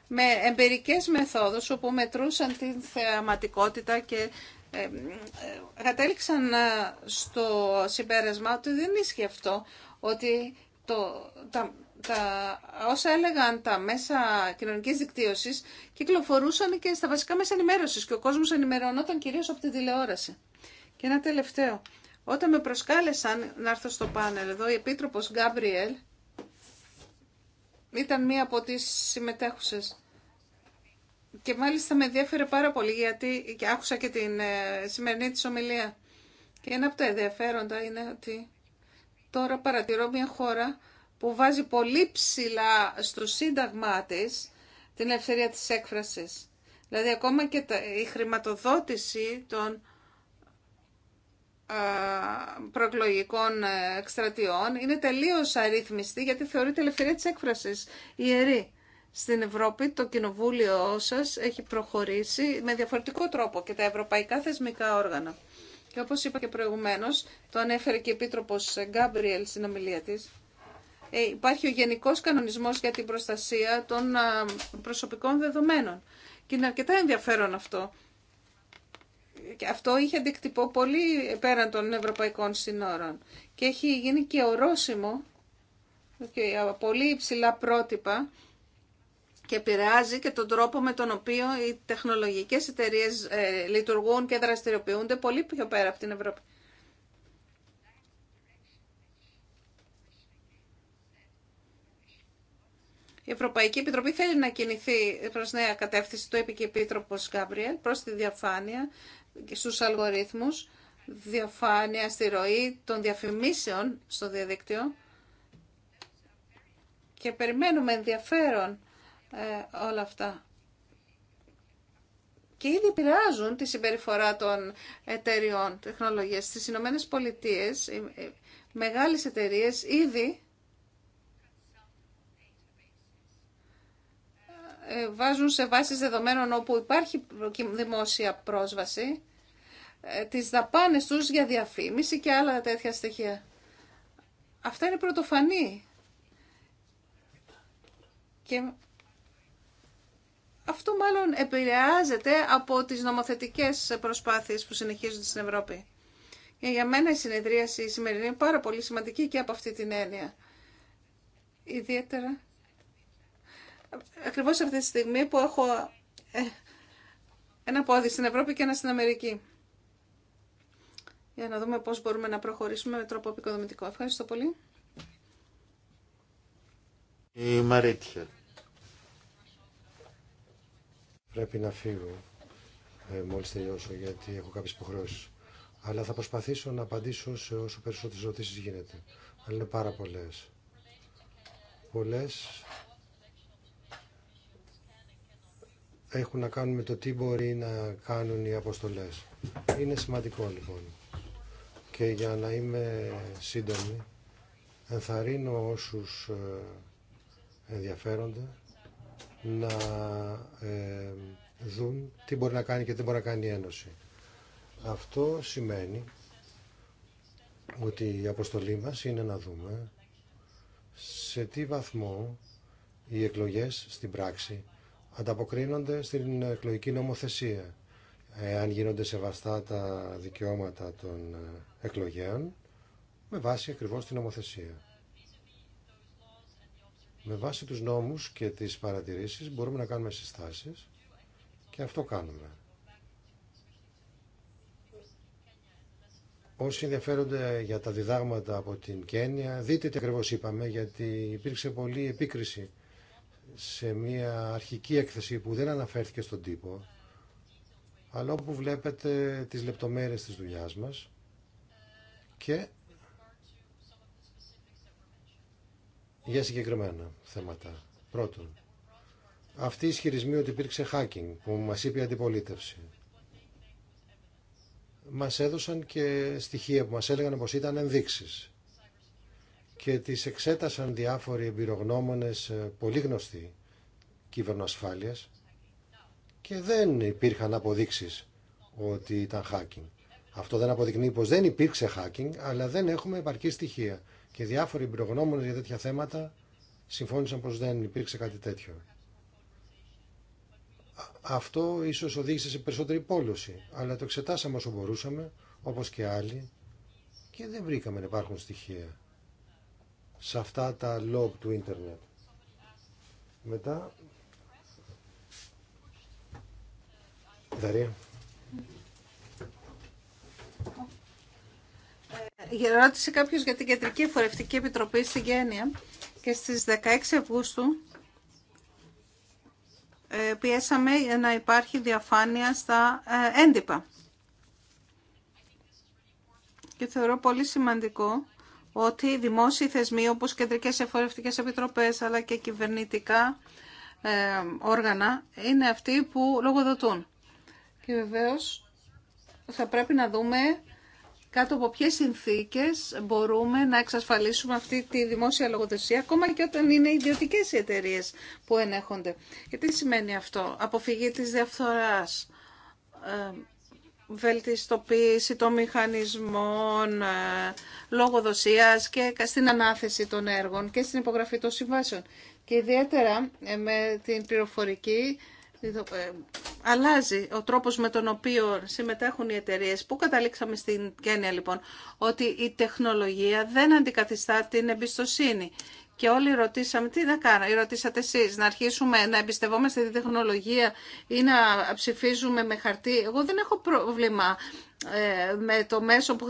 D: με εμπειρικές μεθόδους όπου μετρούσαν την θεαματικότητα και ε, ε, κατέληξαν ε, στο συμπέρασμα ότι δεν ίσχυε αυτό, ότι το, τα, τα, όσα έλεγαν τα μέσα κοινωνικής δικτύωσης κυκλοφορούσαν και στα βασικά μέσα ενημέρωσης και ο κόσμος ενημερωνόταν κυρίως από τη τηλεόραση. Και ένα τελευταίο. Όταν με προσκάλεσαν να έρθω στο πάνελ εδώ, η Επίτροπος Γκάμπριελ ήταν μία από τις συμμετέχουσες. Και μάλιστα με ενδιαφέρε πάρα πολύ γιατί και άκουσα και την ε, σημερινή της ομιλία. Και ένα από τα ενδιαφέροντα είναι ότι τώρα παρατηρώ μια χώρα που βάζει πολύ ψηλά στο σύνταγμά της την ελευθερία της έκφρασης. Δηλαδή ακόμα και η χρηματοδότηση των ε, προεκλογικών ε, εκστρατιών είναι τελείως αρρύθμιστη γιατί θεωρείται ελευθερία της έκφρασης ιερή. Στην Ευρώπη το κοινοβούλιο σας έχει προχωρήσει με διαφορετικό τρόπο και τα ευρωπαϊκά θεσμικά όργανα. Και όπως είπα και προηγουμένως, το ανέφερε και η Επίτροπος Γκάμπριελ στην ομιλία της, ε, υπάρχει ο Γενικός Κανονισμός για την Προστασία των Προσωπικών Δεδομένων. Και είναι αρκετά ενδιαφέρον αυτό και αυτό είχε αντικτυπώ πολύ πέραν των ευρωπαϊκών συνόρων και έχει γίνει και ορόσημο και πολύ υψηλά πρότυπα και επηρεάζει και τον τρόπο με τον οποίο οι τεχνολογικές εταιρείες ε, λειτουργούν και δραστηριοποιούνται πολύ πιο πέρα από την Ευρώπη. Η Ευρωπαϊκή Επιτροπή θέλει να κινηθεί προς νέα κατεύθυνση, το είπε και η προς τη διαφάνεια, στους αλγορίθμους, διαφάνεια στη ροή των διαφημίσεων στο διαδίκτυο και περιμένουμε ενδιαφέρον ε, όλα αυτά. Και ήδη επηρεάζουν τη συμπεριφορά των εταιριών τεχνολογίας. Στις Ηνωμένες Πολιτείες, μεγάλες εταιρείες ήδη Ε, βάζουν σε βάσεις δεδομένων όπου υπάρχει δημόσια πρόσβαση ε, τις δαπάνες τους για διαφήμιση και άλλα τέτοια στοιχεία. Αυτά είναι πρωτοφανή. Και αυτό μάλλον επηρεάζεται από τις νομοθετικές προσπάθειες που συνεχίζονται στην Ευρώπη. για μένα η συνεδρίαση η σημερινή είναι πάρα πολύ σημαντική και από αυτή την έννοια. Ιδιαίτερα ακριβώς αυτή τη στιγμή που έχω ε, ένα πόδι στην Ευρώπη και ένα στην Αμερική. Για να δούμε πώς μπορούμε να προχωρήσουμε με τρόπο επικοδομητικό. Ευχαριστώ πολύ.
G: Η Μαρίτια.
A: Πρέπει να φύγω ε, μόλις τελειώσω γιατί έχω κάποιες υποχρεώσεις. Αλλά θα προσπαθήσω να απαντήσω σε όσο περισσότερες ερωτήσεις γίνεται. Αλλά είναι πάρα πολλές. Πολλές έχουν να κάνουν με το τι μπορεί να κάνουν οι αποστολές. Είναι σημαντικό λοιπόν. Και για να είμαι σύντομη, ενθαρρύνω όσους ε, ενδιαφέρονται να ε, δουν τι μπορεί να κάνει και τι μπορεί να κάνει η Ένωση. Αυτό σημαίνει ότι η αποστολή μας είναι να δούμε σε τι βαθμό οι εκλογές στην πράξη ανταποκρίνονται στην εκλογική νομοθεσία. Ε, αν γίνονται σεβαστά τα δικαιώματα των ε, εκλογέων, με βάση ακριβώς την νομοθεσία. Με βάση τους νόμους και τις παρατηρήσεις μπορούμε να κάνουμε συστάσεις και αυτό κάνουμε. Όσοι ενδιαφέρονται για τα διδάγματα από την Κένια, δείτε τι ακριβώς είπαμε, γιατί υπήρξε πολλή επίκριση σε μια αρχική έκθεση που δεν αναφέρθηκε στον τύπο, αλλά όπου βλέπετε τις λεπτομέρειες της δουλειάς μας και για συγκεκριμένα θέματα. Πρώτον, αυτή η ισχυρισμοί ότι υπήρξε hacking που μας είπε η αντιπολίτευση μας έδωσαν και στοιχεία που μας έλεγαν πως ήταν ενδείξεις και τις εξέτασαν διάφοροι εμπειρογνώμονες ε, πολύ γνωστοί κυβερνοασφάλειας και δεν υπήρχαν αποδείξεις ότι ήταν hacking. Αυτό δεν αποδεικνύει πως δεν υπήρξε hacking, αλλά δεν έχουμε επαρκή στοιχεία. Και διάφοροι εμπειρογνώμονες για τέτοια θέματα συμφώνησαν πως δεν υπήρξε κάτι τέτοιο. Αυτό ίσως οδήγησε σε περισσότερη πόλωση, αλλά το εξετάσαμε όσο μπορούσαμε, όπως και άλλοι, και δεν βρήκαμε να υπάρχουν στοιχεία σε αυτά τα log του ίντερνετ. Μετά... Δαρία.
D: Ε, ρώτησε κάποιος για την Κεντρική Φορευτική Επιτροπή στην Γένεια και στις 16 Αυγούστου ε, πιέσαμε να υπάρχει διαφάνεια στα ε, έντυπα. Και θεωρώ πολύ σημαντικό ότι οι δημόσιοι θεσμοί όπως κεντρικές εφορευτικές επιτροπές αλλά και κυβερνητικά ε, όργανα είναι αυτοί που λογοδοτούν. Και βεβαίως θα πρέπει να δούμε κάτω από ποιες συνθήκες μπορούμε να εξασφαλίσουμε αυτή τη δημόσια λογοδοσία, ακόμα και όταν είναι ιδιωτικές οι εταιρείε που ενέχονται. Και τι σημαίνει αυτό, αποφυγή της διαφθοράς, ε, βελτιστοποίηση των μηχανισμών ε, λογοδοσίας και στην ανάθεση των έργων και στην υπογραφή των συμβάσεων. Και ιδιαίτερα ε, με την πληροφορική ε, αλλάζει ο τρόπος με τον οποίο συμμετέχουν οι εταιρείε. Πού καταλήξαμε στην Κένια λοιπόν, ότι η τεχνολογία δεν αντικαθιστά την εμπιστοσύνη και όλοι ρωτήσαμε τι να κάνω, ρωτήσατε εσείς, να αρχίσουμε να εμπιστευόμαστε τη τεχνολογία ή να ψηφίζουμε με χαρτί. Εγώ δεν έχω πρόβλημα ε, με το μέσο που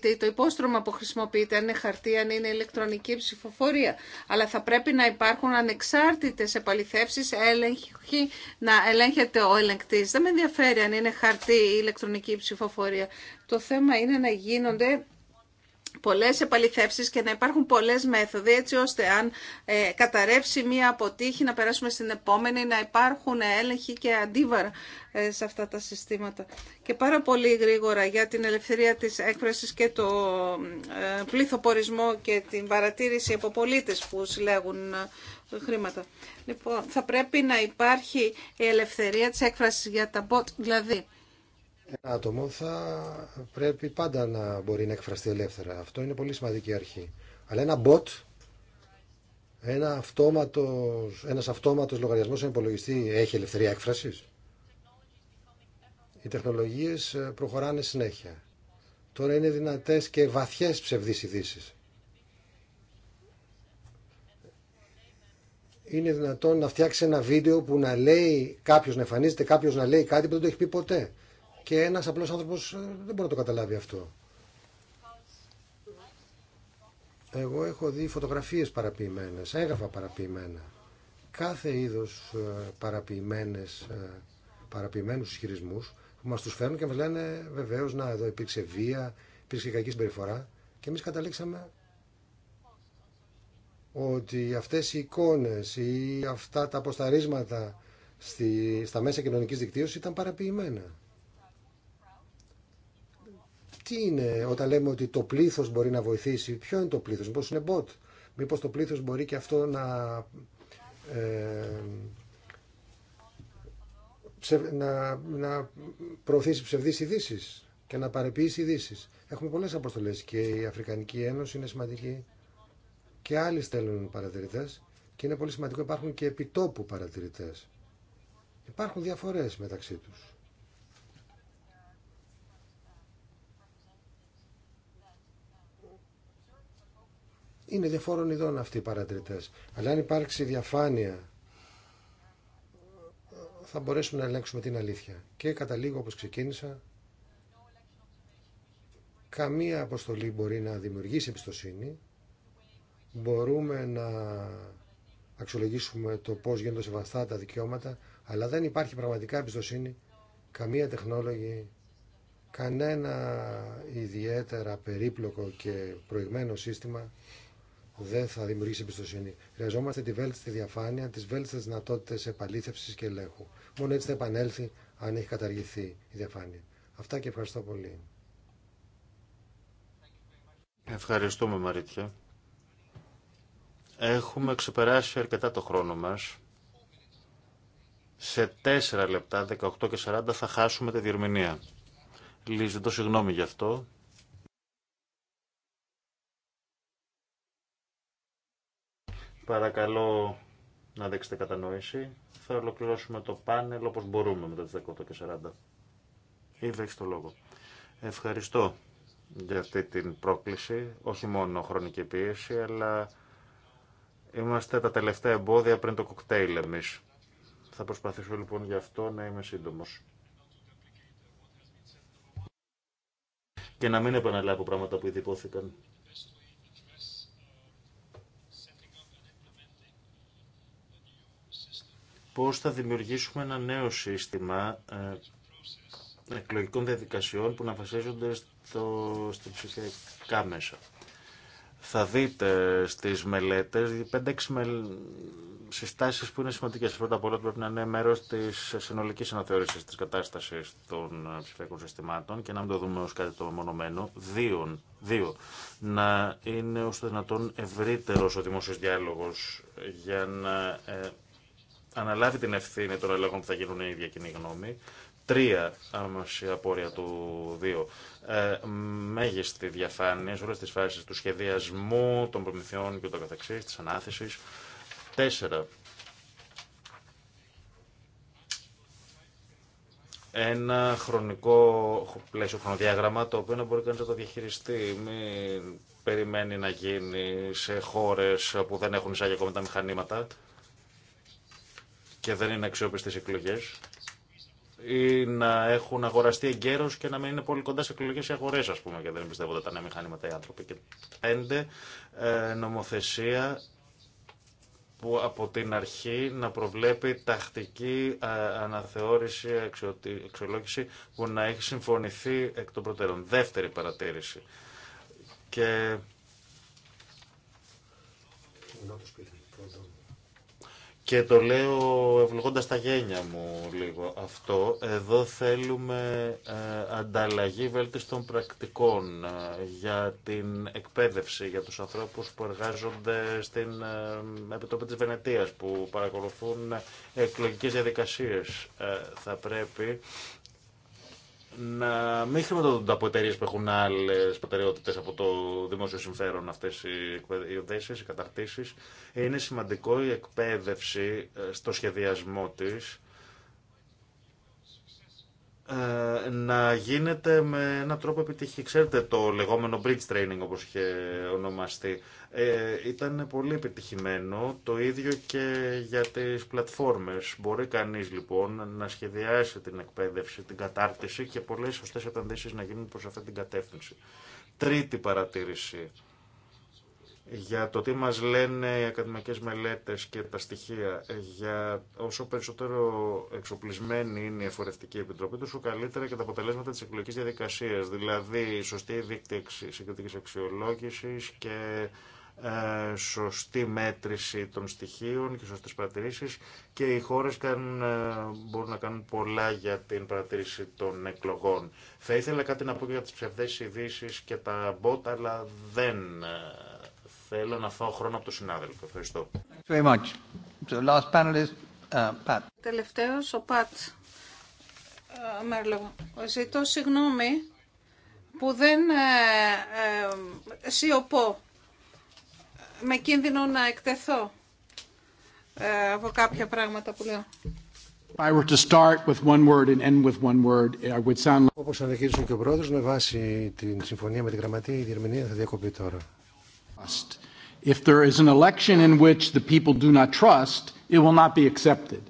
D: ή το υπόστρωμα που χρησιμοποιείτε αν είναι χαρτί, αν είναι ηλεκτρονική ψηφοφορία. Αλλά θα πρέπει να υπάρχουν ανεξάρτητες επαληθεύσεις, να ελέγχεται ο ελεγκτής. Δεν με ενδιαφέρει αν είναι χαρτί ή ηλεκτρονική ψηφοφορία. Το θέμα είναι να γίνονται πολλές επαληθεύσεις και να υπάρχουν πολλές μέθοδοι έτσι ώστε αν ε, καταρρεύσει μία αποτύχη να περάσουμε στην επόμενη να υπάρχουν έλεγχοι και αντίβαρα ε, σε αυτά τα συστήματα. Και πάρα πολύ γρήγορα για την ελευθερία της έκφρασης και το ε, πλήθοπορισμό και την παρατήρηση από πολίτες που συλλέγουν ε, χρήματα. Λοιπόν, θα πρέπει να υπάρχει η ελευθερία της έκφρασης για τα bot, δηλαδή
A: ένα άτομο θα πρέπει πάντα να μπορεί να εκφραστεί ελεύθερα. Αυτό είναι πολύ σημαντική αρχή. Αλλά ένα bot, ένα αυτόματος, ένας αυτόματος λογαριασμός σε υπολογιστή έχει ελευθερία έκφρασης. Οι τεχνολογίες ε, προχωράνε συνέχεια. Τώρα είναι δυνατές και βαθιές ψευδείς ειδήσει. Είναι δυνατόν να φτιάξει ένα βίντεο που να λέει κάποιος, να εμφανίζεται κάποιος να λέει κάτι που δεν το έχει πει ποτέ και ένας απλός άνθρωπος ε, δεν μπορεί να το καταλάβει αυτό. Εγώ έχω δει φωτογραφίες παραποιημένες, έγραφα παραποιημένα. Κάθε είδος ε, παραποιημένες, ε, παραποιημένους ισχυρισμούς που μας τους φέρνουν και μας λένε βεβαίως να εδώ υπήρξε βία, υπήρξε κακή συμπεριφορά και εμείς καταλήξαμε ότι αυτές οι εικόνες ή αυτά τα αποσταρίσματα στη, στα μέσα κοινωνικής δικτύωσης ήταν παραποιημένα τι είναι όταν λέμε ότι το πλήθος μπορεί να βοηθήσει, ποιο είναι το πλήθος, μήπως είναι bot, μήπως το πλήθος μπορεί και αυτό να, ε, να, να προωθήσει ψευδείς ειδήσει και να παρεποιήσει ειδήσει. Έχουμε πολλές αποστολές και η Αφρικανική Ένωση είναι σημαντική και άλλοι στέλνουν παρατηρητές και είναι πολύ σημαντικό υπάρχουν και επιτόπου παρατηρητές. Υπάρχουν διαφορές μεταξύ τους. Είναι διαφόρων ειδών αυτοί οι παρατηρητές. Αλλά αν υπάρξει διαφάνεια θα μπορέσουμε να ελέγξουμε την αλήθεια. Και καταλήγω όπως ξεκίνησα, καμία αποστολή μπορεί να δημιουργήσει εμπιστοσύνη. Μπορούμε να αξιολογήσουμε το πώς γίνονται σεβαστά τα δικαιώματα, αλλά δεν υπάρχει πραγματικά εμπιστοσύνη, καμία τεχνόλογη, κανένα ιδιαίτερα περίπλοκο και προηγμένο σύστημα δεν θα δημιουργήσει εμπιστοσύνη. Χρειαζόμαστε τη βέλτιστη διαφάνεια, τι βέλτιστε δυνατότητε επαλήθευση και ελέγχου. Μόνο έτσι θα επανέλθει αν έχει καταργηθεί η διαφάνεια. Αυτά και ευχαριστώ πολύ.
G: Ευχαριστούμε Μαρίτια. Έχουμε ξεπεράσει αρκετά το χρόνο μας. Σε 4 λεπτά, 18 και 40, θα χάσουμε τη διερμηνία. το συγγνώμη γι' αυτό. Παρακαλώ να δείξετε κατανόηση. Θα ολοκληρώσουμε το πάνελ όπως μπορούμε μετά τις 18 και 40. Ήδη έχεις το λόγο. Ευχαριστώ για αυτή την πρόκληση, όχι μόνο χρονική πίεση, αλλά είμαστε τα τελευταία εμπόδια πριν το κοκτέιλ εμείς. Θα προσπαθήσω λοιπόν γι' αυτό να είμαι σύντομος. Και να μην επαναλάβω πράγματα που ήδη πώς θα δημιουργήσουμε ένα νέο σύστημα ε, εκλογικών διαδικασιών που να βασίζονται στο, στο ψηφιακά μέσα. Θα δείτε στις μελέτες 5-6 μελ... συστάσεις που είναι σημαντικές. Πρώτα απ' όλα πρέπει να είναι μέρος της συνολικής αναθεώρησης της κατάστασης των ε, ψηφιακών συστημάτων και να μην το δούμε ως κάτι το μονομένο. Δύο, να είναι το δυνατόν ευρύτερος ο δημόσιος διάλογος για να ε, αναλάβει την ευθύνη των ελέγχων που θα γίνουν η ίδια κοινή γνώμη. Τρία, άμεση πόρια του δύο, ε, μέγιστη διαφάνεια σε όλες τις φάσεις του σχεδιασμού, των προμηθειών και το καθεξής, της ανάθεσης. Τέσσερα, ένα χρονικό πλαίσιο, χρονοδιάγραμμα, το οποίο να μπορεί κανείς να το διαχειριστεί. Μην περιμένει να γίνει σε χώρες που δεν έχουν εισάγει ακόμα τα μηχανήματα και δεν είναι αξιόπιστες εκλογέ. ή να έχουν αγοραστεί εγκαίρω και να μην είναι πολύ κοντά σε εκλογέ ή αγορέ, α πούμε, γιατί δεν εμπιστεύονται τα νέα μηχανήματα οι άνθρωποι. Και πέντε, ε, νομοθεσία που από την αρχή να προβλέπει τακτική ε, αναθεώρηση, αξιολόγηση που να έχει συμφωνηθεί εκ των προτέρων. Δεύτερη παρατήρηση. Και... Και το λέω ευλογώντας τα γένια μου λίγο αυτό. Εδώ θέλουμε ε, ανταλλαγή βέλτιστων πρακτικών ε, για την εκπαίδευση, για τους ανθρώπους που εργάζονται στην ε, Επιτροπή της Βενετίας, που παρακολουθούν εκλογικές διαδικασίες. θα πρέπει να μην χρηματοδοτούνται από εταιρείε που έχουν άλλε προτεραιότητε από το δημόσιο συμφέρον αυτέ οι οδέσει, οι καταρτήσει. Είναι σημαντικό η εκπαίδευση ε, στο σχεδιασμό τη ε, να γίνεται με έναν τρόπο επιτυχή. Ξέρετε το λεγόμενο bridge training όπως είχε ονομαστεί. Ε, ήταν πολύ επιτυχημένο, το ίδιο και για τις πλατφόρμες. Μπορεί κανείς λοιπόν να σχεδιάσει την εκπαίδευση, την κατάρτιση και πολλές σωστέ επενδύσεις να γίνουν προς αυτή την κατεύθυνση. Τρίτη παρατήρηση για το τι μας λένε οι ακαδημαϊκές μελέτες και τα στοιχεία. Ε, για όσο περισσότερο εξοπλισμένη είναι η Εφορευτική Επιτροπή, τόσο καλύτερα και τα αποτελέσματα της εκλογικής διαδικασίας. Δηλαδή, η σωστή δίκτυα συγκριτικής αξιολόγησης και ε, σωστή μέτρηση των στοιχείων και σωστές παρατηρήσεις και οι χώρες ε, μπορούν να κάνουν πολλά για την παρατήρηση των εκλογών. Θα ήθελα κάτι να πω και για τις ψευδές ειδήσει και τα μπότα, αλλά δεν ε, θέλω να φάω χρόνο από το συνάδελφο. Ευχαριστώ.
E: Uh,
D: Τελευταίος, ο Πατ Ζητώ συγγνώμη που δεν σιωπώ με κίνδυνο να εκτεθώ ε, από κάποια πράγματα που λέω.
A: Όπως ανακοίνωσε και ο πρόεδρος, με βάση την συμφωνία με την γραμματεία, η διερμηνία θα διακοπεί τώρα.
F: If there is an election in which the people do not trust, it will not be accepted.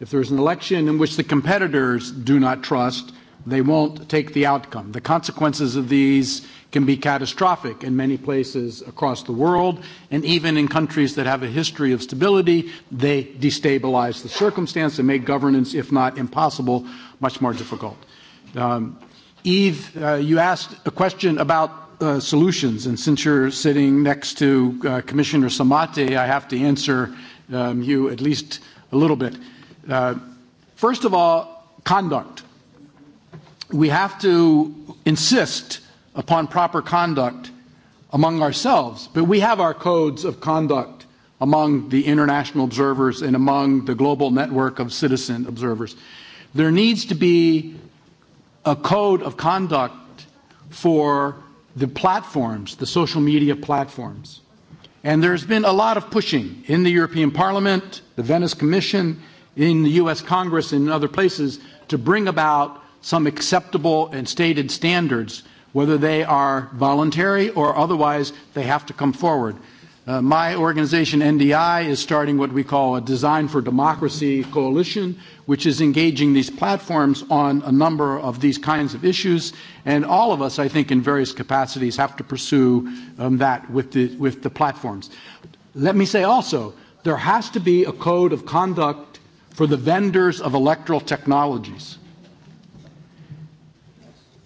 F: If there is an election in which the competitors do not trust, they won't take the outcome. The consequences of these can be catastrophic in many places across the world. And even in countries that have a history of stability, they destabilize the circumstance and make governance, if not impossible, much more difficult. Eve, you asked a question about solutions. And since you're sitting next to Commissioner Samate, I have to answer you at least a little bit. First of all, conduct. We have to insist upon proper conduct among ourselves. But we have our codes of conduct among the international observers and among the global network of citizen observers. There needs to be a code of conduct for the platforms, the social media platforms. And there's been a lot of pushing in the European Parliament, the Venice Commission, in the U.S. Congress, and in other places to bring about some acceptable and stated standards whether they are voluntary or otherwise, they have to come forward. My organization, NDI, is starting what we call a Design for Democracy coalition, which is engaging these platforms on a number of these kinds of issues. And all of us, I think, in various capacities, have to pursue that with the platforms. Let me say also, there has to be a code of conduct for the vendors of electoral technologies.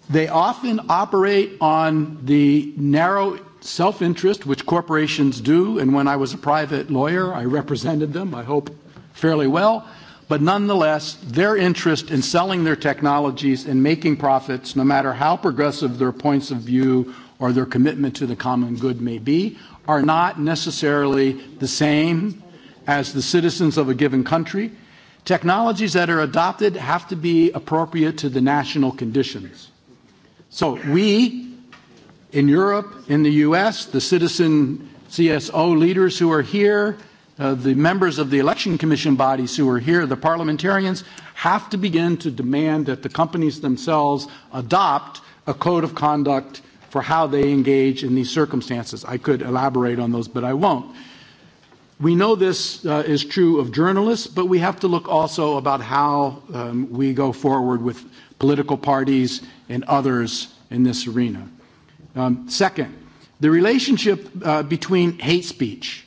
F: They often operate on the narrow self-interest, which corporations do, and when I was a private lawyer, I represented them, I hope fairly well, but nonetheless, their interest in selling their technologies and making profits, no matter how progressive their points of view or their commitment to the common good may be, are not necessarily the same as the citizens of a given country. Technologies that are adopted have to be appropriate to the national conditions. So we in Europe, in the US, the citizen CSO leaders who are here, the members of the election commission bodies who are here, the parliamentarians, have to begin to demand that the companies themselves adopt a code of conduct for how they engage in these circumstances. I could elaborate on those, but I won't. We know this is true of journalists, but we have to look also about how we go forward with political parties and others in this arena. Second, the relationship between hate speech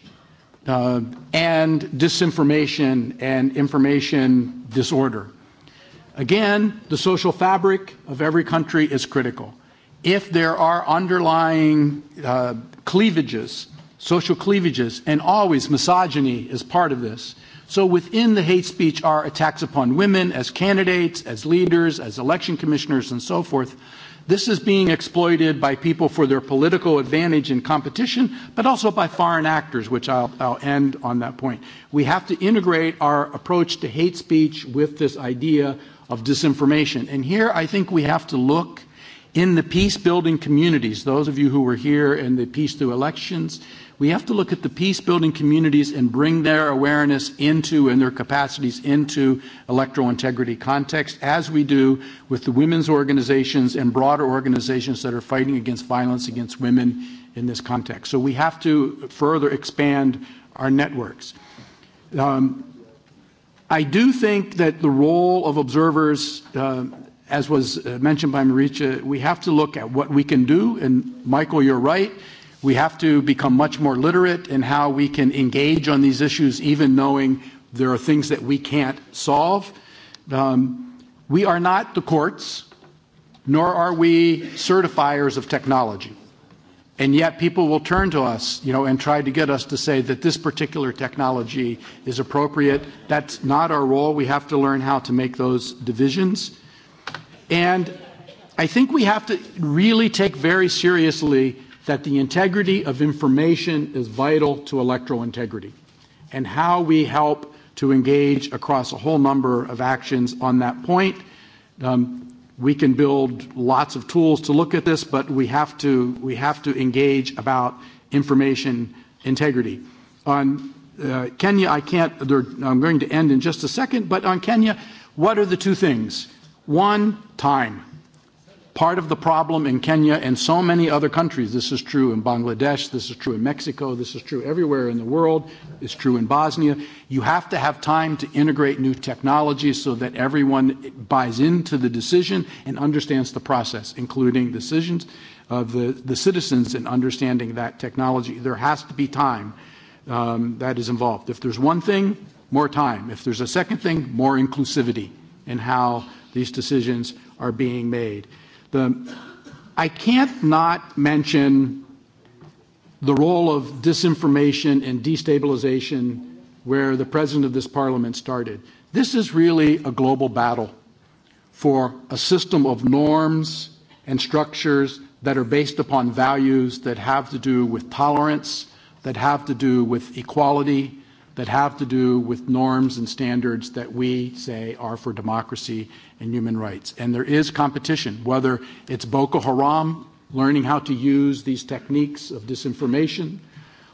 F: and disinformation and information disorder. Again, the social fabric of every country is critical. If there are underlying cleavages, social cleavages, and always misogyny is part of this, So within the hate speech are attacks upon women as candidates, as leaders, as election commissioners, and so forth. This is being exploited by people for their political advantage in competition, but also by foreign actors, which I'll, I'll end on that point. We have to integrate our approach to hate speech with this idea of disinformation. And here I think we have to look in the peace building communities, those of you who were here in the peace through elections We have to look at the peace-building communities and bring their awareness into and their capacities into electoral integrity context, as we do with the women's organizations and broader organizations that are fighting against violence against women in this context. So we have to further expand our networks. I do think that the role of observers, as was mentioned by Maricha, we have to look at what we can do. And Michael, you're right. We have to become much more literate in how we can engage on these issues, even knowing there are things that we can't solve. We are not the courts, nor are we certifiers of technology. And yet people will turn to us, you know, and try to get us to say that this particular technology is appropriate. That's not our role. We have to learn how to make those divisions. And I think we have to really take very seriously that the integrity of information is vital to electoral integrity and how we help to engage across a whole number of actions on that point. We can build lots of tools to look at this, but we have to we have to engage about information integrity. On Kenya, I can't. I'm going to end in just a second, but on Kenya, what are the two things? One, time part of the problem in Kenya and so many other countries. This is true in Bangladesh, this is true in Mexico, this is true everywhere in the world, it's true in Bosnia. You have to have time to integrate new technologies so that everyone buys into the decision and understands the process, including decisions of the, the citizens in understanding that technology. There has to be time um, that is involved. If there's one thing, more time. If there's a second thing, more inclusivity in how these decisions are being made. I can't not mention the role of disinformation and destabilization where the president of this parliament started. This is really a global battle for a system of norms and structures that are based upon values that have to do with tolerance, that have to do with equality, that have to do with norms and standards that we say are for democracy and human rights. And there is competition, whether it's Boko Haram learning how to use these techniques of disinformation,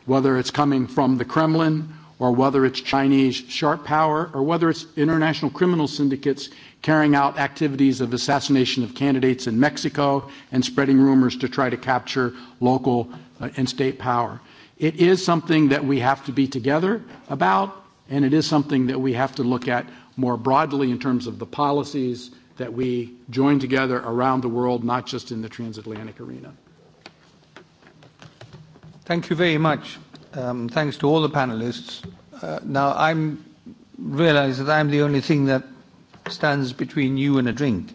F: whether it's coming from the Kremlin, or whether it's Chinese sharp power, or whether it's international criminal syndicates carrying out activities of assassination of candidates in Mexico and spreading rumors to try to capture local and state power. It is something that we have to be together about, and it is something that we have to look at more broadly in terms of the policies that we join together around the world, not just in the transatlantic arena.
E: Thank you very much. Um Thanks to all the panelists. Now I realize that I'm the only thing that stands between you and a drink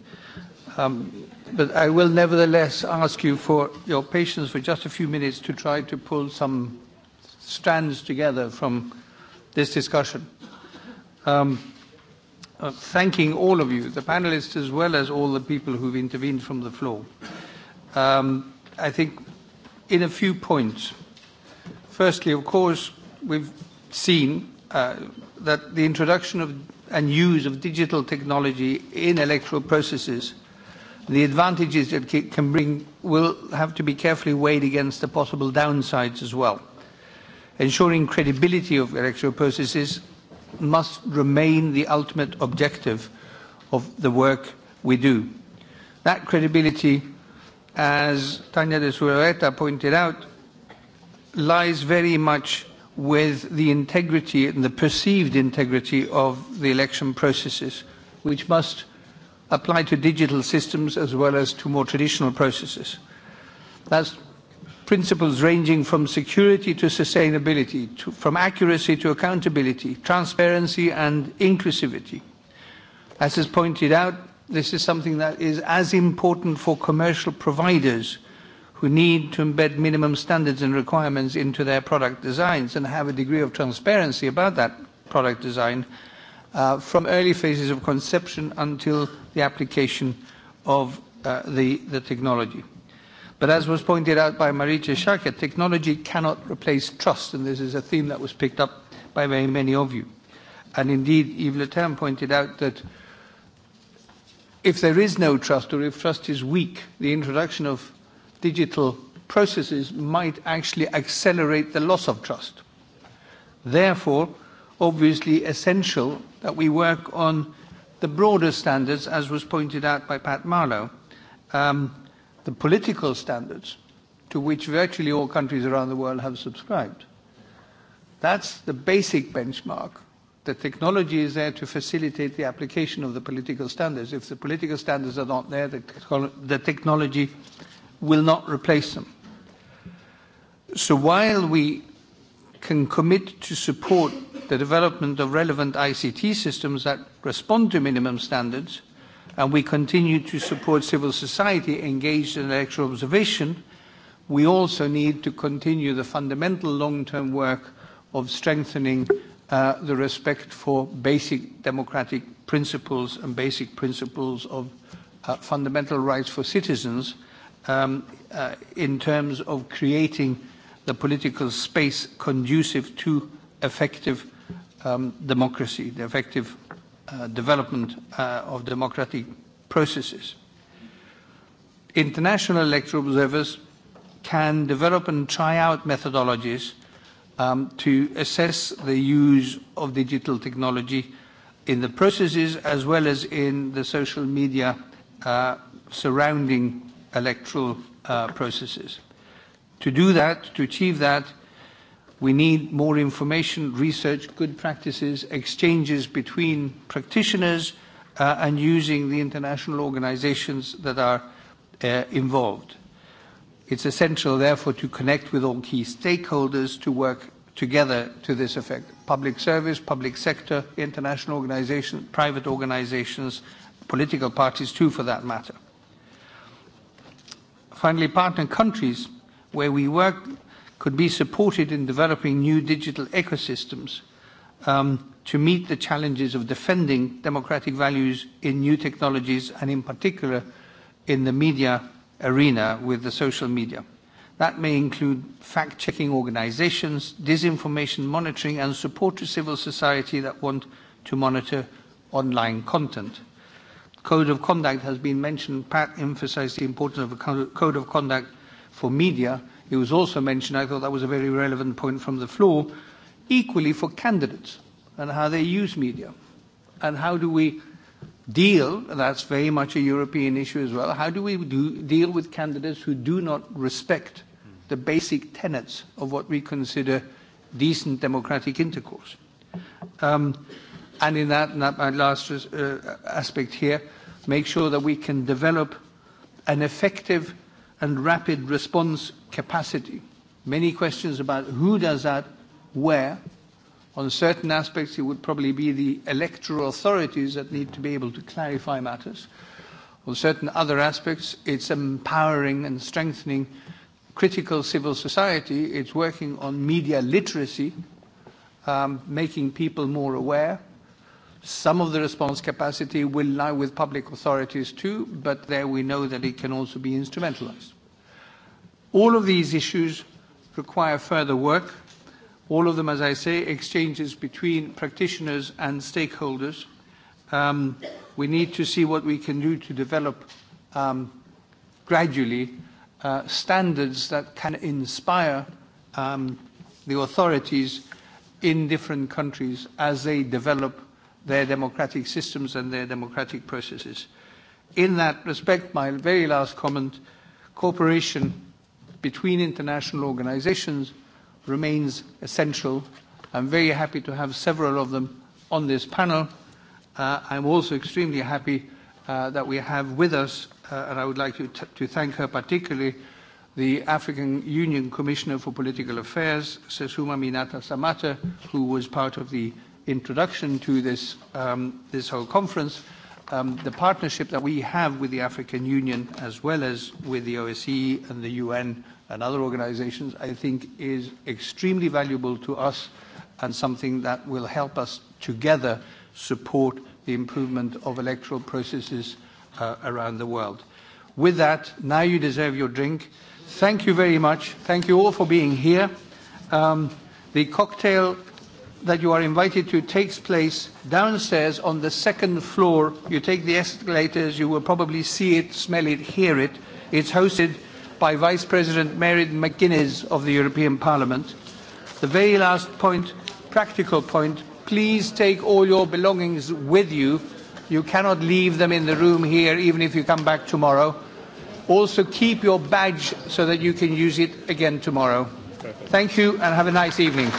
E: but I will nevertheless ask you for your patience for just a few minutes to try to pull some strands together from this discussion. thanking all of you, the panelists as well as all the people who've intervened from the floor. I think in a few points. Firstly, of course, we've seen that the introduction of and use of digital technology in electoral processes The advantages it can bring will have to be carefully weighed against the possible downsides as well. Ensuring credibility of electoral processes must remain the ultimate objective of the work we do. That credibility, as Tania de Suareta pointed out, lies very much with the integrity and the perceived integrity of the election processes, which must apply to digital systems as well as to more traditional processes. That's principles ranging from security to sustainability, to, from accuracy to accountability, transparency and inclusivity. As is pointed out, this is something that is as important for commercial providers who need to embed minimum standards and requirements into their product designs and have a degree of transparency about that product design from early phases of conception until the application of the technology. But as was pointed out by Marietje Schaake, technology cannot replace trust, and this is a theme that was picked up by very many of you. And indeed, Yves Le Terme pointed out that if there is no trust or if trust is weak, the introduction of digital processes might actually accelerate the loss of trust. Therefore, obviously essential that we work on the broader standards, as was pointed out by Pat Marlow, the political standards to which virtually all countries around the world have subscribed. That's the basic benchmark. The technology is there to facilitate the application of the political standards. If the political standards are not there, the technology will not replace them. So while we can commit to support the development of relevant ICT systems that respond to minimum standards, and we continue to support civil society engaged in electoral observation, we also need to continue the fundamental long-term work of strengthening the respect for basic democratic principles and basic principles of fundamental rights for citizens in terms of creating the political space conducive to effective um democracy, the effective development of democratic processes. International electoral observers can develop and try out methodologies to assess the use of digital technology in the processes as well as in the social media surrounding electoral processes. To do that, to achieve that, We need more information, research, good practices, exchanges between practitioners and using the international organizations that are involved. It's essential, therefore, to connect with all key stakeholders to work together to this effect. Public service, public sector, international organizations, private organizations, political parties too, for that matter. Finally, partner countries where we work could be supported in developing new digital ecosystems to meet the challenges of defending democratic values in new technologies and in particular in the media arena with the social media. That may include fact-checking organizations, disinformation monitoring and support to civil society that want to monitor online content. Code of conduct has been mentioned. Pat emphasized the importance of a code of conduct for media It was also mentioned, I thought that was a very relevant point from the floor, equally for candidates and how they use media. And how do we deal, that's very much a European issue as well, how do we deal with candidates who do not respect the basic tenets of what we consider decent democratic intercourse? Um, and in that, my last aspect here, make sure that we can develop an effective and rapid response capacity. Many questions about who does that, where. On certain aspects, it would probably be the electoral authorities that need to be able to clarify matters. On certain other aspects, it's empowering and strengthening critical civil society. It's working on media literacy, making people more aware. Some of the response capacity will lie with public authorities too, but there we know that it can also be instrumentalized. All of these issues require further work. All of them, as I say, exchanges between practitioners and stakeholders. We need to see what we can do to develop gradually standards that can inspire the authorities in different countries as they develop their democratic systems and their democratic processes. In that respect, my very last comment, cooperation between international organizations remains essential. I'm very happy to have several of them on this panel. I'm also extremely happy that we have with us, and I would like to thank her particularly, the African Union Commissioner for Political Affairs, Sesuma Minata Samata, who was part of the introduction to this whole conference the partnership that we have with the African Union as well as with the OSCE and the UN and other organizations, I think, is extremely valuable to us and something that will help us together support the improvement of electoral processes around the world. With that, now you deserve your drink. Thank you very much. Thank you all for being here. The cocktail that you are invited to takes place downstairs on the second floor. You take the escalators, you will probably see it, smell it, hear it. It's hosted by Vice President Mary McGuinness of the European Parliament. The very last point, practical point, please take all your belongings with you. You cannot leave them in the room here, even if you come back tomorrow. Also keep your badge so that you can use it again tomorrow. Thank you and have a nice evening.